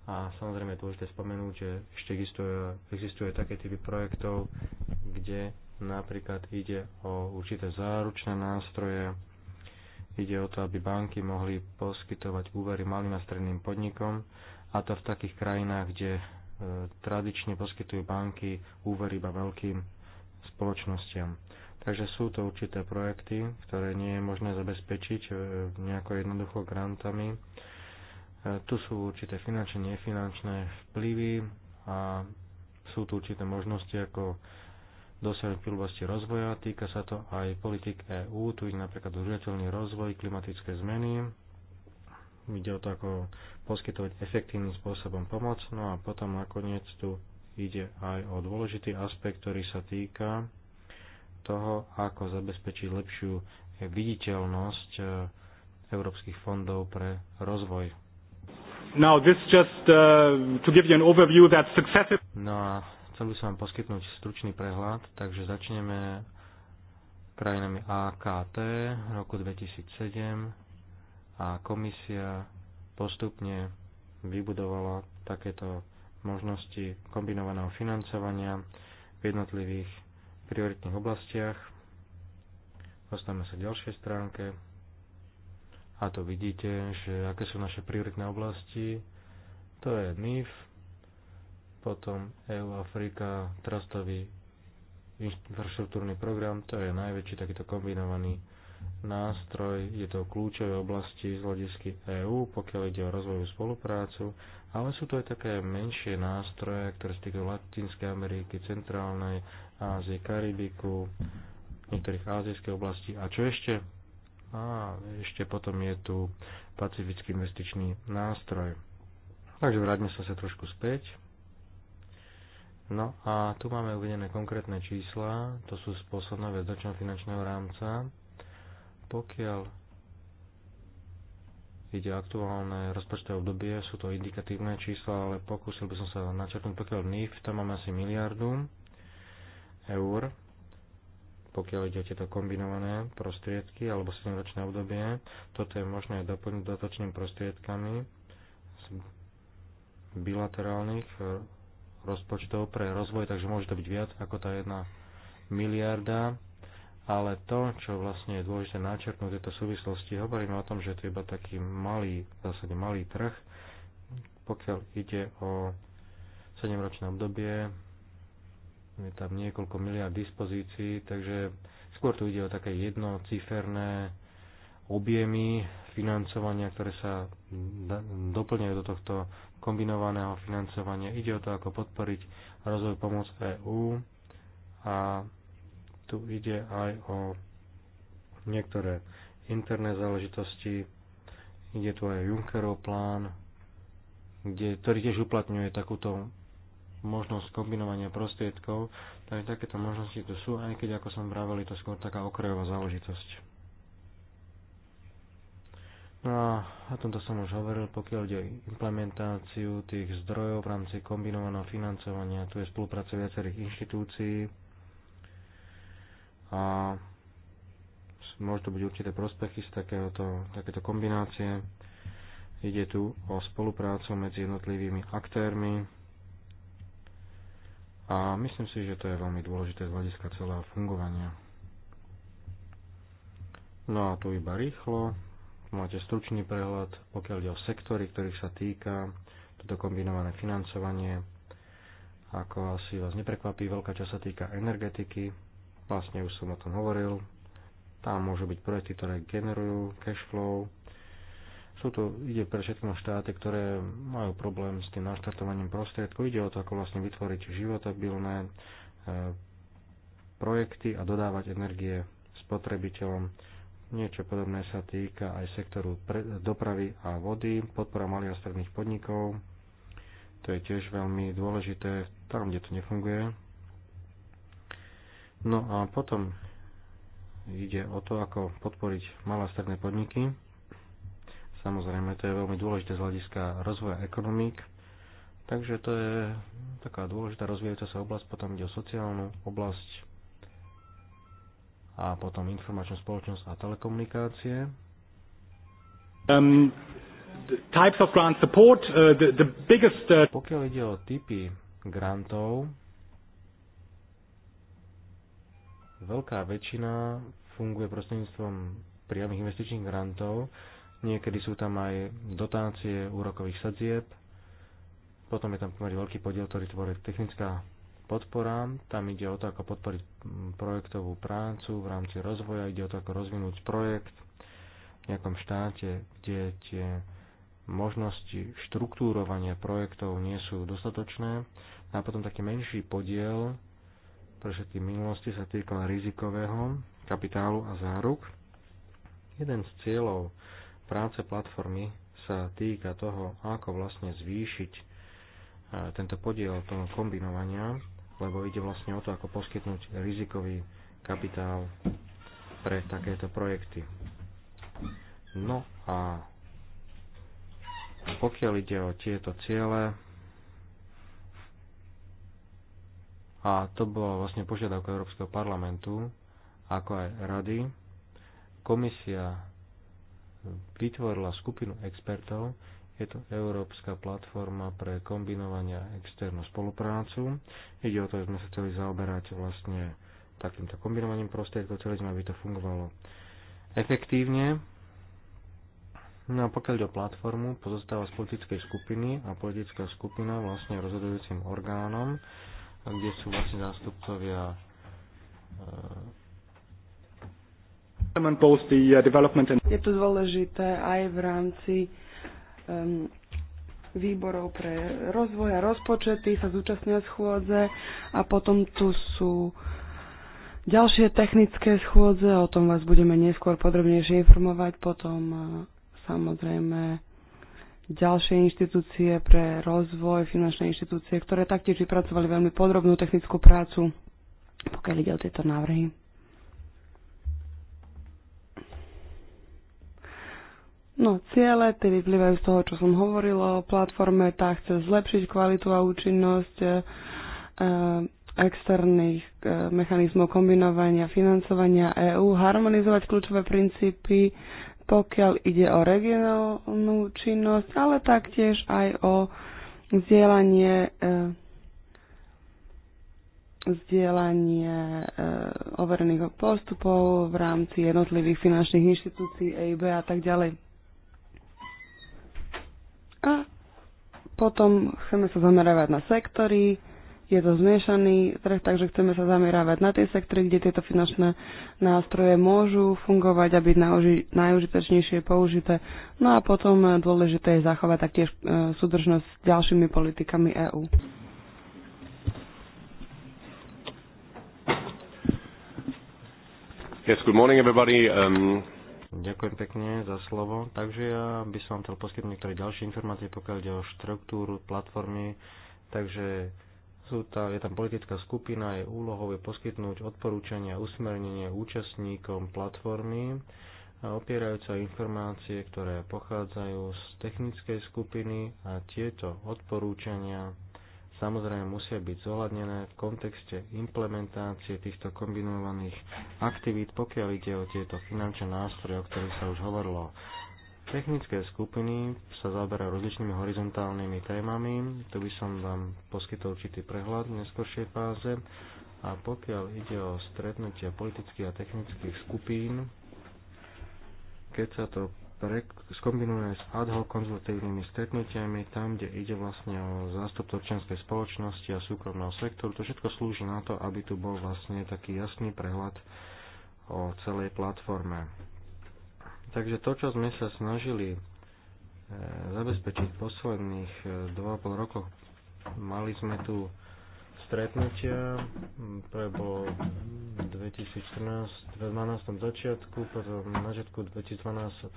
A samozrejme je dôležité spomenúť, že ešte existuje, existuje také typy projektov, kde napríklad ide o určité záručné nástroje, Ide o to, aby banky mohli poskytovať úvery malým a stredným podnikom, a to v takých krajinách, kde tradične poskytujú banky úver iba veľkým spoločnostiam. Takže sú to určité projekty, ktoré nie je možné zabezpečiť e, nejako jednoducho grantami. E, tu sú určité finančné, nefinančné vplyvy a sú tu určité možnosti, ako dosiahnuť príležitosti rozvoja. Týka sa to aj politik EÚ, tu je napríklad udržateľný rozvoj, klimatické zmeny, ide o to, ako poskytovať efektívnym spôsobom pomoc. No a potom nakoniec tu ide aj o dôležitý aspekt, ktorý sa týka toho, ako zabezpečiť lepšiu viditeľnosť e, európskych fondov pre rozvoj. Now this just uh, to give you an overview that successive... No a chcel by som vám poskytnúť stručný prehľad, takže začneme krajinami AKT v roku 2007, a komisia postupne vybudovala takéto možnosti kombinovaného financovania v jednotlivých prioritných oblastiach. Dostaneme sa k ďalšej stránke a to vidíte, že aké sú naše prioritné oblasti. To je MIF, potom EU Afrika, Trastový infraštruktúrny program, to je najväčší takýto kombinovaný nástroj, je to kľúčové oblasti z hľadisky EÚ, pokiaľ ide o rozvoju spoluprácu, ale sú to aj také menšie nástroje, ktoré sa týkajú Latinskej Ameriky, Centrálnej Ázie, Karibiku, niektorých ázijských oblastí. A čo ešte? A ešte potom je tu Pacifický investičný nástroj. Takže vráťme sa sa trošku späť. No a tu máme uvedené konkrétne čísla, to sú z posledného finančného rámca pokiaľ ide aktuálne rozpočtové obdobie, sú to indikatívne čísla, ale pokúsil by som sa načrtnúť, pokiaľ NIF, tam máme asi miliardu eur, pokiaľ ide o tieto kombinované prostriedky alebo 7-ročné obdobie. Toto je možné doplniť dotočnými prostriedkami z bilaterálnych rozpočtov pre rozvoj, takže môže to byť viac ako tá jedna miliarda ale to, čo vlastne je dôležité načrtnúť tieto súvislosti, hovoríme o tom, že to je iba taký malý, v zásade malý trh, pokiaľ ide o 7-ročné obdobie, je tam niekoľko miliard dispozícií, takže skôr tu ide o také jednociferné objemy financovania, ktoré sa doplňajú do tohto kombinovaného financovania. Ide o to, ako podporiť rozvoj pomoc EÚ a tu ide aj o niektoré interné záležitosti, ide tu aj Junckerov plán, kde, ktorý tiež uplatňuje takúto možnosť kombinovania prostriedkov, tak takéto možnosti tu sú, aj keď, ako som vravel, je to skôr taká okrajová záležitosť. No a o tomto som už hovoril, pokiaľ ide implementáciu tých zdrojov v rámci kombinovaného financovania, tu je spolupráca viacerých inštitúcií, a môžu to byť určité prospechy z takéhoto, takéto kombinácie. Ide tu o spoluprácu medzi jednotlivými aktérmi a myslím si, že to je veľmi dôležité z hľadiska celého fungovania. No a tu iba rýchlo. Máte stručný prehľad, pokiaľ ide o sektory, ktorých sa týka toto kombinované financovanie. Ako asi vás neprekvapí, veľká časť sa týka energetiky, vlastne už som o tom hovoril, tam môžu byť projekty, ktoré generujú cash flow. Sú to, ide pre všetkým štáty, ktoré majú problém s tým naštartovaním prostriedkov. Ide o to, ako vlastne vytvoriť životabilné e, projekty a dodávať energie spotrebiteľom. Niečo podobné sa týka aj sektoru dopravy a vody, podpora malých a stredných podnikov. To je tiež veľmi dôležité tam, kde to nefunguje, No a potom ide o to, ako podporiť malé a stredné podniky. Samozrejme, to je veľmi dôležité z hľadiska rozvoja ekonomík. Takže to je taká dôležitá rozvíjajúca sa oblasť, potom ide o sociálnu oblasť a potom informačnú spoločnosť a telekomunikácie. Um, types of grant support, uh, the, the biggest... Uh... Pokiaľ ide o typy grantov, Veľká väčšina funguje prostredníctvom priamých investičných grantov, niekedy sú tam aj dotácie úrokových sadzieb, potom je tam pomerne veľký podiel, ktorý tvorí technická podpora. Tam ide o to, ako podporiť mm, projektovú prácu v rámci rozvoja, ide o to, ako rozvinúť projekt v nejakom štáte, kde tie možnosti štruktúrovania projektov nie sú dostatočné. A potom taký menší podiel pre všetky minulosti sa týkala rizikového kapitálu a záruk. Jeden z cieľov práce platformy sa týka toho, ako vlastne zvýšiť e, tento podiel toho kombinovania, lebo ide vlastne o to, ako poskytnúť rizikový kapitál pre takéto projekty. No a pokiaľ ide o tieto ciele, A to bola vlastne požiadavka Európskeho parlamentu, ako aj rady. Komisia vytvorila skupinu expertov, je to Európska platforma pre kombinovania externú spoluprácu. Ide o to, že sme sa chceli zaoberať vlastne takýmto kombinovaním prostriedkov, chceli sme, aby to fungovalo efektívne. No a pokiaľ ide o platformu, pozostáva z politickej skupiny a politická skupina vlastne rozhodujúcim orgánom kde sú vlastne nástupcovia. Uh, je to dôležité aj v rámci um, výborov pre rozvoj a rozpočety, sa zúčastnia schôdze a potom tu sú ďalšie technické schôdze, o tom vás budeme neskôr podrobnejšie informovať, potom uh, samozrejme ďalšie inštitúcie pre rozvoj, finančné inštitúcie, ktoré taktiež vypracovali veľmi podrobnú technickú prácu, pokiaľ ide o tieto návrhy. No, ciele, tie vyplývajú z toho, čo som hovorila o platforme, tá chce zlepšiť kvalitu a účinnosť e, e externých e, mechanizmov kombinovania, financovania EÚ, harmonizovať kľúčové princípy pokiaľ ide o regionálnu činnosť, ale taktiež aj o vzdielanie, e, vzdielanie e, overených postupov v rámci jednotlivých finančných inštitúcií EIB a tak ďalej. A potom chceme sa zamerávať na sektory, je to zmiešaný trh, takže chceme sa zamerávať na tie sektory, kde tieto finančné nástroje môžu fungovať a byť naoži- najužitočnejšie použité. No a potom dôležité je zachovať taktiež e, súdržnosť s ďalšími politikami EÚ. Yes, good morning everybody. Um... Ďakujem pekne za slovo. Takže ja by som chcel poskytnúť niektoré ďalšie informácie, pokiaľ ide o štruktúru platformy. Takže sú tá, je tam politická skupina, je úlohou je poskytnúť odporúčania a usmernenie účastníkom platformy, a opierajúca informácie, ktoré pochádzajú z technickej skupiny a tieto odporúčania samozrejme musia byť zohľadnené v kontexte implementácie týchto kombinovaných aktivít, pokiaľ ide o tieto finančné nástroje, o ktorých sa už hovorilo. Technické skupiny sa zaoberajú rozličnými horizontálnymi témami. Tu by som vám poskytol určitý prehľad v neskôršej fáze. A pokiaľ ide o stretnutia politických a technických skupín, keď sa to pre, skombinuje s ad hoc konzultatívnymi stretnutiami, tam, kde ide vlastne o zástupcov občianskej spoločnosti a súkromného sektoru, to všetko slúži na to, aby tu bol vlastne taký jasný prehľad o celej platforme. Takže to, čo sme sa snažili e, zabezpečiť v posledných 2,5 e, rokoch, mali sme tu stretnutia, to bolo v 2014, 2012 začiatku, potom na začiatku 2012,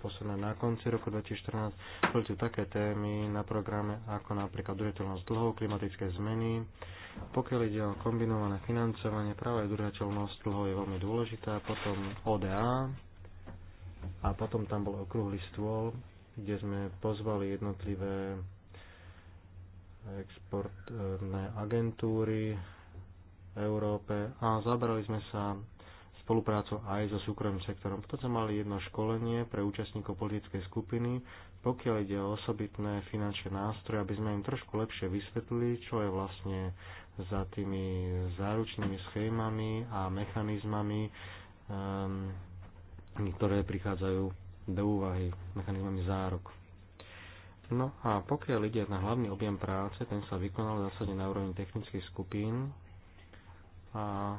posledné na konci roku 2014, boli tu také témy na programe ako napríklad udržateľnosť dlhov, klimatické zmeny. Pokiaľ ide o kombinované financovanie, práve udržateľnosť dlhov je veľmi dôležitá, potom ODA, a potom tam bol okrúhly stôl, kde sme pozvali jednotlivé exportné agentúry v Európe a zabrali sme sa spoluprácou aj so súkromným sektorom. Potom sme mali jedno školenie pre účastníkov politickej skupiny, pokiaľ ide o osobitné finančné nástroje, aby sme im trošku lepšie vysvetlili, čo je vlastne za tými záručnými schémami a mechanizmami um, ktoré prichádzajú do úvahy mechanizmami zárok. No a pokiaľ ide na hlavný objem práce, ten sa vykonal v zásade na úrovni technických skupín a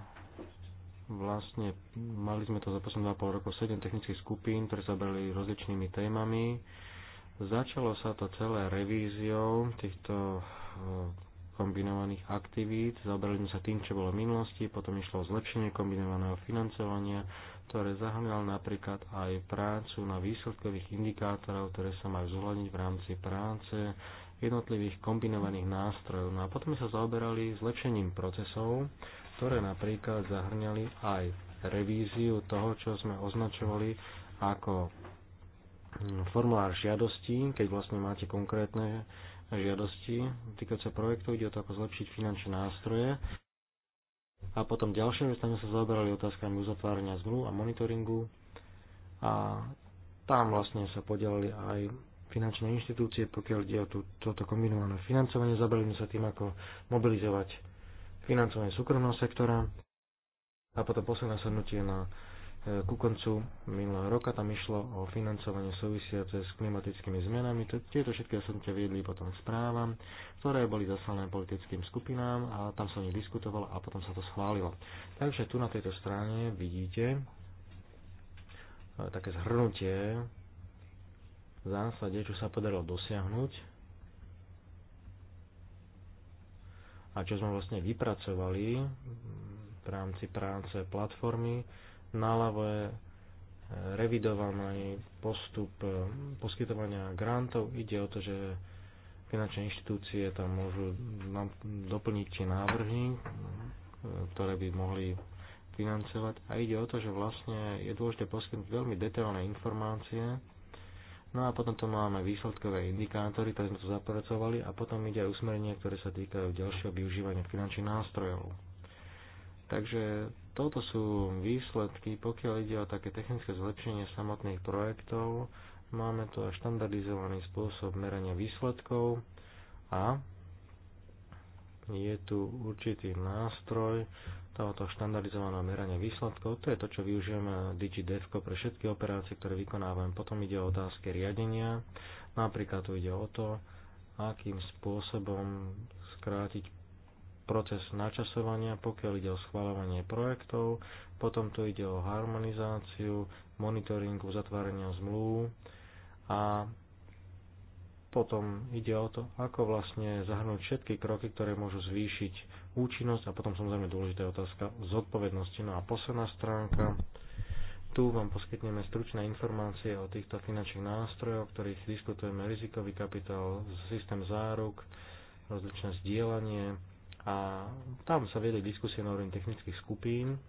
vlastne mali sme to za posledné 2,5 rokov 7 technických skupín, ktoré sa brali rozličnými témami. Začalo sa to celé revíziou týchto eh, kombinovaných aktivít. Zaoberali sme sa tým, čo bolo v minulosti, potom išlo o zlepšenie kombinovaného financovania, ktoré zahrňal napríklad aj prácu na výsledkových indikátorov, ktoré sa majú zohľadniť v rámci práce jednotlivých kombinovaných nástrojov. No a potom sa zaoberali zlepšením procesov, ktoré napríklad zahrňali aj revíziu toho, čo sme označovali ako hm, formulár žiadostí, keď vlastne máte konkrétne žiadosti týkajúce projektov, ide o to, ako zlepšiť finančné nástroje. A potom ďalšia vec, tam sa zaoberali otázkami uzatvárania zmluv a monitoringu. A tam vlastne sa podielali aj finančné inštitúcie, pokiaľ ide o tú, toto kombinované financovanie. Zabrali sa tým, ako mobilizovať financovanie súkromného sektora. A potom posledné sadnutie na E, ku koncu minulého roka tam išlo o financovanie súvisiace s klimatickými zmenami. Tieto všetky rozhodnutia viedli potom správam, ktoré boli zaslané politickým skupinám a tam sa o nich diskutovalo a potom sa to schválilo. Takže tu na tejto strane vidíte e, také zhrnutie v zásade, čo sa podarilo dosiahnuť a čo sme vlastne vypracovali v rámci práce platformy naľavo je e, revidovaný postup e, poskytovania grantov. Ide o to, že finančné inštitúcie tam môžu nám doplniť tie návrhy, e, ktoré by mohli financovať. A ide o to, že vlastne je dôležité poskytnúť veľmi detailné informácie. No a potom tu máme výsledkové indikátory, ktoré sme tu zapracovali a potom ide aj usmerenia, ktoré sa týkajú ďalšieho využívania finančných nástrojov. Takže toto sú výsledky, pokiaľ ide o také technické zlepšenie samotných projektov. Máme tu aj štandardizovaný spôsob merania výsledkov a je tu určitý nástroj tohoto štandardizovaného merania výsledkov. To je to, čo využijeme DigiDevko pre všetky operácie, ktoré vykonávame. Potom ide o otázky riadenia. Napríklad tu ide o to, akým spôsobom skrátiť proces načasovania, pokiaľ ide o schváľovanie projektov, potom tu ide o harmonizáciu, monitoring uzatvárania zmluv a potom ide o to, ako vlastne zahrnúť všetky kroky, ktoré môžu zvýšiť účinnosť a potom samozrejme dôležitá otázka zodpovednosti. No a posledná stránka, tu vám poskytneme stručné informácie o týchto finančných nástrojoch, ktorých diskutujeme rizikový kapitál, systém záruk, rozličné sdielanie a tam sa viedli diskusie na úrovni technických skupín.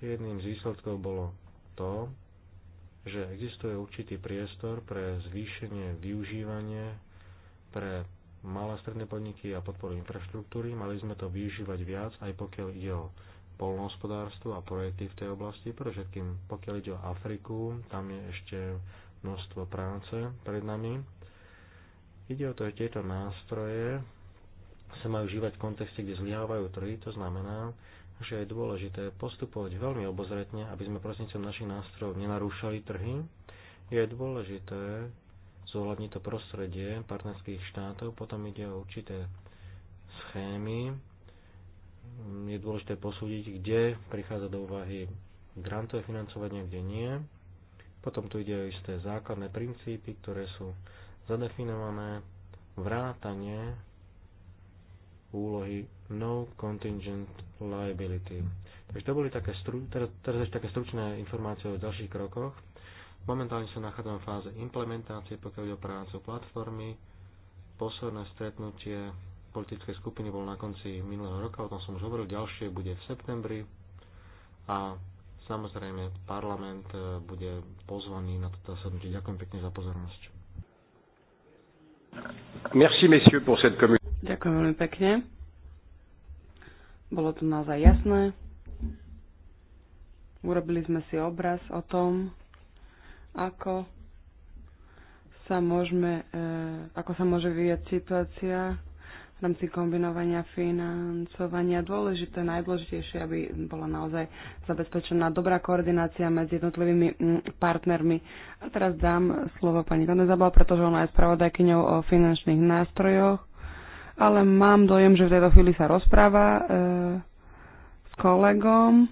Jedným z výsledkov bolo to, že existuje určitý priestor pre zvýšenie využívanie pre malé stredné podniky a podporu infraštruktúry. Mali sme to využívať viac, aj pokiaľ ide o polnohospodárstvo a projekty v tej oblasti. Pre všetkým, pokiaľ ide o Afriku, tam je ešte množstvo práce pred nami. Ide o to, že tieto nástroje sa majú užívať v kontexte, kde zlyhávajú trhy. To znamená, že je dôležité postupovať veľmi obozretne, aby sme prostredníctvom našich nástrojov nenarúšali trhy. Je dôležité zohľadniť to prostredie partnerských štátov, potom ide o určité schémy. Je dôležité posúdiť, kde prichádza do úvahy grantové financovanie, kde nie. Potom tu ide o isté základné princípy, ktoré sú zadefinované, vrátanie úlohy No Contingent Liability. Takže to boli také, stru, teraz, teraz ešte také stručné informácie o ďalších krokoch. Momentálne sa nachádzame v fáze implementácie, pokiaľ ide o prácu platformy. Posledné stretnutie politickej skupiny bolo na konci minulého roka, o tom som už hovoril, ďalšie bude v septembri a samozrejme parlament e, bude pozvaný na toto zasadnutie. Ďakujem pekne za pozornosť. Merci messieurs pour cette commune. Ďakujem veľmi pekne. Bolo to naozaj jasné. Urobili sme si obraz o tom, ako sa môžeme, e, ako sa môže vyvíjať situácia v rámci kombinovania financovania. Dôležité, najdôležitejšie, aby bola naozaj zabezpečená dobrá koordinácia medzi jednotlivými mm, partnermi. A teraz dám slovo pani Donezabal, pretože ona je spravodajkyňou o finančných nástrojoch ale mám dojem, že v tejto chvíli sa rozpráva e, s kolegom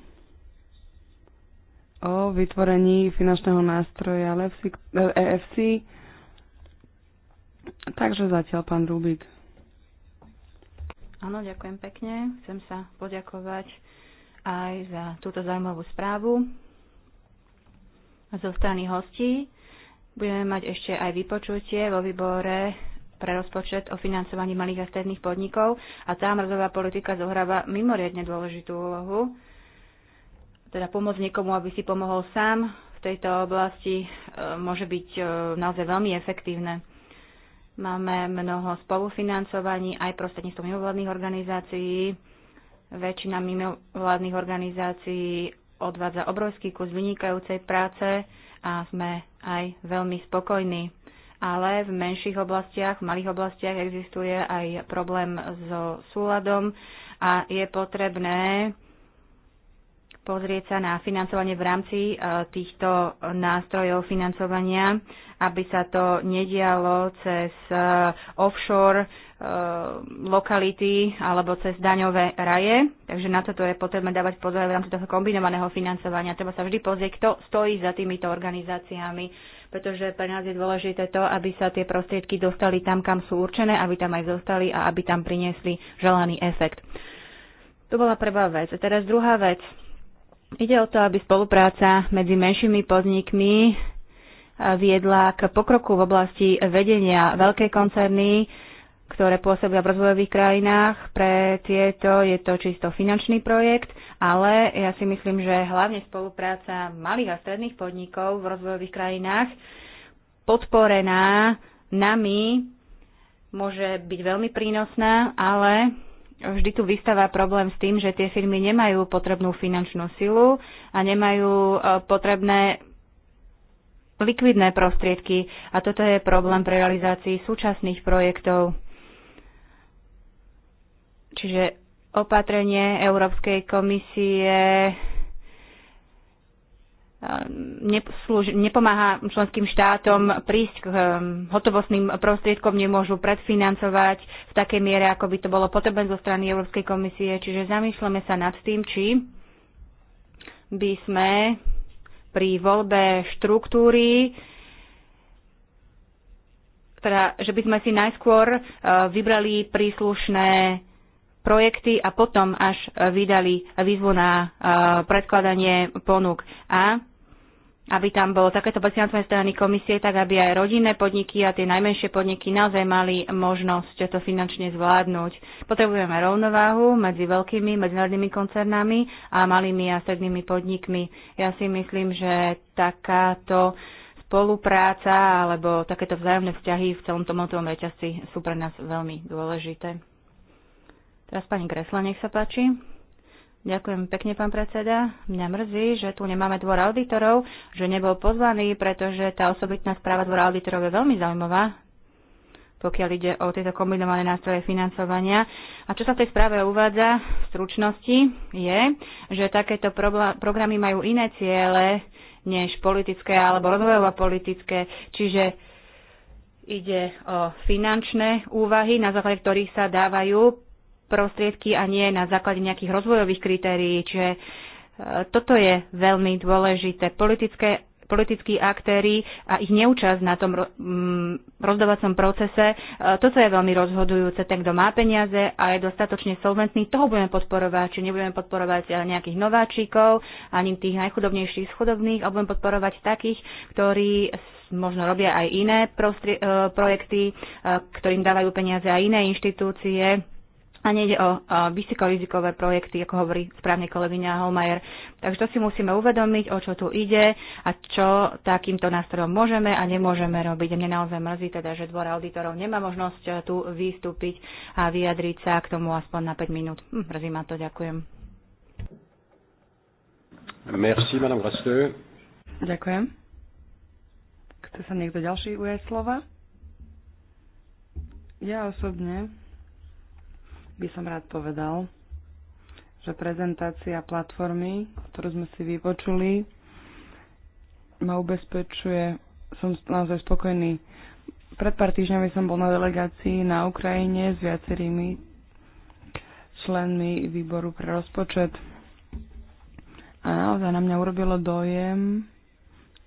o vytvorení finančného nástroja EFC. E, e Takže zatiaľ pán Rubik. Áno, ďakujem pekne. Chcem sa poďakovať aj za túto zaujímavú správu zo strany hostí. Budeme mať ešte aj vypočutie vo výbore pre rozpočet o financovaní malých a stredných podnikov a tá mrzová politika zohráva mimoriadne dôležitú úlohu, teda pomôcť niekomu, aby si pomohol sám v tejto oblasti, e, môže byť e, naozaj veľmi efektívne. Máme mnoho spolufinancovaní aj prostredníctvom mimovládnych organizácií. Väčšina mimovládnych organizácií odvádza obrovský kus vynikajúcej práce a sme aj veľmi spokojní ale v menších oblastiach, v malých oblastiach existuje aj problém so súladom a je potrebné pozrieť sa na financovanie v rámci e, týchto nástrojov financovania, aby sa to nedialo cez e, offshore e, lokality alebo cez daňové raje. Takže na toto je potrebné dávať pozor v rámci toho kombinovaného financovania. Treba sa vždy pozrieť, kto stojí za týmito organizáciami pretože pre nás je dôležité to, aby sa tie prostriedky dostali tam, kam sú určené, aby tam aj zostali a aby tam priniesli želaný efekt. To bola prvá vec. A teraz druhá vec. Ide o to, aby spolupráca medzi menšími podnikmi eh, viedla k pokroku v oblasti vedenia. Veľké koncerny ktoré pôsobia v rozvojových krajinách. Pre tieto je to čisto finančný projekt, ale ja si myslím, že hlavne spolupráca malých a stredných podnikov v rozvojových krajinách podporená nami môže byť veľmi prínosná, ale vždy tu vystáva problém s tým, že tie firmy nemajú potrebnú finančnú silu a nemajú e, potrebné likvidné prostriedky a toto je problém pre realizácii súčasných projektov. Čiže opatrenie Európskej komisie ehm, nepomáha členským štátom prísť k ehm, hotovostným prostriedkom, nemôžu predfinancovať v takej miere, ako by to bolo potrebné zo strany Európskej komisie. Čiže zamýšľame sa nad tým, či by sme pri voľbe štruktúry teda, že by sme si najskôr ehm, vybrali príslušné projekty a potom až vydali výzvu na e, predkladanie ponúk. A aby tam bolo takéto predstavenie strany komisie, tak aby aj rodinné podniky a tie najmenšie podniky naozaj mali možnosť to finančne zvládnuť. Potrebujeme rovnováhu medzi veľkými medzinárodnými koncernami a malými a strednými podnikmi. Ja si myslím, že takáto spolupráca alebo takéto vzájomné vzťahy v celom tom reťazci sú pre nás veľmi dôležité. Teraz pani Gresla, nech sa páči. Ďakujem pekne, pán predseda. Mňa mrzí, že tu nemáme dvor auditorov, že nebol pozvaný, pretože tá osobitná správa dvora auditorov je veľmi zaujímavá, pokiaľ ide o tieto kombinované nástroje financovania. A čo sa v tej správe uvádza v stručnosti je, že takéto programy majú iné ciele než politické alebo rozvojovo politické, čiže ide o finančné úvahy, na základe ktorých sa dávajú prostriedky a nie na základe nejakých rozvojových kritérií. Čiže e, toto je veľmi dôležité. Politické politickí aktéry a ich neúčasť na tom mm, rozdávacom procese. E, toto je veľmi rozhodujúce. Ten, kto má peniaze a je dostatočne solventný, toho budeme podporovať. Či nebudeme podporovať e, nejakých nováčikov, ani tých najchudobnejších z chudobných, ale budeme podporovať takých, ktorí možno robia aj iné projekty, ktorým dávajú peniaze aj iné inštitúcie a nejde o vysokorizikové projekty, ako hovorí správne kolegyňa Holmajer. Takže to si musíme uvedomiť, o čo tu ide a čo takýmto nástrojom môžeme a nemôžeme robiť. Mne naozaj mrzí teda, že dvor auditorov nemá možnosť e, tu vystúpiť a vyjadriť sa k tomu aspoň na 5 minút. Hm, mrzí ma to, ďakujem. Merci, madame Grassle. Ďakujem. Chce sa niekto ďalší ujať slova? Ja osobne by som rád povedal, že prezentácia platformy, ktorú sme si vypočuli, ma ubezpečuje, som naozaj spokojný. Pred pár týždňami som bol na delegácii na Ukrajine s viacerými členmi výboru pre rozpočet. A naozaj na mňa urobilo dojem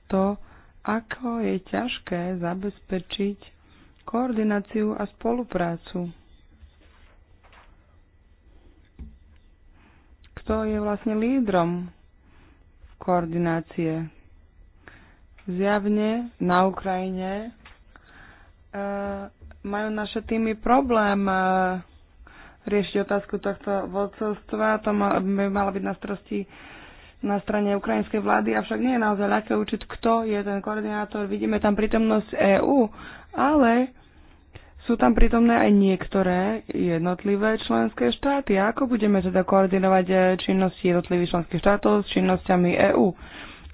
to, ako je ťažké zabezpečiť koordináciu a spoluprácu kto je vlastne lídrom v koordinácie. Zjavne na Ukrajine e, majú naše týmy problém e, riešiť otázku tohto vodcovstva. To ma, by malo byť na strosti na strane ukrajinskej vlády, avšak nie je naozaj ľahké učiť, kto je ten koordinátor. Vidíme tam prítomnosť EÚ, ale sú tam prítomné aj niektoré jednotlivé členské štáty. A ako budeme teda koordinovať eh, činnosti jednotlivých členských štátov s činnosťami EÚ?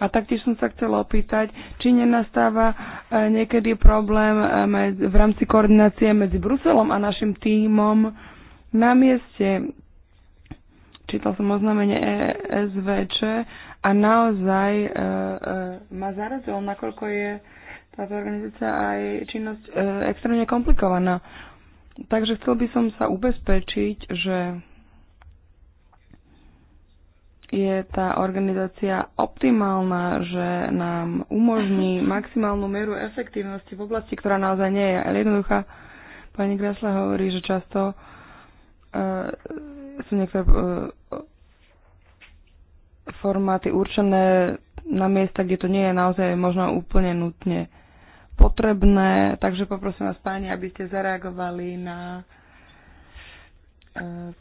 A taktiež som sa chcela opýtať, či nenastáva eh, niekedy problém eh, v rámci koordinácie medzi Bruselom a našim tímom na mieste. Čítal som oznámenie ESVČ a naozaj ma zarazilo, nakoľko je táto organizácia aj činnosť e, extrémne komplikovaná. Takže chcel by som sa ubezpečiť, že je tá organizácia optimálna, že nám umožní maximálnu mieru efektívnosti v oblasti, ktorá naozaj nie je jednoduchá. Pani Grasla hovorí, že často e, sú niektoré e, formáty určené na miesta, kde to nie je naozaj možno úplne nutne potrebné, takže poprosím vás páni, aby ste zareagovali na e,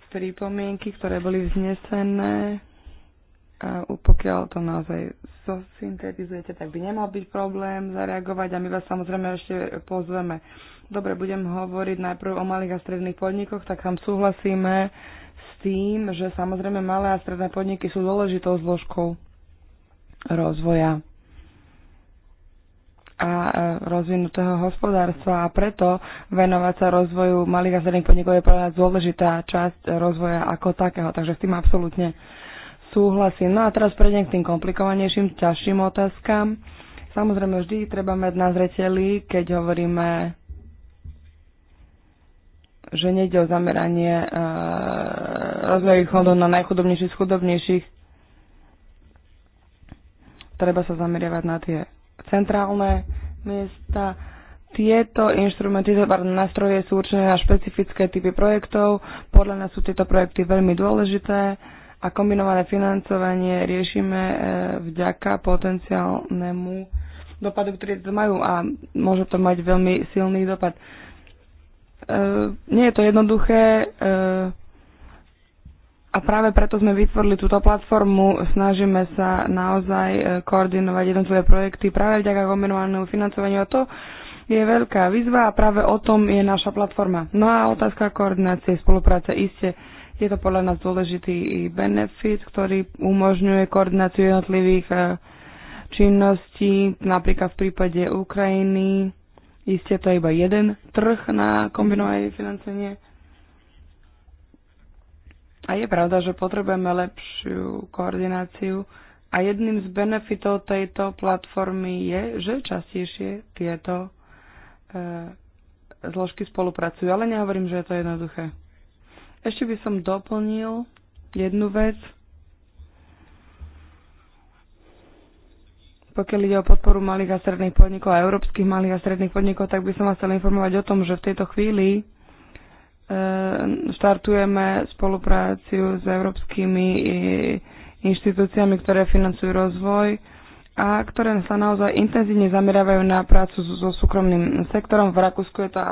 pripomienky, ktoré boli vznesené. A pokiaľ to naozaj zosyntetizujete, tak by nemal byť problém zareagovať a my vás samozrejme ešte pozveme. Dobre, budem hovoriť najprv o malých a stredných podnikoch, tak tam súhlasíme s tým, že samozrejme malé a stredné podniky sú dôležitou zložkou rozvoja a rozvinutého hospodárstva a preto venovať sa rozvoju malých a stredných podnikov je pre nás dôležitá časť rozvoja ako takého. Takže s tým absolútne súhlasím. No a teraz prejdem k tým komplikovanejším, ťažším otázkam. Samozrejme, vždy treba mať na zreteli, keď hovoríme, že nejde o zameranie e, rozvojových fondov na najchudobnejších z chudobnejších. Treba sa zameriavať na tie centrálne miesta. Tieto inštrumenty, tieto nástroje sú určené na špecifické typy projektov. Podľa nás sú tieto projekty veľmi dôležité a kombinované financovanie riešime e, vďaka potenciálnemu dopadu, ktorý to majú a môže to mať veľmi silný dopad. E, nie je to jednoduché, e, a práve preto sme vytvorili túto platformu, snažíme sa naozaj e, koordinovať jednotlivé projekty práve vďaka kombinovanému financovaniu a to je veľká výzva a práve o tom je naša platforma. No a otázka koordinácie, spolupráce iste. Je to podľa nás dôležitý benefit, ktorý umožňuje koordináciu jednotlivých e, činností, napríklad v prípade Ukrajiny. Isté to je iba jeden trh na kombinované financenie a je pravda, že potrebujeme lepšiu koordináciu a jedným z benefitov tejto platformy je, že častejšie tieto e, zložky spolupracujú. Ale nehovorím, že je to jednoduché. Ešte by som doplnil jednu vec. Pokiaľ ide o podporu malých a stredných podnikov a európskych malých a stredných podnikov, tak by som vás chcel informovať o tom, že v tejto chvíli Ehm, štartujeme spolupráciu s európskymi e, inštitúciami, ktoré financujú rozvoj a ktoré sa naozaj intenzívne zameriavajú na prácu so súkromným sektorom. V Rakúsku je to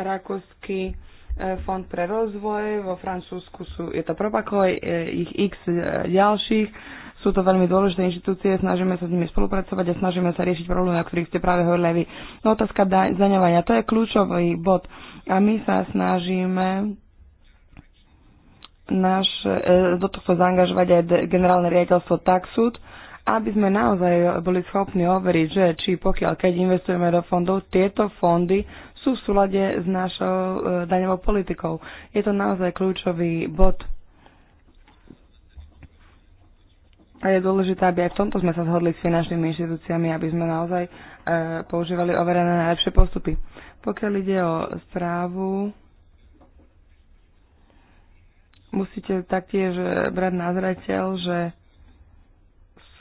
Rakúsky e, fond pre rozvoj, vo Francúzsku sú, je to Propakoj, e, ich x ďalších sú to veľmi dôležité inštitúcie, snažíme sa s nimi spolupracovať a snažíme sa riešiť problémy, o ktorých ste práve hovorili vy. No otázka zaňovania, to je kľúčový bod. A my sa snažíme naš, e, do tohto zaangažovať aj generálne riaditeľstvo Taxud, aby sme naozaj boli schopní overiť, že či pokiaľ, keď investujeme do fondov, tieto fondy sú v súlade s našou e, daňovou politikou. Je to naozaj kľúčový bod A je dôležité, aby aj v tomto sme sa zhodli s finančnými inštitúciami, aby sme naozaj e, používali overené najlepšie postupy. Pokiaľ ide o správu, musíte taktiež e, brať na zreteľ, že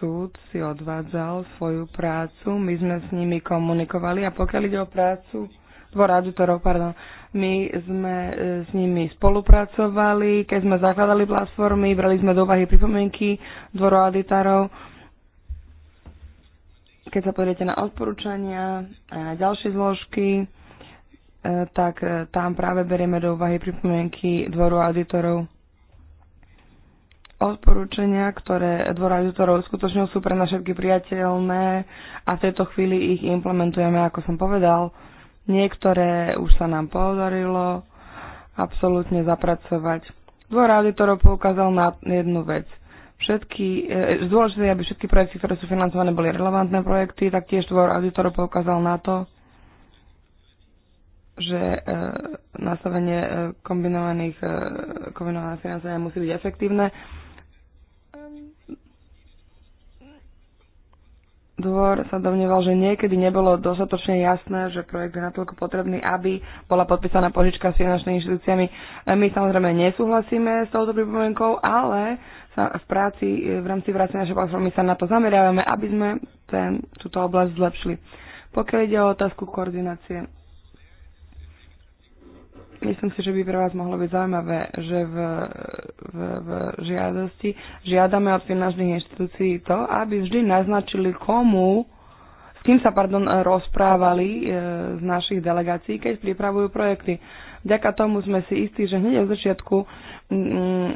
súd si odvádzal svoju prácu, my sme s nimi komunikovali a pokiaľ ide o prácu dvora auditorov, pardon. My sme e, s nimi spolupracovali, keď sme zakladali platformy, brali sme do úvahy pripomienky dvoru auditorov. Keď sa pozriete na odporúčania a ďalšie zložky, e, tak e, tam práve berieme do úvahy pripomienky dvoru auditorov odporúčania, ktoré dvora auditorov skutočne sú pre nás všetky priateľné a v tejto chvíli ich implementujeme, ako som povedal. Niektoré už sa nám podarilo absolútne zapracovať. Dvor auditorov poukázal na jednu vec. Všetky, e, e dôležité, aby všetky projekty, ktoré sú financované, boli relevantné projekty, tak tiež dvor auditorov poukázal na to, že e, nastavenie e, kombinovaných, e, kombinované financovania musí byť efektívne. Dvor sa domnieval, že niekedy nebolo dostatočne jasné, že projekt je natoľko potrebný, aby bola podpísaná požička s finančnými inštitúciami. E, my samozrejme nesúhlasíme s touto pripomienkou, ale sa v práci, e, v rámci práce našej platformy sa na to zameriavame, aby sme ten, túto oblasť zlepšili. Pokiaľ ide o otázku koordinácie Myslím si, že by pre vás mohlo byť zaujímavé, že v, v, v žiadosti žiadame od finančných inštitúcií to, aby vždy naznačili, komu, s kým sa pardon, rozprávali e, z našich delegácií, keď pripravujú projekty. Vďaka tomu sme si istí, že hneď od začiatku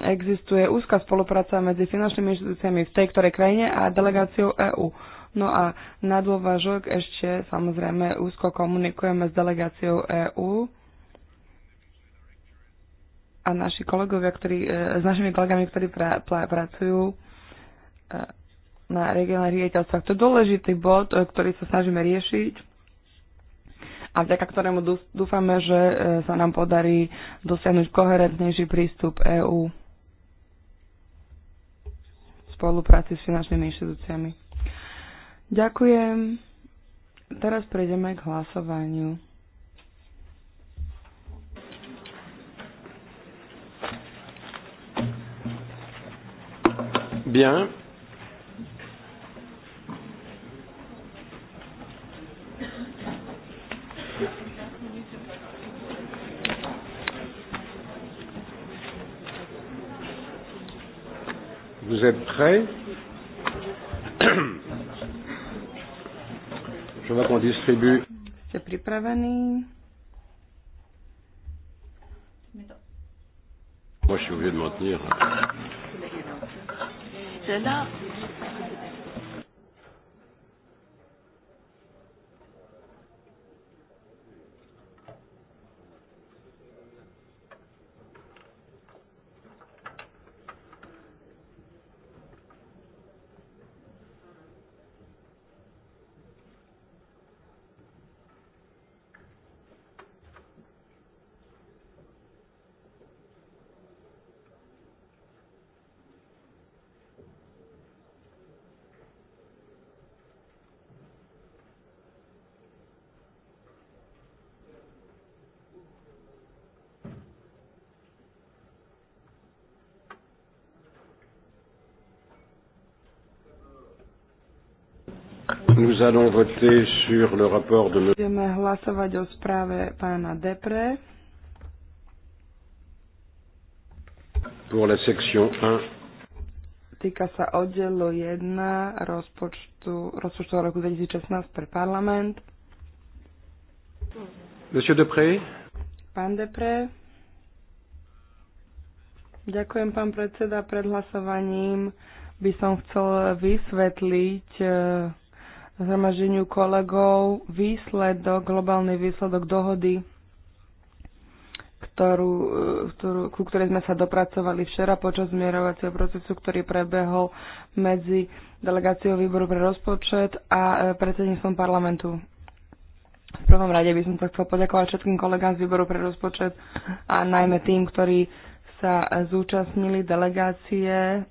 existuje úzka spolupráca medzi finančnými inštitúciami v tej ktorej krajine a delegáciou EÚ. No a na dôvažok ešte samozrejme úzko komunikujeme s delegáciou EÚ a naši kolegovia, ktorí, e, s našimi kolegami, ktorí pra, pra, pracujú e, na regionálnych riaditeľstvách. To je dôležitý bod, e, ktorý sa snažíme riešiť a vďaka ktorému dúfame, že sa nám podarí dosiahnuť koherentnejší prístup EÚ v spolupráci s finančnými inštitúciami. Ďakujem. Teraz prejdeme k hlasovaniu. Bien. Vous êtes prêts Je vois qu'on distribue. C'est pripraveni. Moi, je suis obligé de m'en tenir. Stella Nous allons voter sur le rapport de Budeme hlasovať o správe pána Depre. Pour la section 1. Týka sa oddelu 1 rozpočtu, rozpočtu roku 2016 pre parlament. Monsieur Depré. Pán Depré. Ďakujem, pán predseda. Pred hlasovaním by som chcel vysvetliť eh, zhromaždeniu kolegov výsledok, globálny výsledok dohody, ktorú, e, ktorú, ku ktorej sme sa dopracovali včera počas zmierovacieho procesu, ktorý prebehol medzi delegáciou výboru pre rozpočet a e, predsedníctvom parlamentu. V prvom rade by som sa chcel poďakovať všetkým kolegám z výboru pre rozpočet a najmä tým, ktorí sa e, zúčastnili delegácie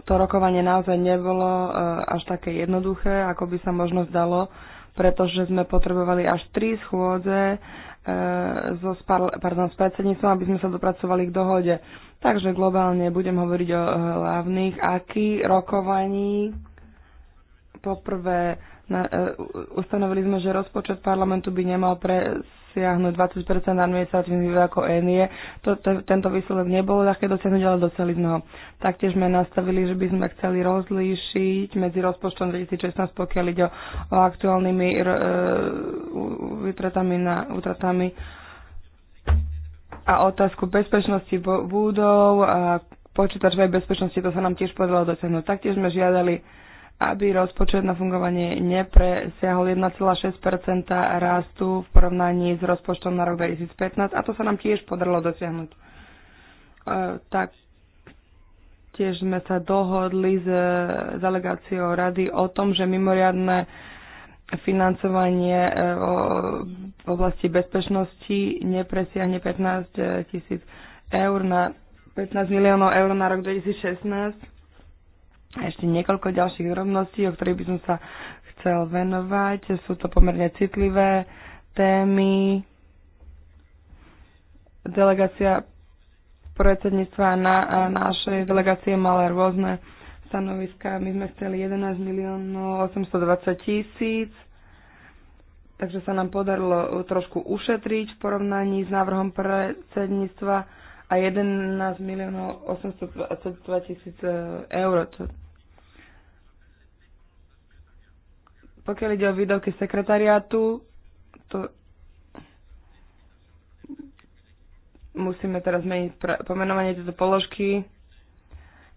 to rokovanie naozaj nebolo e, až také jednoduché, ako by sa možno zdalo, pretože sme potrebovali až tri schôdze e, so, pardon, s predsedníctvom, aby sme sa dopracovali k dohode. Takže globálne budem hovoriť o e, hlavných, aký rokovaní. Poprvé, na, ustanovili sme, že rozpočet parlamentu by nemal pre, dosiahnuť 20 administratívnych výdavkov ENIE. Tento výsledok nebolo ľahké dosiahnuť, ale dosiahli sme ho. Taktiež sme nastavili, že by sme chceli rozlíšiť medzi rozpočtom 2016, pokiaľ ide o aktuálnymi vytratami, e, na, utratami a otázku bezpečnosti budov a počítačovej bezpečnosti, to sa nám tiež podalo dosiahnuť. Taktiež sme žiadali aby rozpočet na fungovanie nepresiahol 1,6 rastu v porovnaní s rozpočtom na rok 2015 a to sa nám tiež podarilo dosiahnuť. E, tak tiež sme sa dohodli s, s delegáciou rady o tom, že mimoriadne financovanie e, v oblasti bezpečnosti nepresiahne 15 tisíc eur na 15 miliónov eur na rok 2016 a ešte niekoľko ďalších rovností, o ktorých by som sa chcel venovať. Sú to pomerne citlivé témy. Delegácia predsedníctva na, našej delegácie mala rôzne stanoviska. My sme chceli 11 miliónov 820 tisíc, takže sa nám podarilo trošku ušetriť v porovnaní s návrhom predsedníctva a 11 miliónov 822 tisíc e, eur, čo Pokiaľ ide o výdavky sekretariátu, to musíme teraz meniť pomenovanie tejto položky,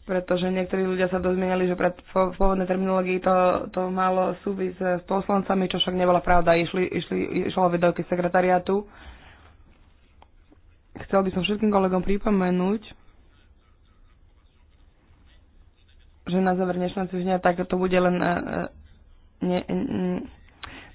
pretože niektorí ľudia sa dozmenili, že pred v pôvodnej terminológii to, to malo súvis s poslancami, čo však nebola pravda. Išli, išli, išlo o vedovky sekretariátu. Chcel by som všetkým kolegom pripomenúť, že na záver dnešného týždňa tak to bude len e, e, ne,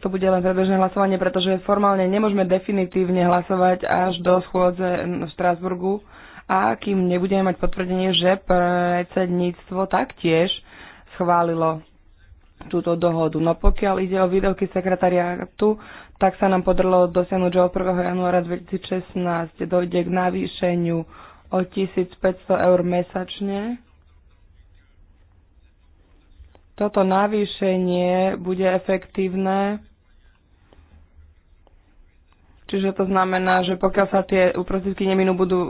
to bude len predbežné hlasovanie, pretože formálne nemôžeme definitívne hlasovať až do schôdze v Strasburgu a kým nebudeme mať potvrdenie, že predsedníctvo taktiež schválilo túto dohodu. No pokiaľ ide o výdavky sekretariátu, tak sa nám podarilo dosiahnuť, že od 1. januára 2016 dojde k navýšeniu o 1500 eur mesačne toto navýšenie bude efektívne Čiže to znamená, že pokiaľ sa tie uprostredky neminú, budú e,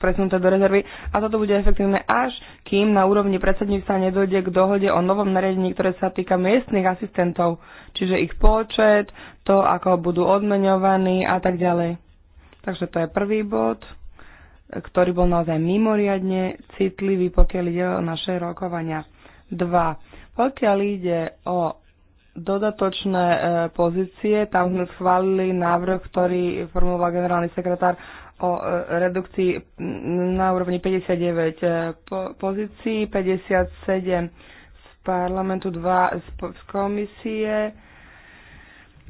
presunuté do rezervy a toto bude efektívne až, kým na úrovni predsedníctva nedojde k dohode o novom nariadení, ktoré sa týka miestnych asistentov, čiže ich počet, to, ako budú odmeňovaní a tak ďalej. Takže to je prvý bod, ktorý bol naozaj mimoriadne citlivý, pokiaľ ide o naše rokovania. 2. Pokiaľ ide o dodatočné e, pozície, tam sme schválili návrh, ktorý formuloval generálny sekretár o e, redukcii na úrovni 59 pozícií, 57 z parlamentu, 2 z komisie.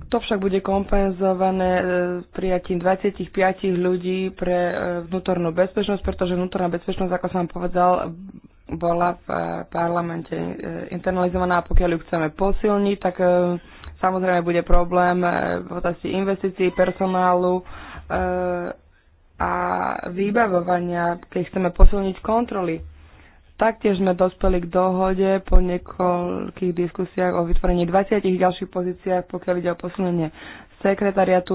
To však bude kompenzované e, prijatím 25 ľudí pre vnútornú bezpečnosť, pretože vnútorná bezpečnosť, ako som vám povedal, bola v eh, parlamente eh, internalizovaná pokiaľ ju chceme posilniť, tak eh, samozrejme bude problém v otázci investícií, personálu a vybavovania, keď chceme posilniť kontroly. Taktiež sme dospeli k dohode po niekoľkých diskusiách o vytvorení 20 ďalších pozíciách, pokiaľ ide o posilnenie sekretariatu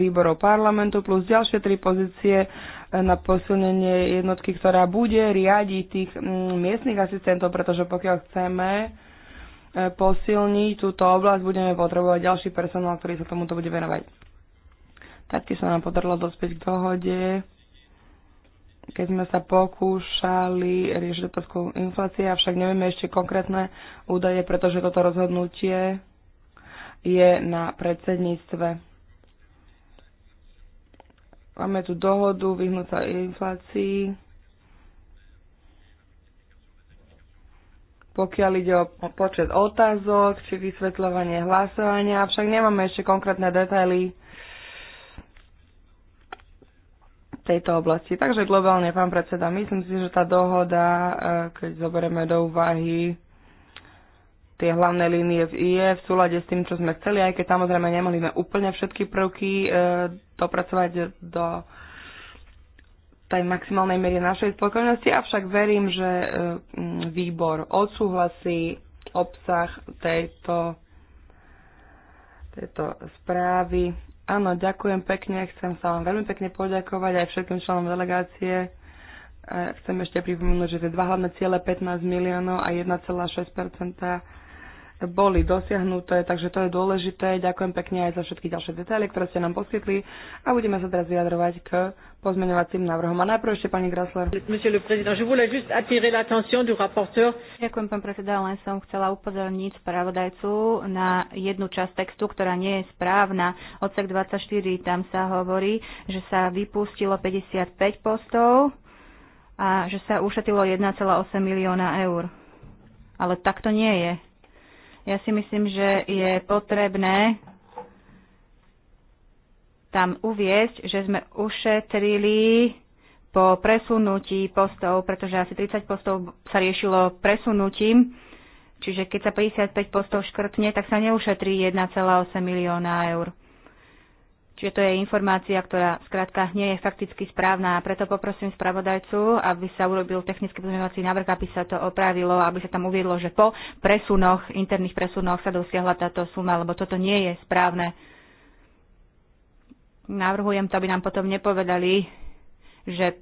výborov parlamentu plus ďalšie tri pozície na posilnenie jednotky, ktorá bude riadiť tých mm, miestnych asistentov, pretože pokiaľ chceme e, posilniť túto oblasť, budeme potrebovať ďalší personál, ktorý sa tomuto bude venovať. Taktiež sa nám podarilo dospieť k dohode, keď sme sa pokúšali riešiť otázku inflácie, avšak nevieme ešte konkrétne údaje, pretože toto rozhodnutie je na predsedníctve. Máme tu dohodu, vyhnúť sa inflácii. Pokiaľ ide o počet otázok či vysvetľovanie hlasovania, avšak nemáme ešte konkrétne detaily tejto oblasti. Takže globálne, pán predseda, myslím si, že tá dohoda, eh, keď zoberieme do úvahy tie hlavné línie v IE v súlade s tým, čo sme chceli, aj keď samozrejme nemohli sme úplne všetky prvky e, dopracovať do tej maximálnej miery našej spokojnosti, avšak verím, že e, výbor odsúhlasí obsah tejto, tejto správy. Áno, ďakujem pekne, chcem sa vám veľmi pekne poďakovať aj všetkým členom delegácie e, chcem ešte pripomenúť, že tie dva hlavné ciele 15 miliónov a 1,6 boli dosiahnuté, takže to je dôležité. Ďakujem pekne aj za všetky ďalšie detaily, ktoré ste nám poskytli a budeme sa teraz vyjadrovať k pozmeňovacím návrhom. A najprv ešte pani Grasler. Ďakujem, pán predseda, len som chcela upozorniť spravodajcu na jednu časť textu, ktorá nie je správna. Odsek 24, tam sa hovorí, že sa vypustilo 55 postov a že sa ušetilo 1,8 milióna eur. Ale tak to nie je ja si myslím, že je potrebné tam uviesť, že sme ušetrili po presunutí postov, pretože asi 30 postov sa riešilo presunutím, čiže keď sa 55 postov škrtne, tak sa neušetrí 1,8 milióna eur. Čiže to je informácia, ktorá skrátka nie je fakticky správna. preto poprosím spravodajcu, aby sa urobil technický pozmeňovací návrh, aby sa to opravilo, aby sa tam uviedlo, že po presunoch, interných presunoch sa dosiahla táto suma, lebo toto nie je správne. Navrhujem to, aby nám potom nepovedali, že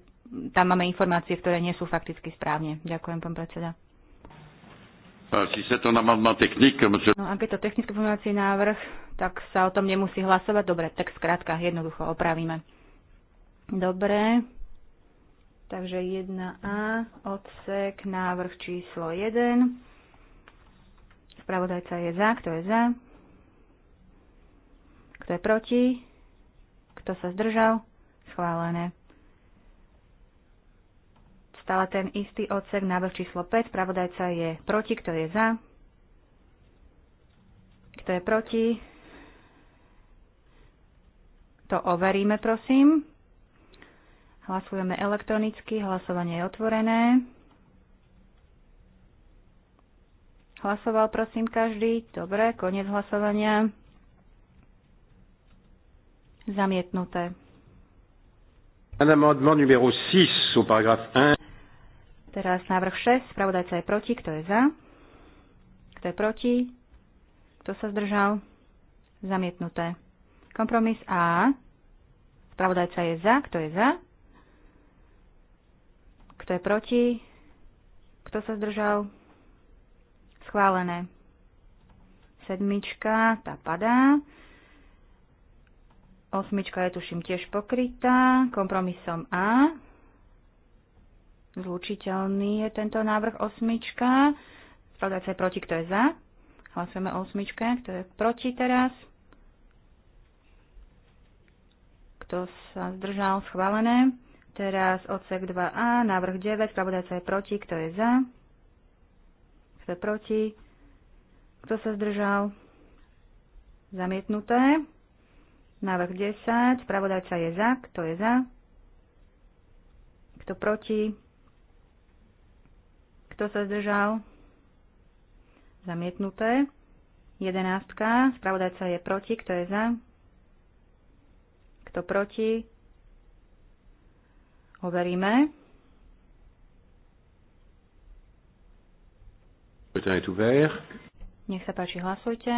tam máme informácie, ktoré nie sú fakticky správne. Ďakujem, pán predseda. Euh, no, ak je to technický pozmeňovací návrh, tak sa o tom nemusí hlasovať. Dobre, tak skrátka jednoducho opravíme. Dobre. Takže 1A, odsek, návrh číslo 1. Spravodajca je za, kto je za? Kto je proti? Kto sa zdržal? Schválené. Stále ten istý odsek, návrh číslo 5, Pravodajca je proti, kto je za, kto je proti. To overíme, prosím. Hlasujeme elektronicky, hlasovanie je otvorené. Hlasoval prosím každý. Dobre, koniec hlasovania. Zamietnuté. amendement numéro 6 au paragraphe 1. Teraz návrh 6. Spravodajca je proti. Kto je za? Kto je proti? Kto sa zdržal? Zamietnuté. Kompromis A. Spravodajca je za. Kto je za? Kto je proti? Kto sa zdržal? Schválené. Sedmička, tá padá. Osmička je tuším tiež pokrytá kompromisom A. Zlučiteľný je tento návrh osmička. Spravodaj sa je proti, kto je za. Hlasujeme o osmičke, kto je proti teraz. Kto sa zdržal, schválené. Teraz odsek 2a, návrh 9, spravodajca je proti, kto je za? Kto je proti? Kto sa zdržal? Zamietnuté. Návrh 10, spravodajca je za, kto je za? Kto proti? Kto sa zdržal? Zamietnuté. Jedenáctka. Spravodajca je proti. Kto je za? Kto proti? Overíme. Nech sa páči, hlasujte.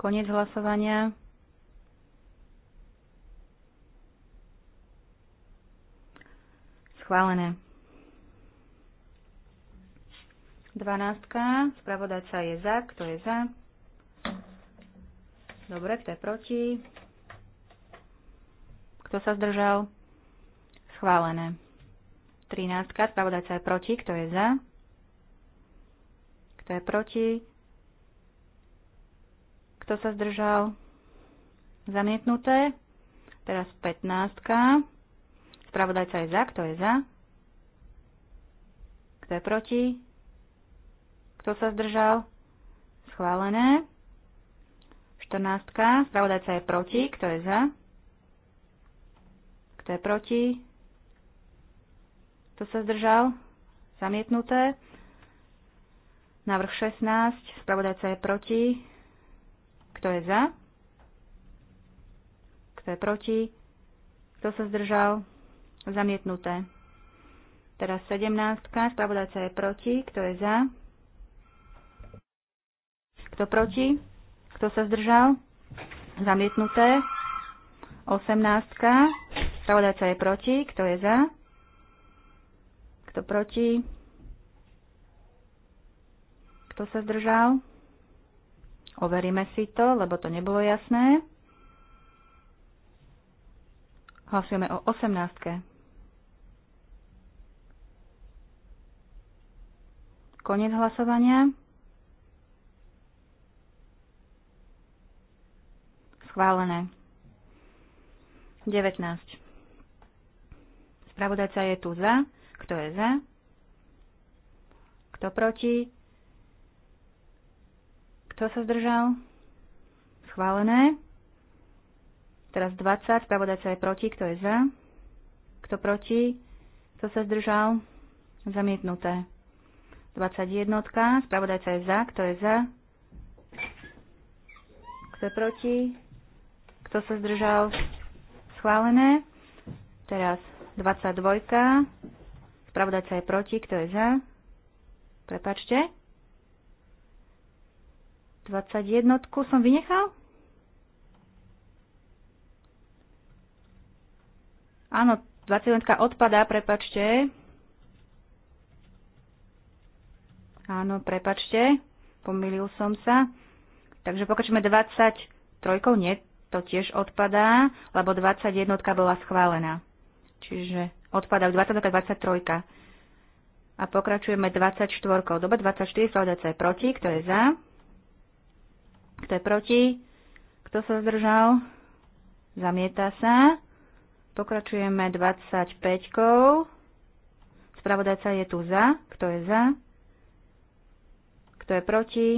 Koniec hlasovania. Schválené. Dvanáctka. Spravodajca je za. Kto je za? Dobre, kto je proti? Kto sa zdržal? Schválené. Trináctka. Spravodajca je proti. Kto je za? Kto je proti? Kto sa zdržal? Zamietnuté. Teraz 15. Spravodajca je za. Kto je za? Kto je proti? Kto sa zdržal? Schválené. 14. Spravodajca je proti. Kto je za? Kto je proti? Kto sa zdržal? Zamietnuté. Návrh 16. Spravodajca je proti. Kto je za? Kto je proti? Kto sa zdržal? Zamietnuté. Teraz 17. Spravodajca je proti. Kto je za? Kto proti? Kto sa zdržal? Zamietnuté. 18. Spravodajca je proti. Kto je za? Kto proti? Kto sa zdržal? Overíme si to, lebo to nebolo jasné. Hlasujeme o 18. Konec hlasovania. Schválené. 19. Spravodajca je tu za. Kto je za? Kto proti? Kto sa zdržal? Schválené. Teraz 20. Spravodajca je proti. Kto je za? Kto proti? Kto sa zdržal? Zamietnuté. 21. Spravodajca je za. Kto je za? Kto je proti? Kto sa zdržal? Schválené. Teraz 22. Spravodajca je proti. Kto je za? Prepačte. 21 som vynechal? Áno, 21 odpadá, prepačte. Áno, prepačte. Pomýlil som sa. Takže pokračujeme 23. Nie, to tiež odpadá, lebo 21 bola schválená. Čiže odpadá 20 a 23. A pokračujeme 24. Dobre, 24 SLDC je proti, kto je za? Kto je proti? Kto sa zdržal? Zamieta sa. Pokračujeme 25. Spravodajca je tu za. Kto je za? Kto je proti?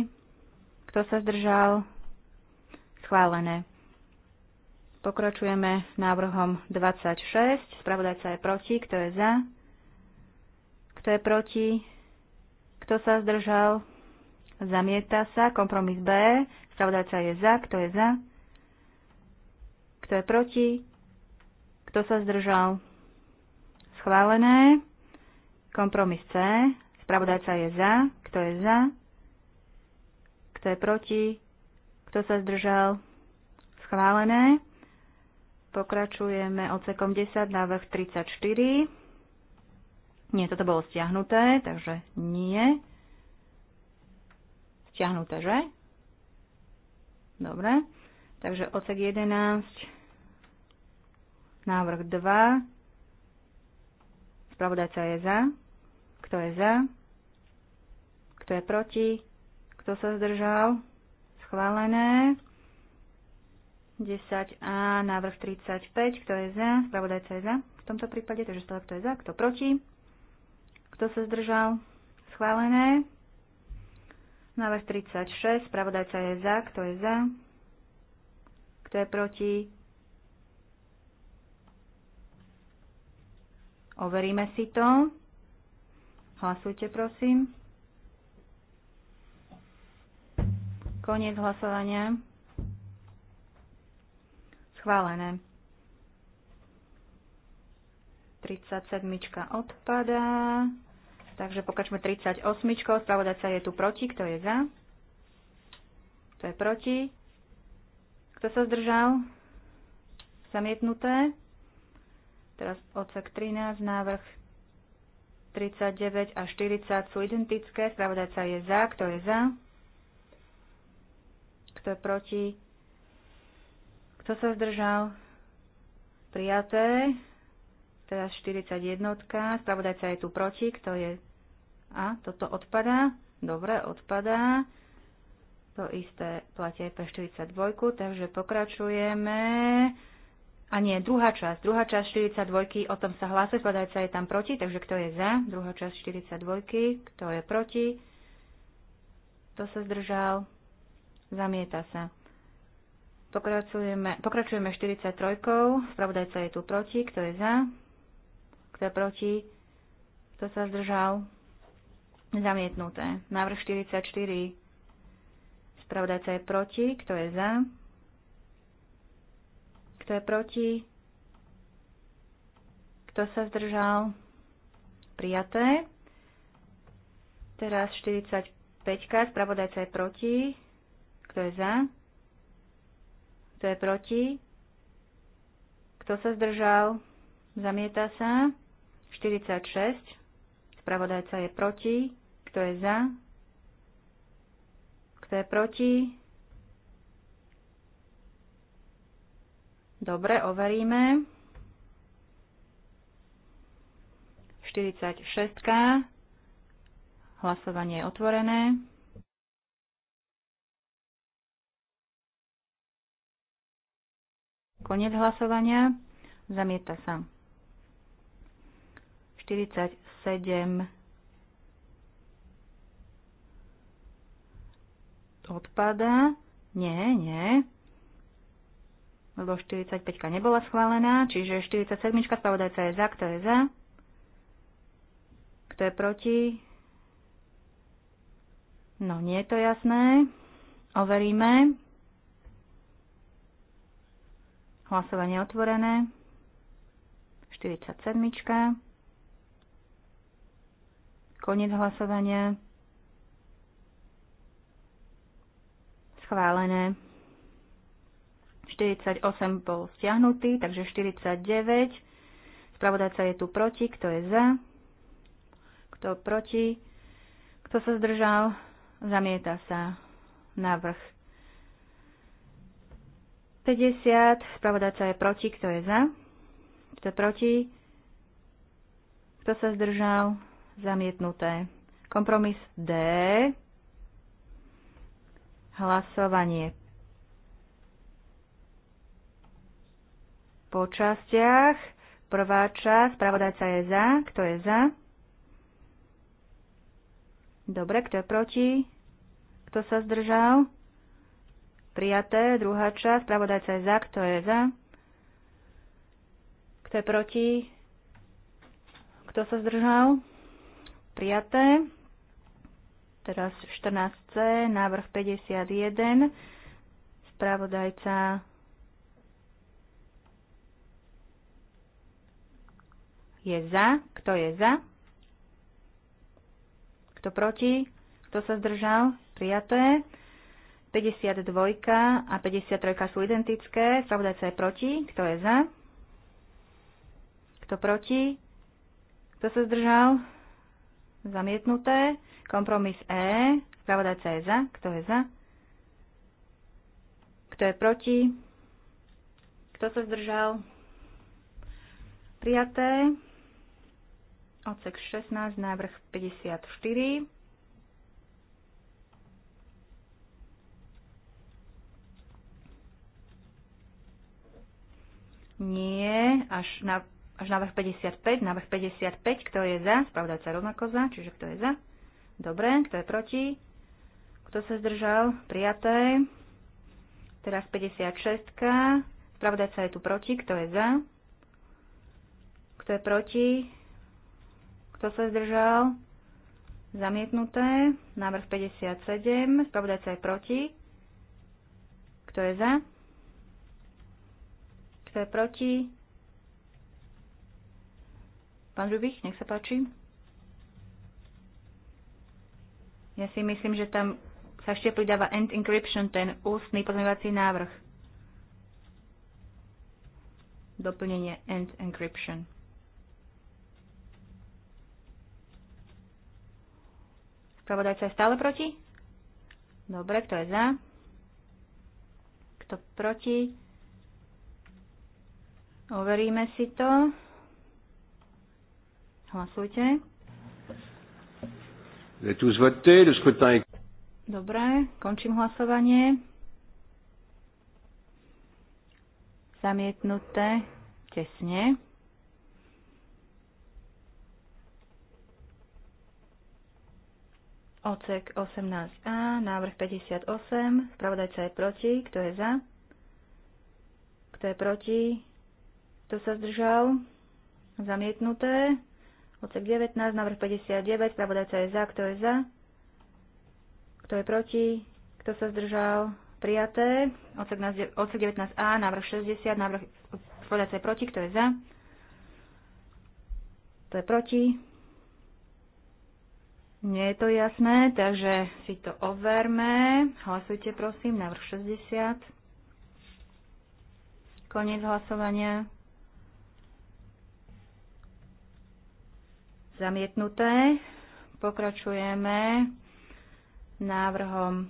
Kto sa zdržal? Schválené. Pokračujeme návrhom 26. Spravodajca je proti. Kto je za? Kto je proti? Kto sa zdržal? Zamieta sa. Kompromis B. Spravodajca je za. Kto je za? Kto je proti? Kto sa zdržal? Schválené. Kompromis C. Spravodajca je za. Kto je za? Kto je proti? Kto sa zdržal? Schválené. Pokračujeme odsekom 10, návrh 34. Nie, toto bolo stiahnuté, takže nie. Stiahnuté, že? Dobre. Takže odsek 11, návrh 2. Spravodajca je za. Kto je za? Kto je proti? Kto sa zdržal? Schválené. 10a, návrh 35, kto je za, spravodajca je za v tomto prípade, takže stále kto je za, kto proti, kto sa zdržal, schválené. Návrh 36, spravodajca je za, kto je za, kto je proti, overíme si to, hlasujte prosím. Koniec hlasovania. Schválené. 37 odpadá. Takže pokačme 38. Spravodajca je tu proti. Kto je za? Kto je proti? Kto sa zdržal? Zamietnuté. Teraz odsek 13, návrh 39 a 40 sú identické. Spravodajca je za. Kto je za? Kto je proti? Kto sa zdržal? Prijaté. Teraz 41. Spravodajca je tu proti. Kto je? A, toto odpadá. Dobre, odpadá. To isté platí aj pre 42. Takže pokračujeme. A nie, druhá časť. Druhá časť 42. O tom sa hlási. Spravodajca je tam proti. Takže kto je za? Druhá časť 42. Kto je proti? Kto sa zdržal? Zamieta sa. Pokračujeme, pokračujeme 43. Spravodajca je tu proti. Kto je za? Kto je proti? Kto sa zdržal? Zamietnuté. Návrh 44. Spravodajca je proti. Kto je za? Kto je proti? Kto sa zdržal? Prijaté. Teraz 45. Spravodajca je proti. Kto je za? Kto je proti? Kto sa zdržal? Zamieta sa. 46. Spravodajca je proti. Kto je za? Kto je proti? Dobre, overíme. 46. Hlasovanie je otvorené. Konec hlasovania. Zamieta sa. 47 odpadá. Nie, nie. Lebo 45 nebola schválená, čiže 47 spravodajca je za, kto je za. Kto je proti? No, nie je to jasné. Overíme. Hlasovanie otvorené. 47. Koniec hlasovania. Schválené. 48 bol stiahnutý, takže 49. Spravodajca je tu proti, kto je za, kto proti, kto sa zdržal, zamieta sa návrh 50, spravodajca je proti, kto je za? Kto je proti? Kto sa zdržal? Zamietnuté. Kompromis D. Hlasovanie po častiach. Prvá časť, spravodajca je za, kto je za? Dobre, kto je proti? Kto sa zdržal? Prijaté. Druhá časť. Spravodajca je za. Kto je za? Kto je proti? Kto sa zdržal? Prijaté. Teraz 14C, návrh 51. Spravodajca je za. Kto je za? Kto proti? Kto sa zdržal? Prijaté. 52 a 53 sú identické. Spravodajca je proti. Kto je za? Kto proti? Kto sa zdržal? Zamietnuté. Kompromis E. Spravodajca je za. Kto je za? Kto je proti? Kto sa zdržal? Prijaté. Odsek 16, návrh 54. Nie, až na až návrh 55, návrh 55, kto je za, sa rovnako za, čiže kto je za, dobre, kto je proti, kto sa zdržal, prijaté, teraz 56, sa je tu proti, kto je za, kto je proti, kto sa zdržal, zamietnuté, návrh 57, spravodajca je proti, kto je za, kto je proti? Pán Rubich, nech sa páči. Ja si myslím, že tam sa ešte pridáva end encryption, ten ústny pozmeňovací návrh. Doplnenie end encryption. Spravodajca je stále proti? Dobre, kto je za? Kto proti? Overíme si to. Hlasujte. Dobre, končím hlasovanie. Zamietnuté tesne. Ocek 18a, návrh 58, spravodajca je proti, kto je za? Kto je proti? Kto sa zdržal? Zamietnuté. Odsek 19, návrh 59, pravodajca je za, kto je za? Kto je proti? Kto sa zdržal? Prijaté. Odsek 19a, návrh 60, návrh pravodajca je proti, kto je za? Kto je proti? Nie je to jasné, takže si to overme. Hlasujte prosím, návrh 60. Koniec hlasovania. zamietnuté. Pokračujeme návrhom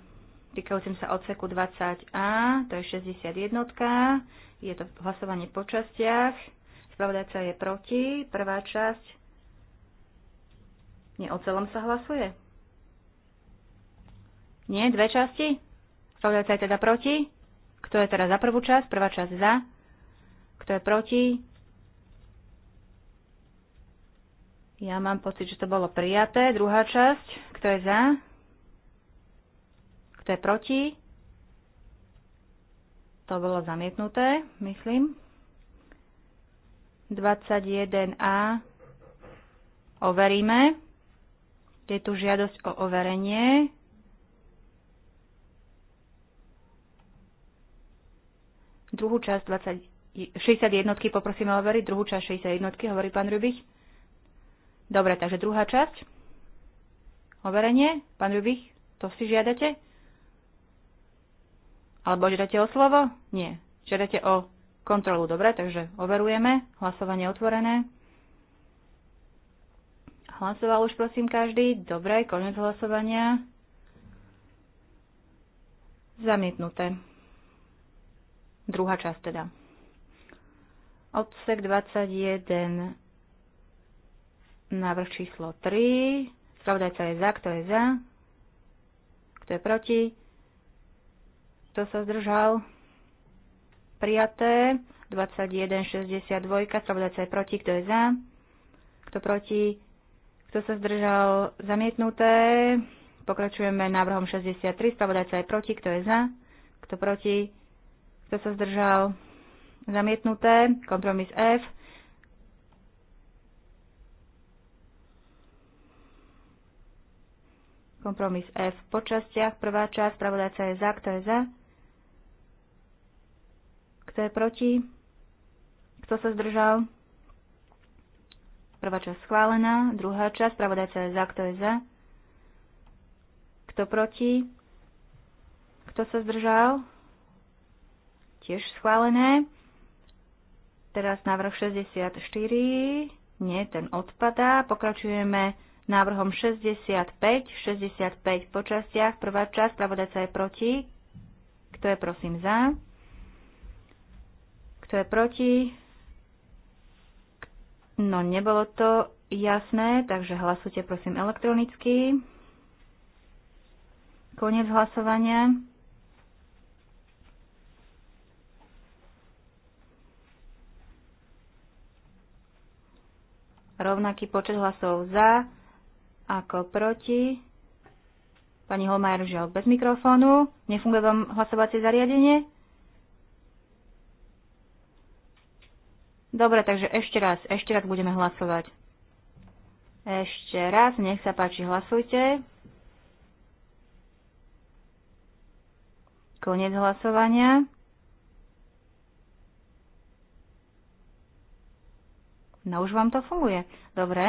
týkajúcim sa odseku 20a, to je 61. Je to hlasovanie po častiach. Spravodajca je proti. Prvá časť. Nie o celom sa hlasuje? Nie, dve časti? Spravodajca je teda proti? Kto je teda za prvú časť? Prvá časť za. Kto je proti? Ja mám pocit, že to bolo prijaté. Druhá časť. Kto je za? Kto je proti? To bolo zamietnuté, myslím. 21a. Overíme. Je tu žiadosť o overenie. Druhú časť 20, 61 poprosíme overiť, druhú časť 61 hovorí pán Rubich. Dobre, takže druhá časť. Overenie, pán Rubich, to si žiadate? Alebo žiadate o slovo? Nie. Žiadate o kontrolu. Dobre, takže overujeme. Hlasovanie otvorené. Hlasoval už prosím každý. Dobre, koniec hlasovania. Zamietnuté. Druhá časť teda. Odsek 21 Návrh číslo 3. Spravodajca je za, kto je za? Kto je proti? Kto sa zdržal? Prijaté. 21,62. Spravodajca je proti, kto je za? Kto proti? Kto sa zdržal? Zamietnuté. Pokračujeme návrhom 63. Spravodajca je proti, kto je za? Kto proti? Kto sa zdržal? Zamietnuté. Kompromis F. Kompromis F po častiach. Prvá časť, pravodajca je za, kto je za? Kto je proti? Kto sa zdržal? Prvá časť schválená, druhá časť, pravodajca je za, kto je za? Kto proti? Kto sa zdržal? Tiež schválené. Teraz návrh 64. Nie, ten odpadá. Pokračujeme návrhom 65, 65 po častiach. Prvá časť, pravodajca je proti. Kto je prosím za? Kto je proti? No, nebolo to jasné, takže hlasujte prosím elektronicky. Koniec hlasovania. Rovnaký počet hlasov za, ako proti. Pani Holmajer žiaľ bez mikrofónu. Nefunguje vám hlasovacie zariadenie? Dobre, takže ešte raz, ešte raz budeme hlasovať. Ešte raz, nech sa páči, hlasujte. Koniec hlasovania. No už vám to funguje. Dobre,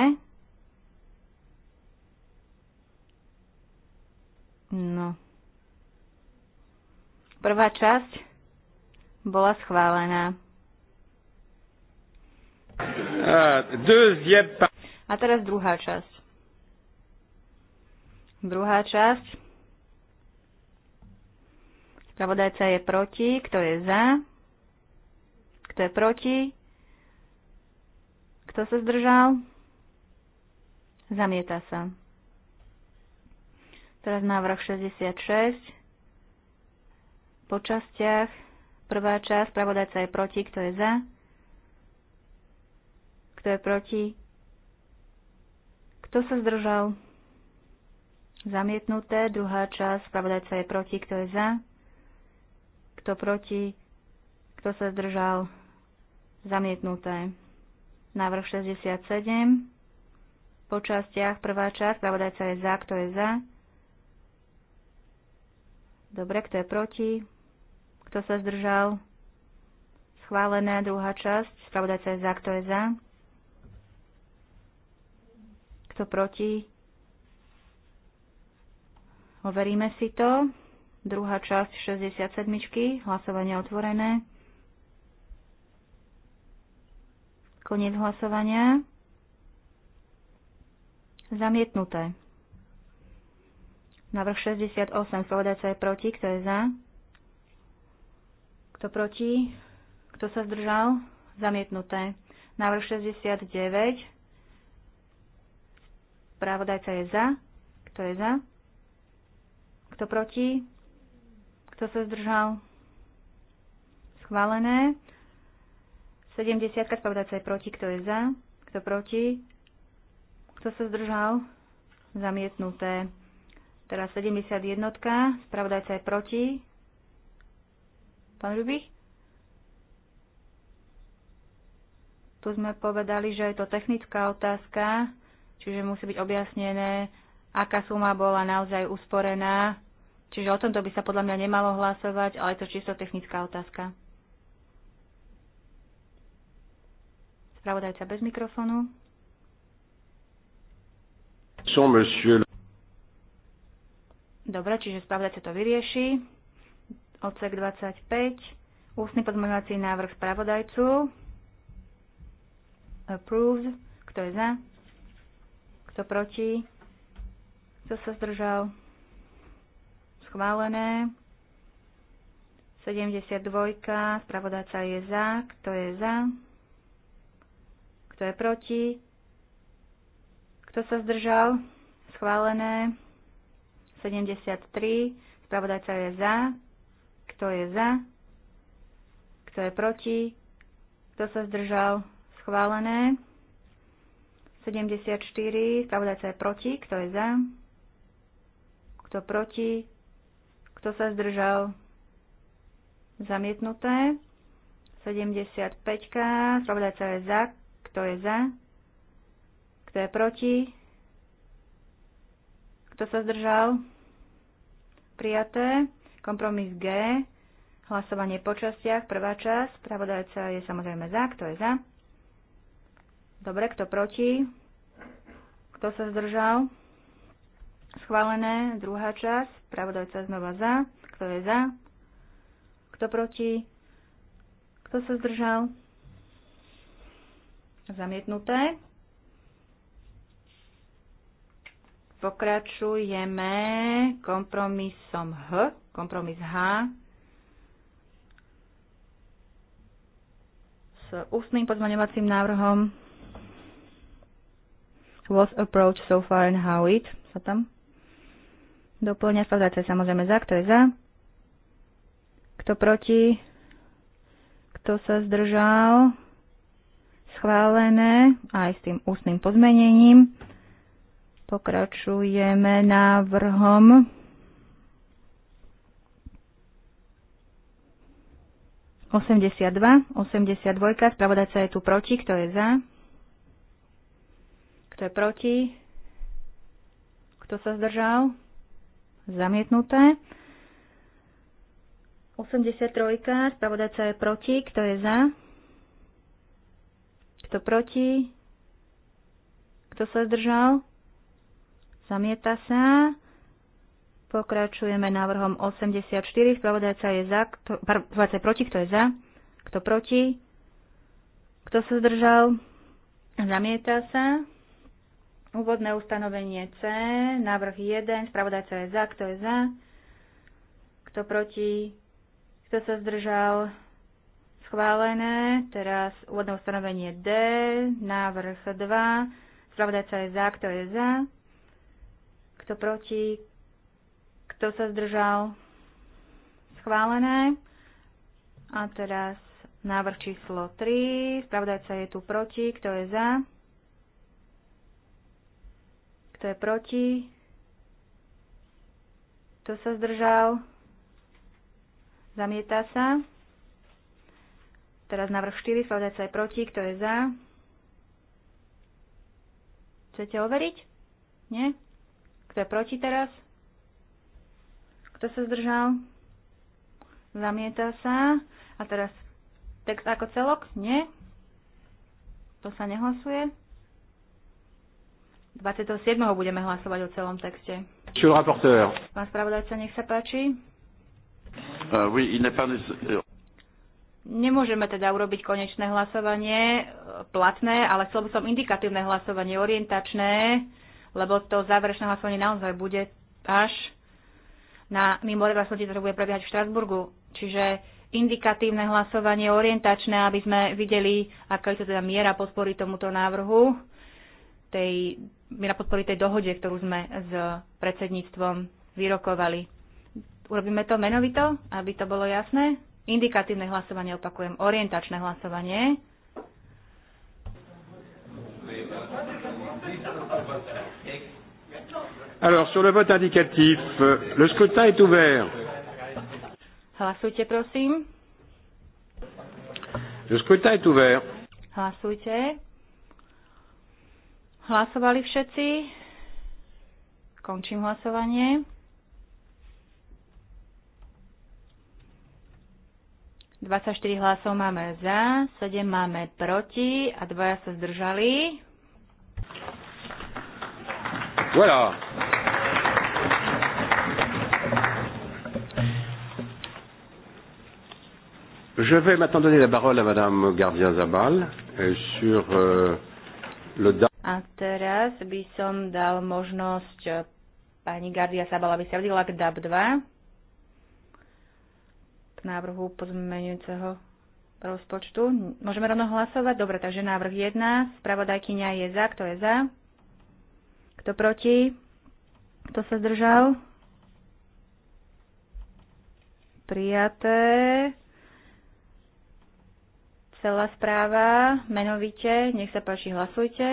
No. Prvá časť bola schválená. Uh, A teraz druhá časť. Druhá časť. Spravodajca je proti. Kto je za? Kto je proti? Kto sa zdržal? Zamieta sa. Teraz návrh 66. Po častiach. Prvá časť. Pravodajca je proti. Kto je za? Kto je proti? Kto sa zdržal? Zamietnuté. Druhá časť. Spravodajca je proti. Kto je za? Kto proti? Kto sa zdržal? Zamietnuté. Návrh 67. Po častiach. Prvá časť. pravodajca je za. Kto je za? Dobre, kto je proti? Kto sa zdržal? Schválené druhá časť. Spravodajca je za. Kto je za? Kto proti? Overíme si to. Druhá časť 67. Hlasovanie otvorené. Koniec hlasovania. Zamietnuté. Návrh 68, spravodajca je proti, kto je za? Kto proti? Kto sa zdržal? Zamietnuté. Návrh 69, spravodajca je za, kto je za? Kto proti? Kto sa zdržal? Schválené. 70, spravodajca je proti, kto je za? Kto proti? Kto sa zdržal? Zamietnuté. Teraz 71. Spravodajca je proti. Pán Ľubich? Tu sme povedali, že je to technická otázka, čiže musí byť objasnené, aká suma bola naozaj usporená. Čiže o tomto by sa podľa mňa nemalo hlasovať, ale je to čisto technická otázka. Spravodajca bez mikrofónu. Dobre, čiže spravodajca to vyrieši. Odsek 25. Ústny pozmeňovací návrh spravodajcu. Approved. Kto je za? Kto proti? Kto sa zdržal? Schválené. 72. Spravodajca je za. Kto je za? Kto je proti? Kto sa zdržal? Schválené. 73. Spravodajca je za. Kto je za? Kto je proti? Kto sa zdržal? Schválené. 74. Spravodajca je proti. Kto je za? Kto proti? Kto sa zdržal? Zamietnuté. 75. Spravodajca je za. Kto je za? Kto je proti? Kto sa zdržal? prijaté. Kompromis G, hlasovanie po častiach, prvá časť, pravodajca je samozrejme za, kto je za. Dobre, kto proti? Kto sa zdržal? Schválené, druhá časť, pravodajca znova za, kto je za. Kto proti? Kto sa zdržal? Zamietnuté. Pokračujeme kompromisom H, kompromis H s ústnym pozmaňovacím návrhom was approach so far and how it sa tam doplňa spravodajca samozrejme za, kto je za, kto proti, kto sa zdržal, schválené aj s tým ústnym pozmenením. Pokračujeme návrhom Osemdesiat dva, osemdesiat dvojka, spravodajca je tu proti, kto je za? Kto je proti? Kto sa zdržal? Zamietnuté. 83. Spravodajca je proti. Kto je za? Kto proti? Kto sa zdržal? Zamieta sa. Pokračujeme návrhom 84. Spravodajca je za, kto, je proti, kto je za, kto proti, kto sa zdržal. Zamieta sa. Úvodné ustanovenie C, návrh 1, spravodajca je za, kto je za, kto proti, kto sa zdržal, schválené. Teraz úvodné ustanovenie D, návrh 2, spravodajca je za, kto je za, kto proti? Kto sa zdržal? Schválené. A teraz návrh číslo 3. Spravodajca je tu proti. Kto je za? Kto je proti? Kto sa zdržal? Zamieta sa. Teraz návrh 4, spravodajca je proti, kto je za? Chcete overiť? Nie? Kto je proti teraz? Kto sa zdržal? Zamieta sa. A teraz text ako celok? Nie. To sa nehlasuje. 27. budeme hlasovať o celom texte. Monsieur le rapporteur. Pán spravodajca, nech sa páči. Uh, oui, il pas... Euh, Nemôžeme teda urobiť konečné hlasovanie e, platné, ale chcel by som indikatívne hlasovanie, orientačné lebo to záverečné hlasovanie naozaj bude až na mimoriadne hlasovanie, ktoré bude prebiehať v Štrasburgu. Čiže indikatívne hlasovanie, orientačné, aby sme videli, aká je to teda miera podpory tomuto návrhu, tej, miera podpory tej dohode, ktorú sme s predsedníctvom vyrokovali. Urobíme to menovito, aby to bolo jasné. Indikatívne hlasovanie, opakujem, orientačné hlasovanie. Alors, sur le vote indicatif, euh, le scrutin est ouvert. Hlasujte, prosím. Le scrutin est ouvert. Hlasujte. Hlasovali všetci? Končím hlasovanie. štyri hlasov máme za, sedem máme proti a dvaja sa zdržali. Voilà. Je vais maintenant donner la parole à Madame Gardia Zabal euh, sur euh, le A teraz by som dal možnosť e, pani Gardia Zabal, aby sa vydala k DAB 2 k návrhu pozmeňujúceho rozpočtu. Môžeme rovno hlasovať? Dobre, takže návrh 1. Spravodajkyňa je za. Kto je za? Kto proti? Kto sa zdržal? Prijaté celá správa, menovite, nech sa páči, hlasujte.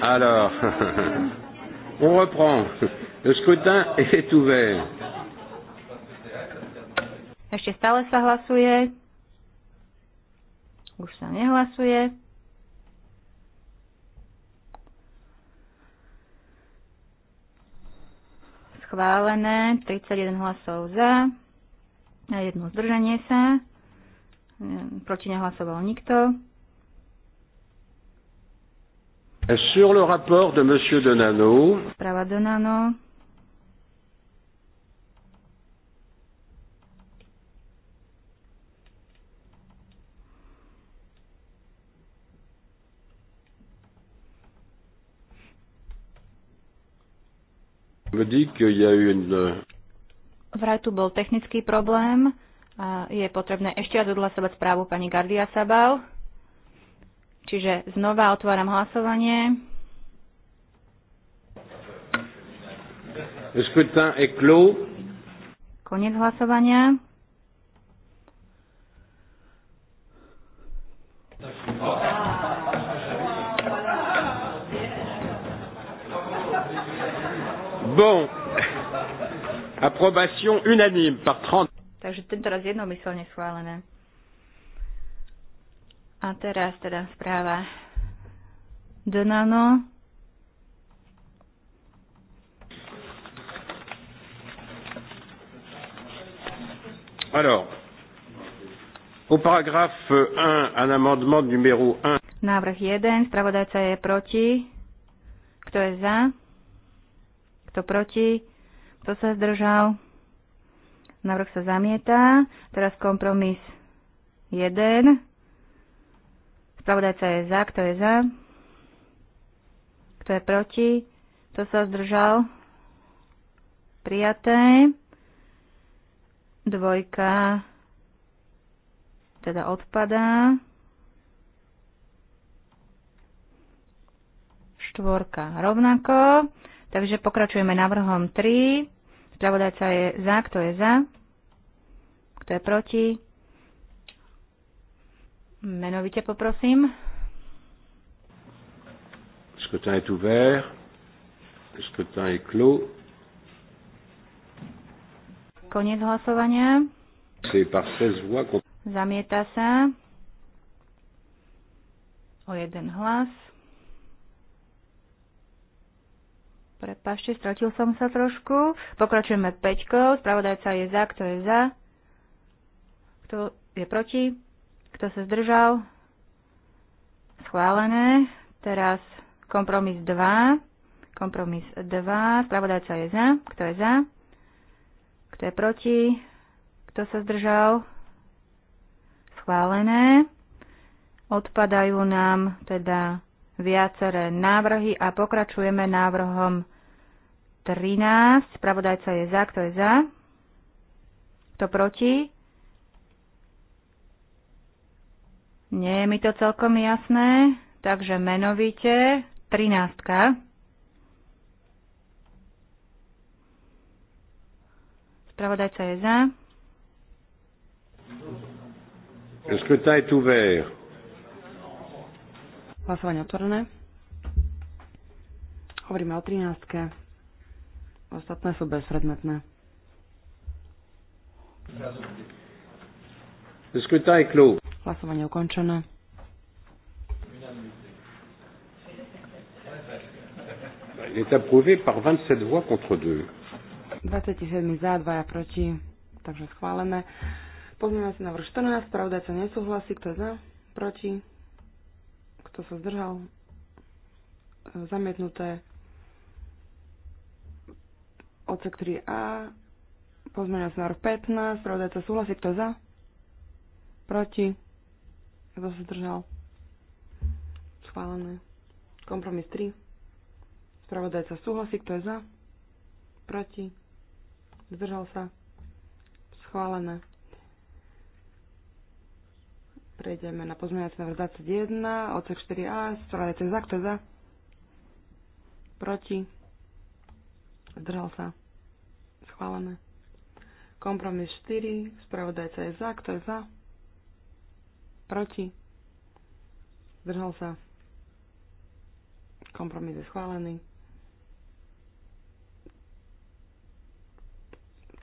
Alors, on reprend. Le scrutin est ouvert. Ešte stále sa hlasuje. Už sa nehlasuje. schválené, 31 hlasov za, a jedno zdržanie sa, proti nehlasoval nikto. Sur le rapport de Monsieur Donano. Správa Donano. tvrdí, qu'il y a eu une... Eh, Vraj tu bol technický problém. Je potrebné ešte raz odhlasovať správu pani Gardia Sabal. Čiže znova otváram hlasovanie. Konec hlasovania. Bon. Approbation unanime par 30. Takže tentoraz jednomyselne schválené. A teraz teda správa Donano. Alors, au paragraphe 1, un amendement numéro 1. Návrh 1, spravodajca je proti. Kto je za? Kto proti? Kto sa zdržal? Návrh sa zamietá. Teraz kompromis 1. Spravodajca je za. Kto je za? Kto je proti? Kto sa zdržal? Prijaté. Dvojka teda odpadá. Štvorka rovnako. Takže pokračujeme návrhom 3. Spravodajca je za, kto je za, kto je proti. Menovite poprosím. Scrutin est ouvert. Scrutin est clos. Koniec hlasovania. par 16 voix. Zamieta sa o jeden hlas. Prepašte, stratil som sa trošku. Pokračujeme peťkou. Spravodajca je za, kto je za. Kto je proti? Kto sa zdržal? Schválené. Teraz kompromis 2. Kompromis 2. Spravodajca je za. Kto je za? Kto je proti? Kto sa zdržal? Schválené. Odpadajú nám teda viaceré návrhy a pokračujeme návrhom 13. Spravodajca je za. Kto je za? Kto proti? Nie je mi to celkom jasné. Takže menovite 13. Spravodajca je za. Skrutaj tu est Hlasovanie otvorené. Hovoríme o 13. Ostatné sú bezpredmetné. Hlasovanie ukončené. Il est approuvé par 27 voix contre 2. 27 za, 2 proti, takže schválené. na návrh 14, spravodajca nesúhlasí, kto je za, proti, kto sa zdržal, zamietnuté odsek 3a, pozmeňovací návrh 15, spravodajca súhlasí, kto je za? Proti? Kto sa zdržal? Schválené. Kompromis 3. Spravodajca súhlasí, kto je za? Proti? Zdržal sa? Schválené. Prejdeme na pozmeňovací návrh 21, odsek 4a, spravodajca za, kto je za? Proti? Zdržal sa? schválené. Kompromis 4, spravodajca je za, kto je za? Proti? Zdržal sa. Kompromis je schválený.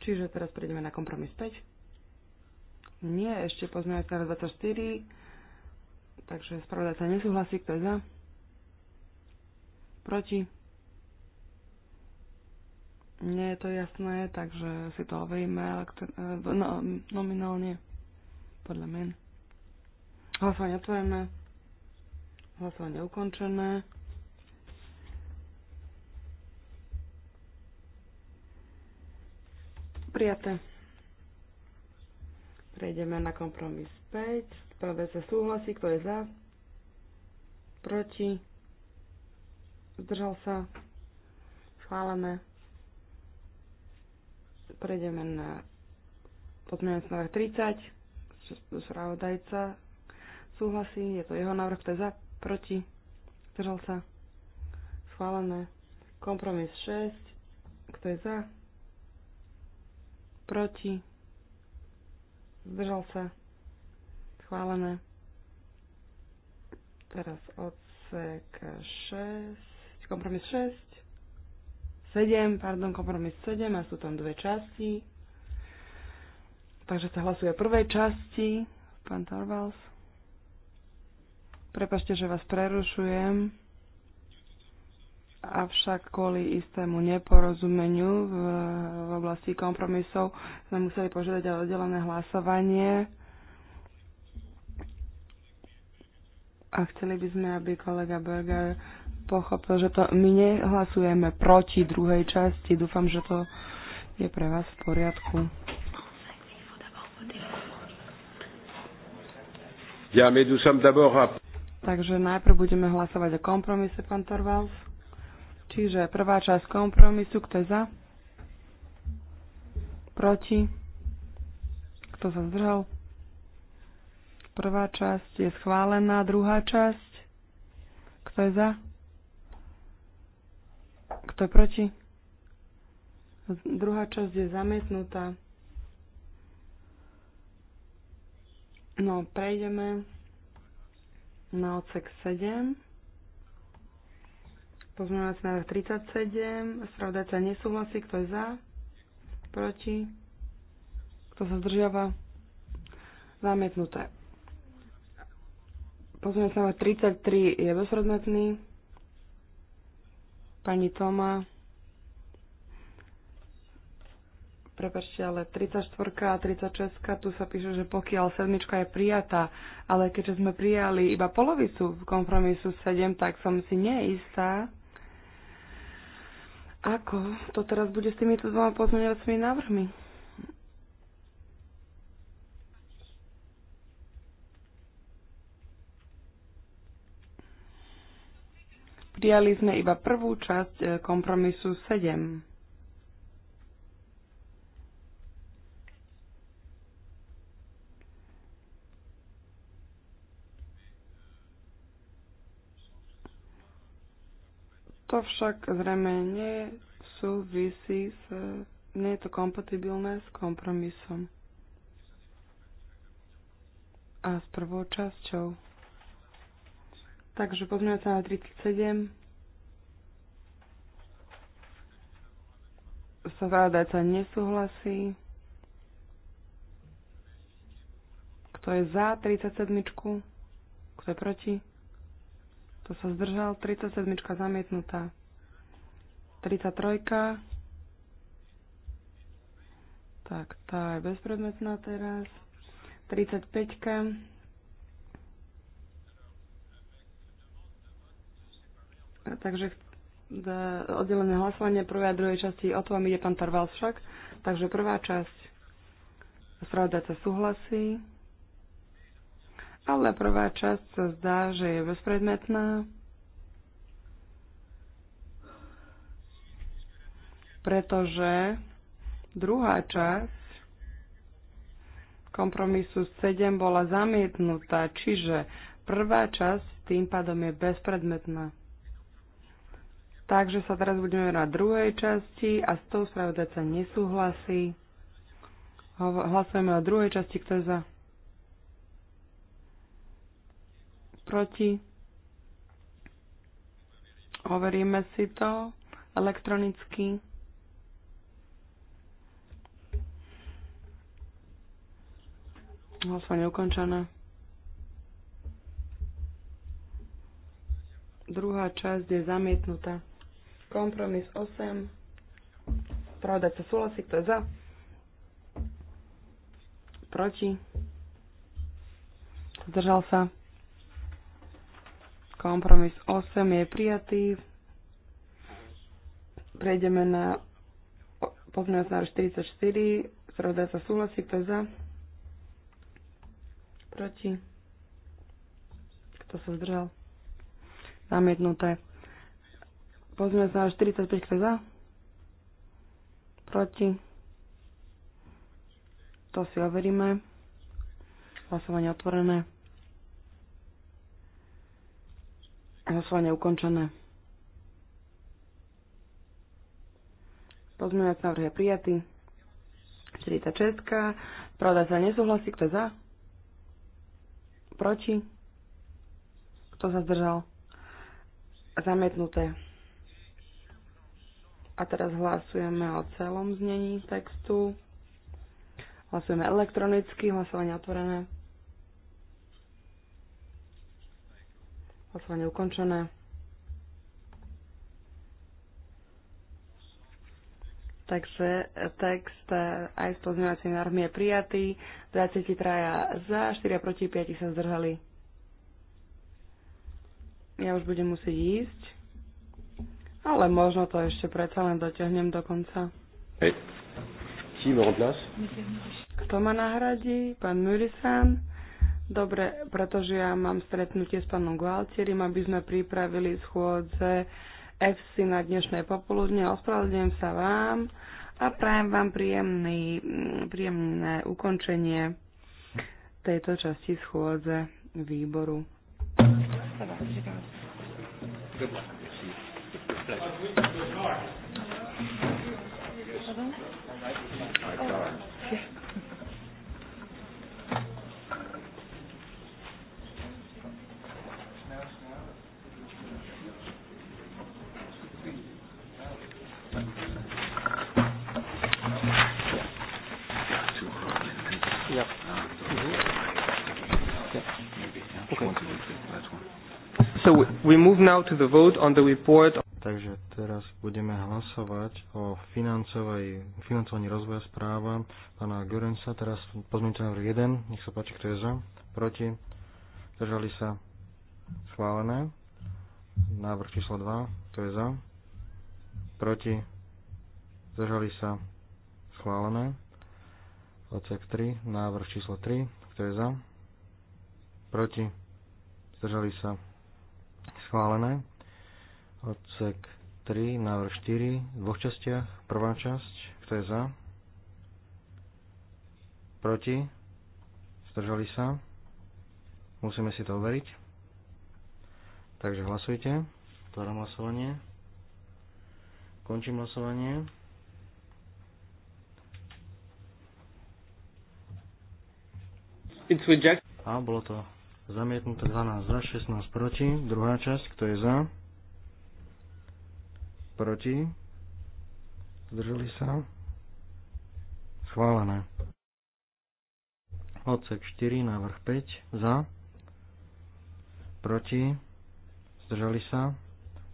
Čiže teraz prejdeme na kompromis 5. Nie, ešte pozmeňujúci na 24. Takže spravodajca nesúhlasí, kto je za? Proti? Nie je to jasné, takže si to overíme e, no, nominálne. Podľa mien. Hlasovanie otvorené. Hlasovanie ukončené. Prijaté. Prejdeme na kompromis 5. Prvé sa súhlasí, kto je za, proti, zdržal sa, schválené prejdeme na pozmeňovací návrh 30. správodajca súhlasí, je to jeho návrh, kto je za, proti, zdržal sa, schválené. Kompromis 6, kto je za, proti, zdržal sa, schválené. Teraz odsek 6, kompromis 6, 7, pardon, kompromis 7 a sú tam dve časti. Takže sa hlasuje o prvej časti, pán Torvalds. Prepašte, že vás prerušujem, avšak kvôli istému neporozumeniu v, v oblasti kompromisov sme museli požiadať o oddelené hlasovanie. A chceli by sme, aby kolega Berger pochopil, že to my nehlasujeme proti druhej časti. Dúfam, že to je pre vás v poriadku. Ja, Takže najprv budeme hlasovať o kompromise, pán Torvalds. Čiže prvá časť kompromisu, kto je za? Proti? Kto sa zdržal? Prvá časť je schválená, druhá časť. Kto je za? Kto je proti? Druhá časť je zamietnutá. No, prejdeme na odsek 7. Pozmeňovací návrh 37. Spravodajca nesúhlasí. Kto je za? Proti? Kto sa zdržiava? Zamietnuté. Pozmeňovací návrh 33 je bezpredmetný. Pani Toma, prepačte, ale 34 a 36 tu sa píše, že pokiaľ sedmička je prijatá, ale keďže sme prijali iba polovicu kompromisu 7, tak som si neistá, ako to teraz bude s týmito dvoma pozmeňovacími návrhmi. Prijali sme iba prvú časť e, kompromisu 7. To však zrejme nie súvisí s, nie je to kompatibilné s kompromisom a s prvou časťou. Takže pozmeňujem sa na 37. Zavádajca nesúhlasí. Kto je za 37? Kto je proti? Kto sa zdržal? 37 zamietnutá. 33. Tak, tá je bezpredmetná teraz. 35. Takže oddelené hlasovanie prvé a druhej časti o tom ide pán Tarval však. Takže prvá časť spravodajca súhlasí, ale prvá časť sa zdá, že je bezpredmetná. pretože druhá časť kompromisu 7 bola zamietnutá, čiže prvá časť tým pádom je bezpredmetná. Takže sa teraz budeme na druhej časti a s tou sa nesúhlasí. Hlasujeme o druhej časti, kto je za? Proti? Overíme si to elektronicky. Hlasovanie ukončené. Druhá časť je zamietnutá. Kompromis 8. Pravda, Spravodajca súhlasí, kto je za? Proti? Zdržal sa? Kompromis 8 je prijatý. Prejdeme na pozmeňovací návrh 44. Spravodajca súhlasí, kto je za? Proti? Kto sa zdržal? Zamietnuté. Pozrieme sa na 45, kto je za. Proti. To si overíme. Hlasovanie otvorené. Hlasovanie ukončené. Pozmeňovací návrh je prijatý. 46. Pravda sa nesúhlasí. Kto je za? Proti? Kto sa zdržal? Zamietnuté. A teraz hlasujeme o celom znení textu. Hlasujeme elektronicky, hlasovanie otvorené. Hlasovanie ukončené. Takže text e, aj s pozmeňovacími návrhmi je prijatý. 23 za, 4 proti, 5 sa zdržali. Ja už budem musieť ísť ale možno to ešte predsa len dotiahnem do konca. Hej. Kto ma nahradí? Pán Murisan. Dobre, pretože ja mám stretnutie s pánom Gualtierim, aby sme pripravili schôdze FC na dnešné popoludne. Ospravedlňujem sa vám a prajem vám príjemný, príjemné ukončenie tejto časti schôdze výboru. Dobre pleasure. So we move now to the vote on the report. Takže teraz budeme hlasovať o financovaní rozvoja správa pána Görensa. Teraz pozmeňujúci návrh 1. Nech sa páči, kto je za. Proti. Zdržali sa. Schválené. Návrh číslo 2. Kto je za. Proti. držali sa. Schválené. Odsek 3. Návrh číslo 3. Kto je za. Proti. Zdržali sa. Schválené Odsek 3, návrh 4, v dvoch častiach. Prvá časť, kto je za? Proti? Zdržali sa? Musíme si to overiť. Takže hlasujte. Otváram hlasovanie. Končím hlasovanie. A bolo to zamietnuté 12 za, 16 proti. Druhá časť, kto je za? Proti? Zdržali sa? Schválené. Odsek 4, návrh 5. Za? Proti? Zdržali sa?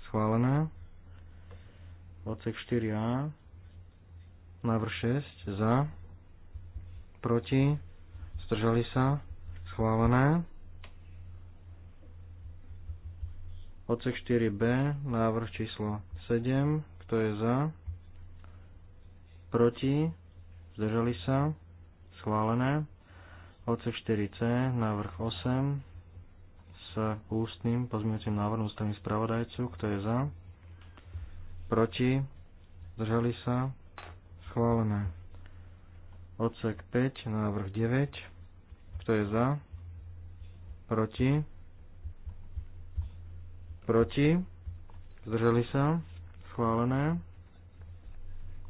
Schválené. Odsek 4a. Návrh 6. Za? Proti? Zdržali sa? Schválené Odsek 4b, návrh číslo 7, kto je za? Proti? Zdržali sa? Schválené. Odsek 4c, návrh 8, s ústnym pozmeňujúcim návrhom ústavným spravodajcu, kto je za? Proti? Zdržali sa? Schválené. Odsek 5, návrh 9, kto je za? Proti? proti, zdržali sa, schválené.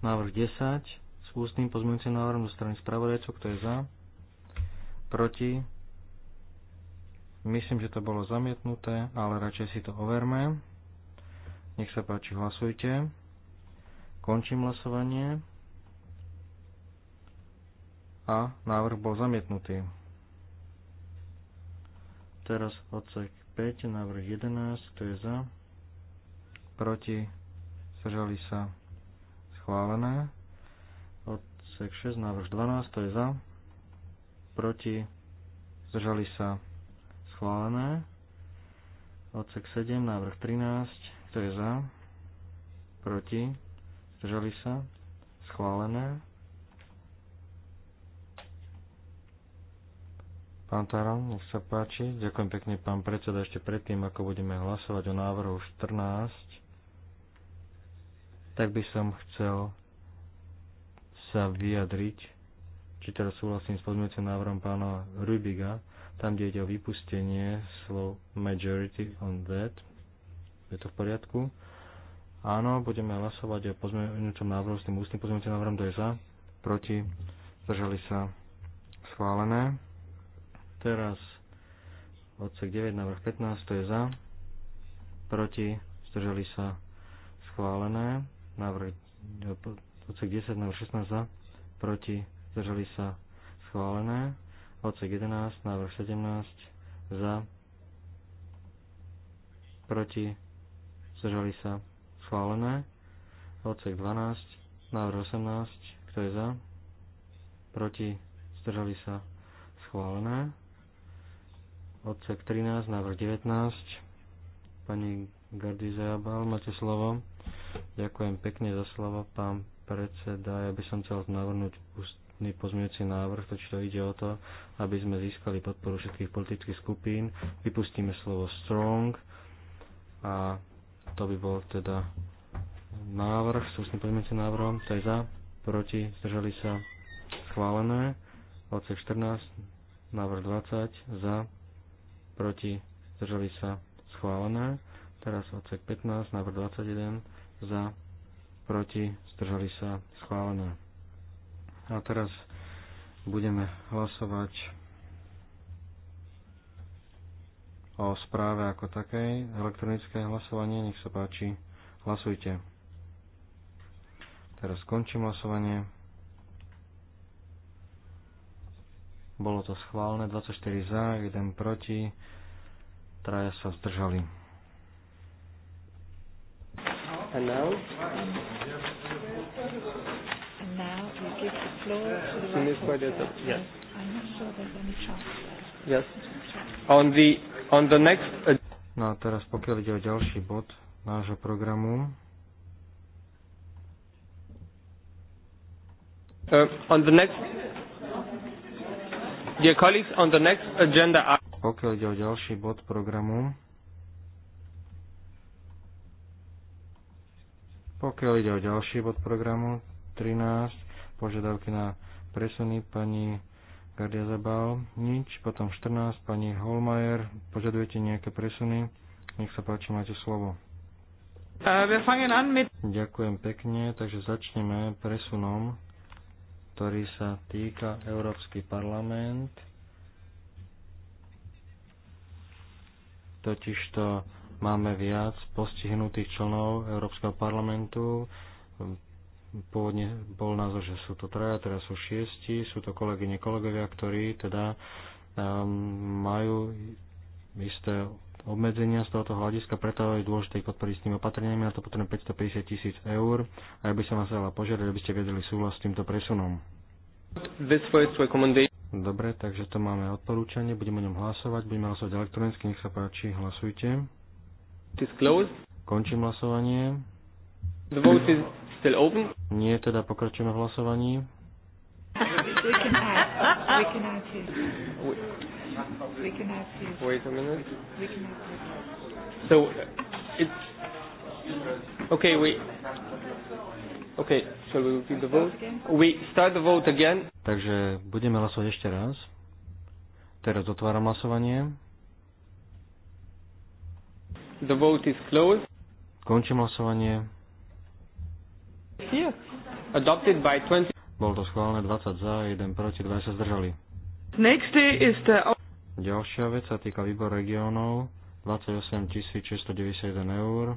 Návrh 10 s ústnym pozmeňujúcim návrhom zo strany spravodajcov, kto je za, proti, myslím, že to bolo zamietnuté, ale radšej si to overme. Nech sa páči, hlasujte. Končím hlasovanie. A návrh bol zamietnutý. Teraz odsek 5, návrh 11, kto je za, proti, zdržali sa, schválené. Odsek 6, návrh 12, kto je za, proti, zdržali sa, schválené. Odsek 7, návrh 13, kto je za, proti, zdržali sa, schválené. Pán Taran, nech sa páči. Ďakujem pekne, pán predseda. Ešte predtým, ako budeme hlasovať o návrhu 14, tak by som chcel sa vyjadriť, či teraz súhlasím s pozmeňujúcim návrhom pána Rubiga, tam, kde ide o vypustenie slov majority on that. Je to v poriadku? Áno, budeme hlasovať o pozmeňujúcom návrhu s tým ústnym pozmeňujúcim návrhom, to je za, proti, zdržali sa schválené. Teraz odsek 9, návrh 15, to je za. Proti, zdržali sa schválené. Návrh odsek 10, návrh 16 za. Proti, zdržali sa schválené. Odsek 11, návrh 17 za. Proti, zdržali sa schválené. Odsek 12, návrh 18, kto je za? Proti, zdržali sa schválené odsek 13, návrh 19. Pani Gardizeabal, máte slovo. Ďakujem pekne za slovo, pán predseda. Ja by som chcel navrhnúť ústny pozmeňujúci návrh, či to ide o to, aby sme získali podporu všetkých politických skupín. Vypustíme slovo strong a to by bol teda návrh s ústnym pozmeňujúcim návrhom. To je za, proti, zdržali sa schválené. Odsek 14, návrh 20, za, proti, zdržali sa, schválené. Teraz odsek 15, návrh 21, za, proti, zdržali sa, schválené. A teraz budeme hlasovať o správe ako takej. Elektronické hlasovanie, nech sa páči, hlasujte. Teraz skončím hlasovanie. Bolo to schválne, 24 za, 1 proti, traja sa zdržali. And now? And now we give the floor to the yes. I'm not sure there's any chance. Yes. On the, on the next... Uh, no a teraz pokiaľ ide o ďalší bod nášho programu, Uh, on the next Dear colleagues, on the next agenda... Pokiaľ ide o ďalší bod programu, pokiaľ ide o ďalší bod programu, 13, požiadavky na presuny pani Gardia Zabal, nič, potom 14, pani Holmajer, požadujete nejaké presuny, nech sa páči, máte slovo. Äh, Ďakujem pekne, takže začneme presunom ktorý sa týka Európsky parlament, totižto máme viac postihnutých členov Európskeho parlamentu. Pôvodne bol názor, že sú to traja, teraz sú šiesti, sú to kolegyne, kolegovia, ktorí teda um, majú isté obmedzenia z tohoto hľadiska, preto je dôležité ich podporiť s tými opatreniami, na to potrebujem 550 tisíc eur a ja by som vás chcela požiadať, aby ste vedeli súhlas s týmto presunom. Dobre, takže to máme odporúčanie, budeme o ňom hlasovať, budeme hlasovať elektronicky, nech sa páči, hlasujte. Končím hlasovanie. The vote is still open. Nie, teda pokračujeme v hlasovaní. We can add. We can add We can have Wait a minute. We can have So, it's okay. We okay. so we repeat the vote? We start the vote again. Takže budeme hlasovať ešte raz. Teraz otváram hlasovanie. The vote is closed. Končím hlasovanie. Here. Adopted by 20. Bol to schválené 20 za, 1 proti, 2 sa zdržali. Next day is the Ďalšia vec sa týka výbor regiónov 28 691 eur.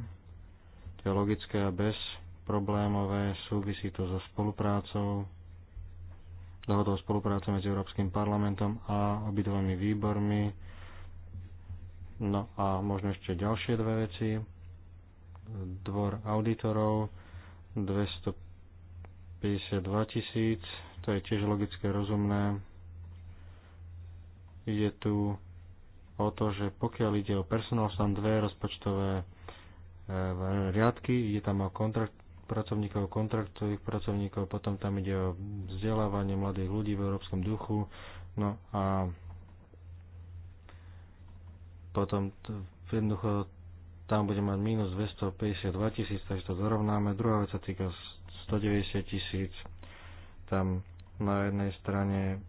To je logické a bezproblémové, súvisí to so spoluprácou, dohodou spolupráce medzi Európskym parlamentom a obidvomi výbormi. No a možno ešte ďalšie dve veci. Dvor auditorov 252 tisíc, to je tiež logické, rozumné Ide tu o to, že pokiaľ ide o personál, sú tam dve rozpočtové e, riadky, ide tam o kontrakt, pracovníkov, kontraktových pracovníkov, potom tam ide o vzdelávanie mladých ľudí v európskom duchu, no a potom jednoducho tam bude mať minus 252 tisíc, takže to dorovnáme. Druhá vec sa týka 190 tisíc. Tam na jednej strane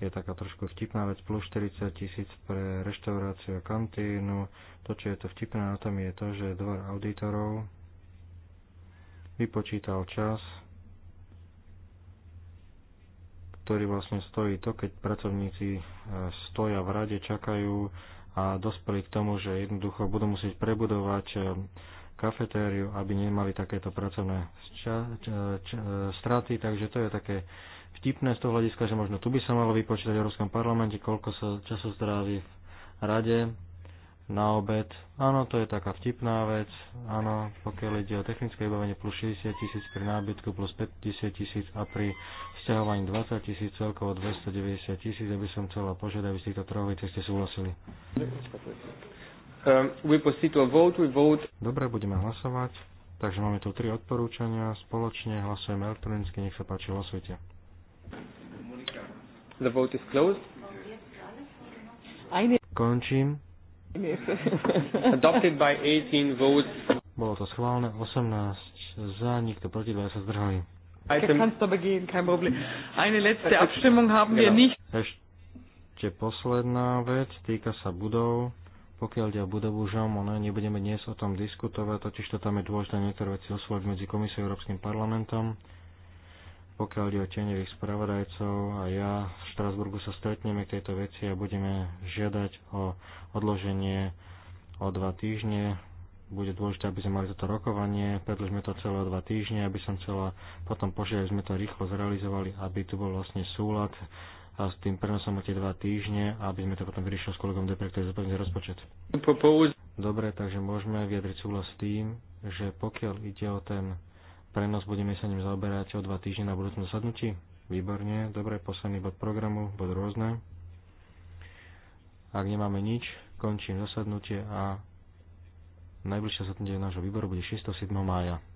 je taká trošku vtipná vec, plus 40 tisíc pre reštauráciu a kantínu. To, čo je to vtipné na tom, je to, že dvor auditorov vypočítal čas, ktorý vlastne stojí to, keď pracovníci e, stoja v rade, čakajú a dospeli k tomu, že jednoducho budú musieť prebudovať e, kafetériu, aby nemali takéto pracovné e, straty, takže to je také vtipné z toho hľadiska, že možno tu by sa malo vypočítať v Európskom parlamente, koľko sa času strávi v rade na obed. Áno, to je taká vtipná vec. Áno, pokiaľ ide o technické vybavenie plus 60 tisíc pri nábytku plus 50 tisíc a pri sťahovaní 20 tisíc celkovo 290 tisíc, aby som chcela požiadať, aby týchto troch vecí ste súhlasili. Um, Dobre, budeme hlasovať. Takže máme tu tri odporúčania. Spoločne hlasujeme elektronicky. Nech sa páči, hlasujte. The vote is closed. Končím. Adopted by 18 votes. Bolo to schválne, 18 za, nikto proti, 2 sa zdržali. Äh, äh, Ešte posledná vec, týka sa budov. Pokiaľ ide o budovu Jean Monnet, nebudeme dnes o tom diskutovať, totiž to tam je dôležité niektoré veci osvojiť medzi Komisiou a Európskym parlamentom pokiaľ ide o tieňových spravodajcov a ja v Štrasburgu sa stretneme k tejto veci a budeme žiadať o odloženie o dva týždne. Bude dôležité, aby sme mali toto rokovanie, predložme to celé o dva týždne, aby som chcela potom požiadať, aby sme to rýchlo zrealizovali, aby tu bol vlastne súlad a s tým prenosom o tie dva týždne, aby sme to potom vyriešili s kolegom Depre, ktorý zaplní rozpočet. Dobre, takže môžeme vyjadriť súhlas s tým, že pokiaľ ide o ten prenos, budeme sa ním zaoberať o dva týždne na budúcom zasadnutí. Výborne, dobre, posledný bod programu, bod rôzne. Ak nemáme nič, končím zasadnutie a najbližšie zasadnutie nášho výboru bude 6. 7. mája.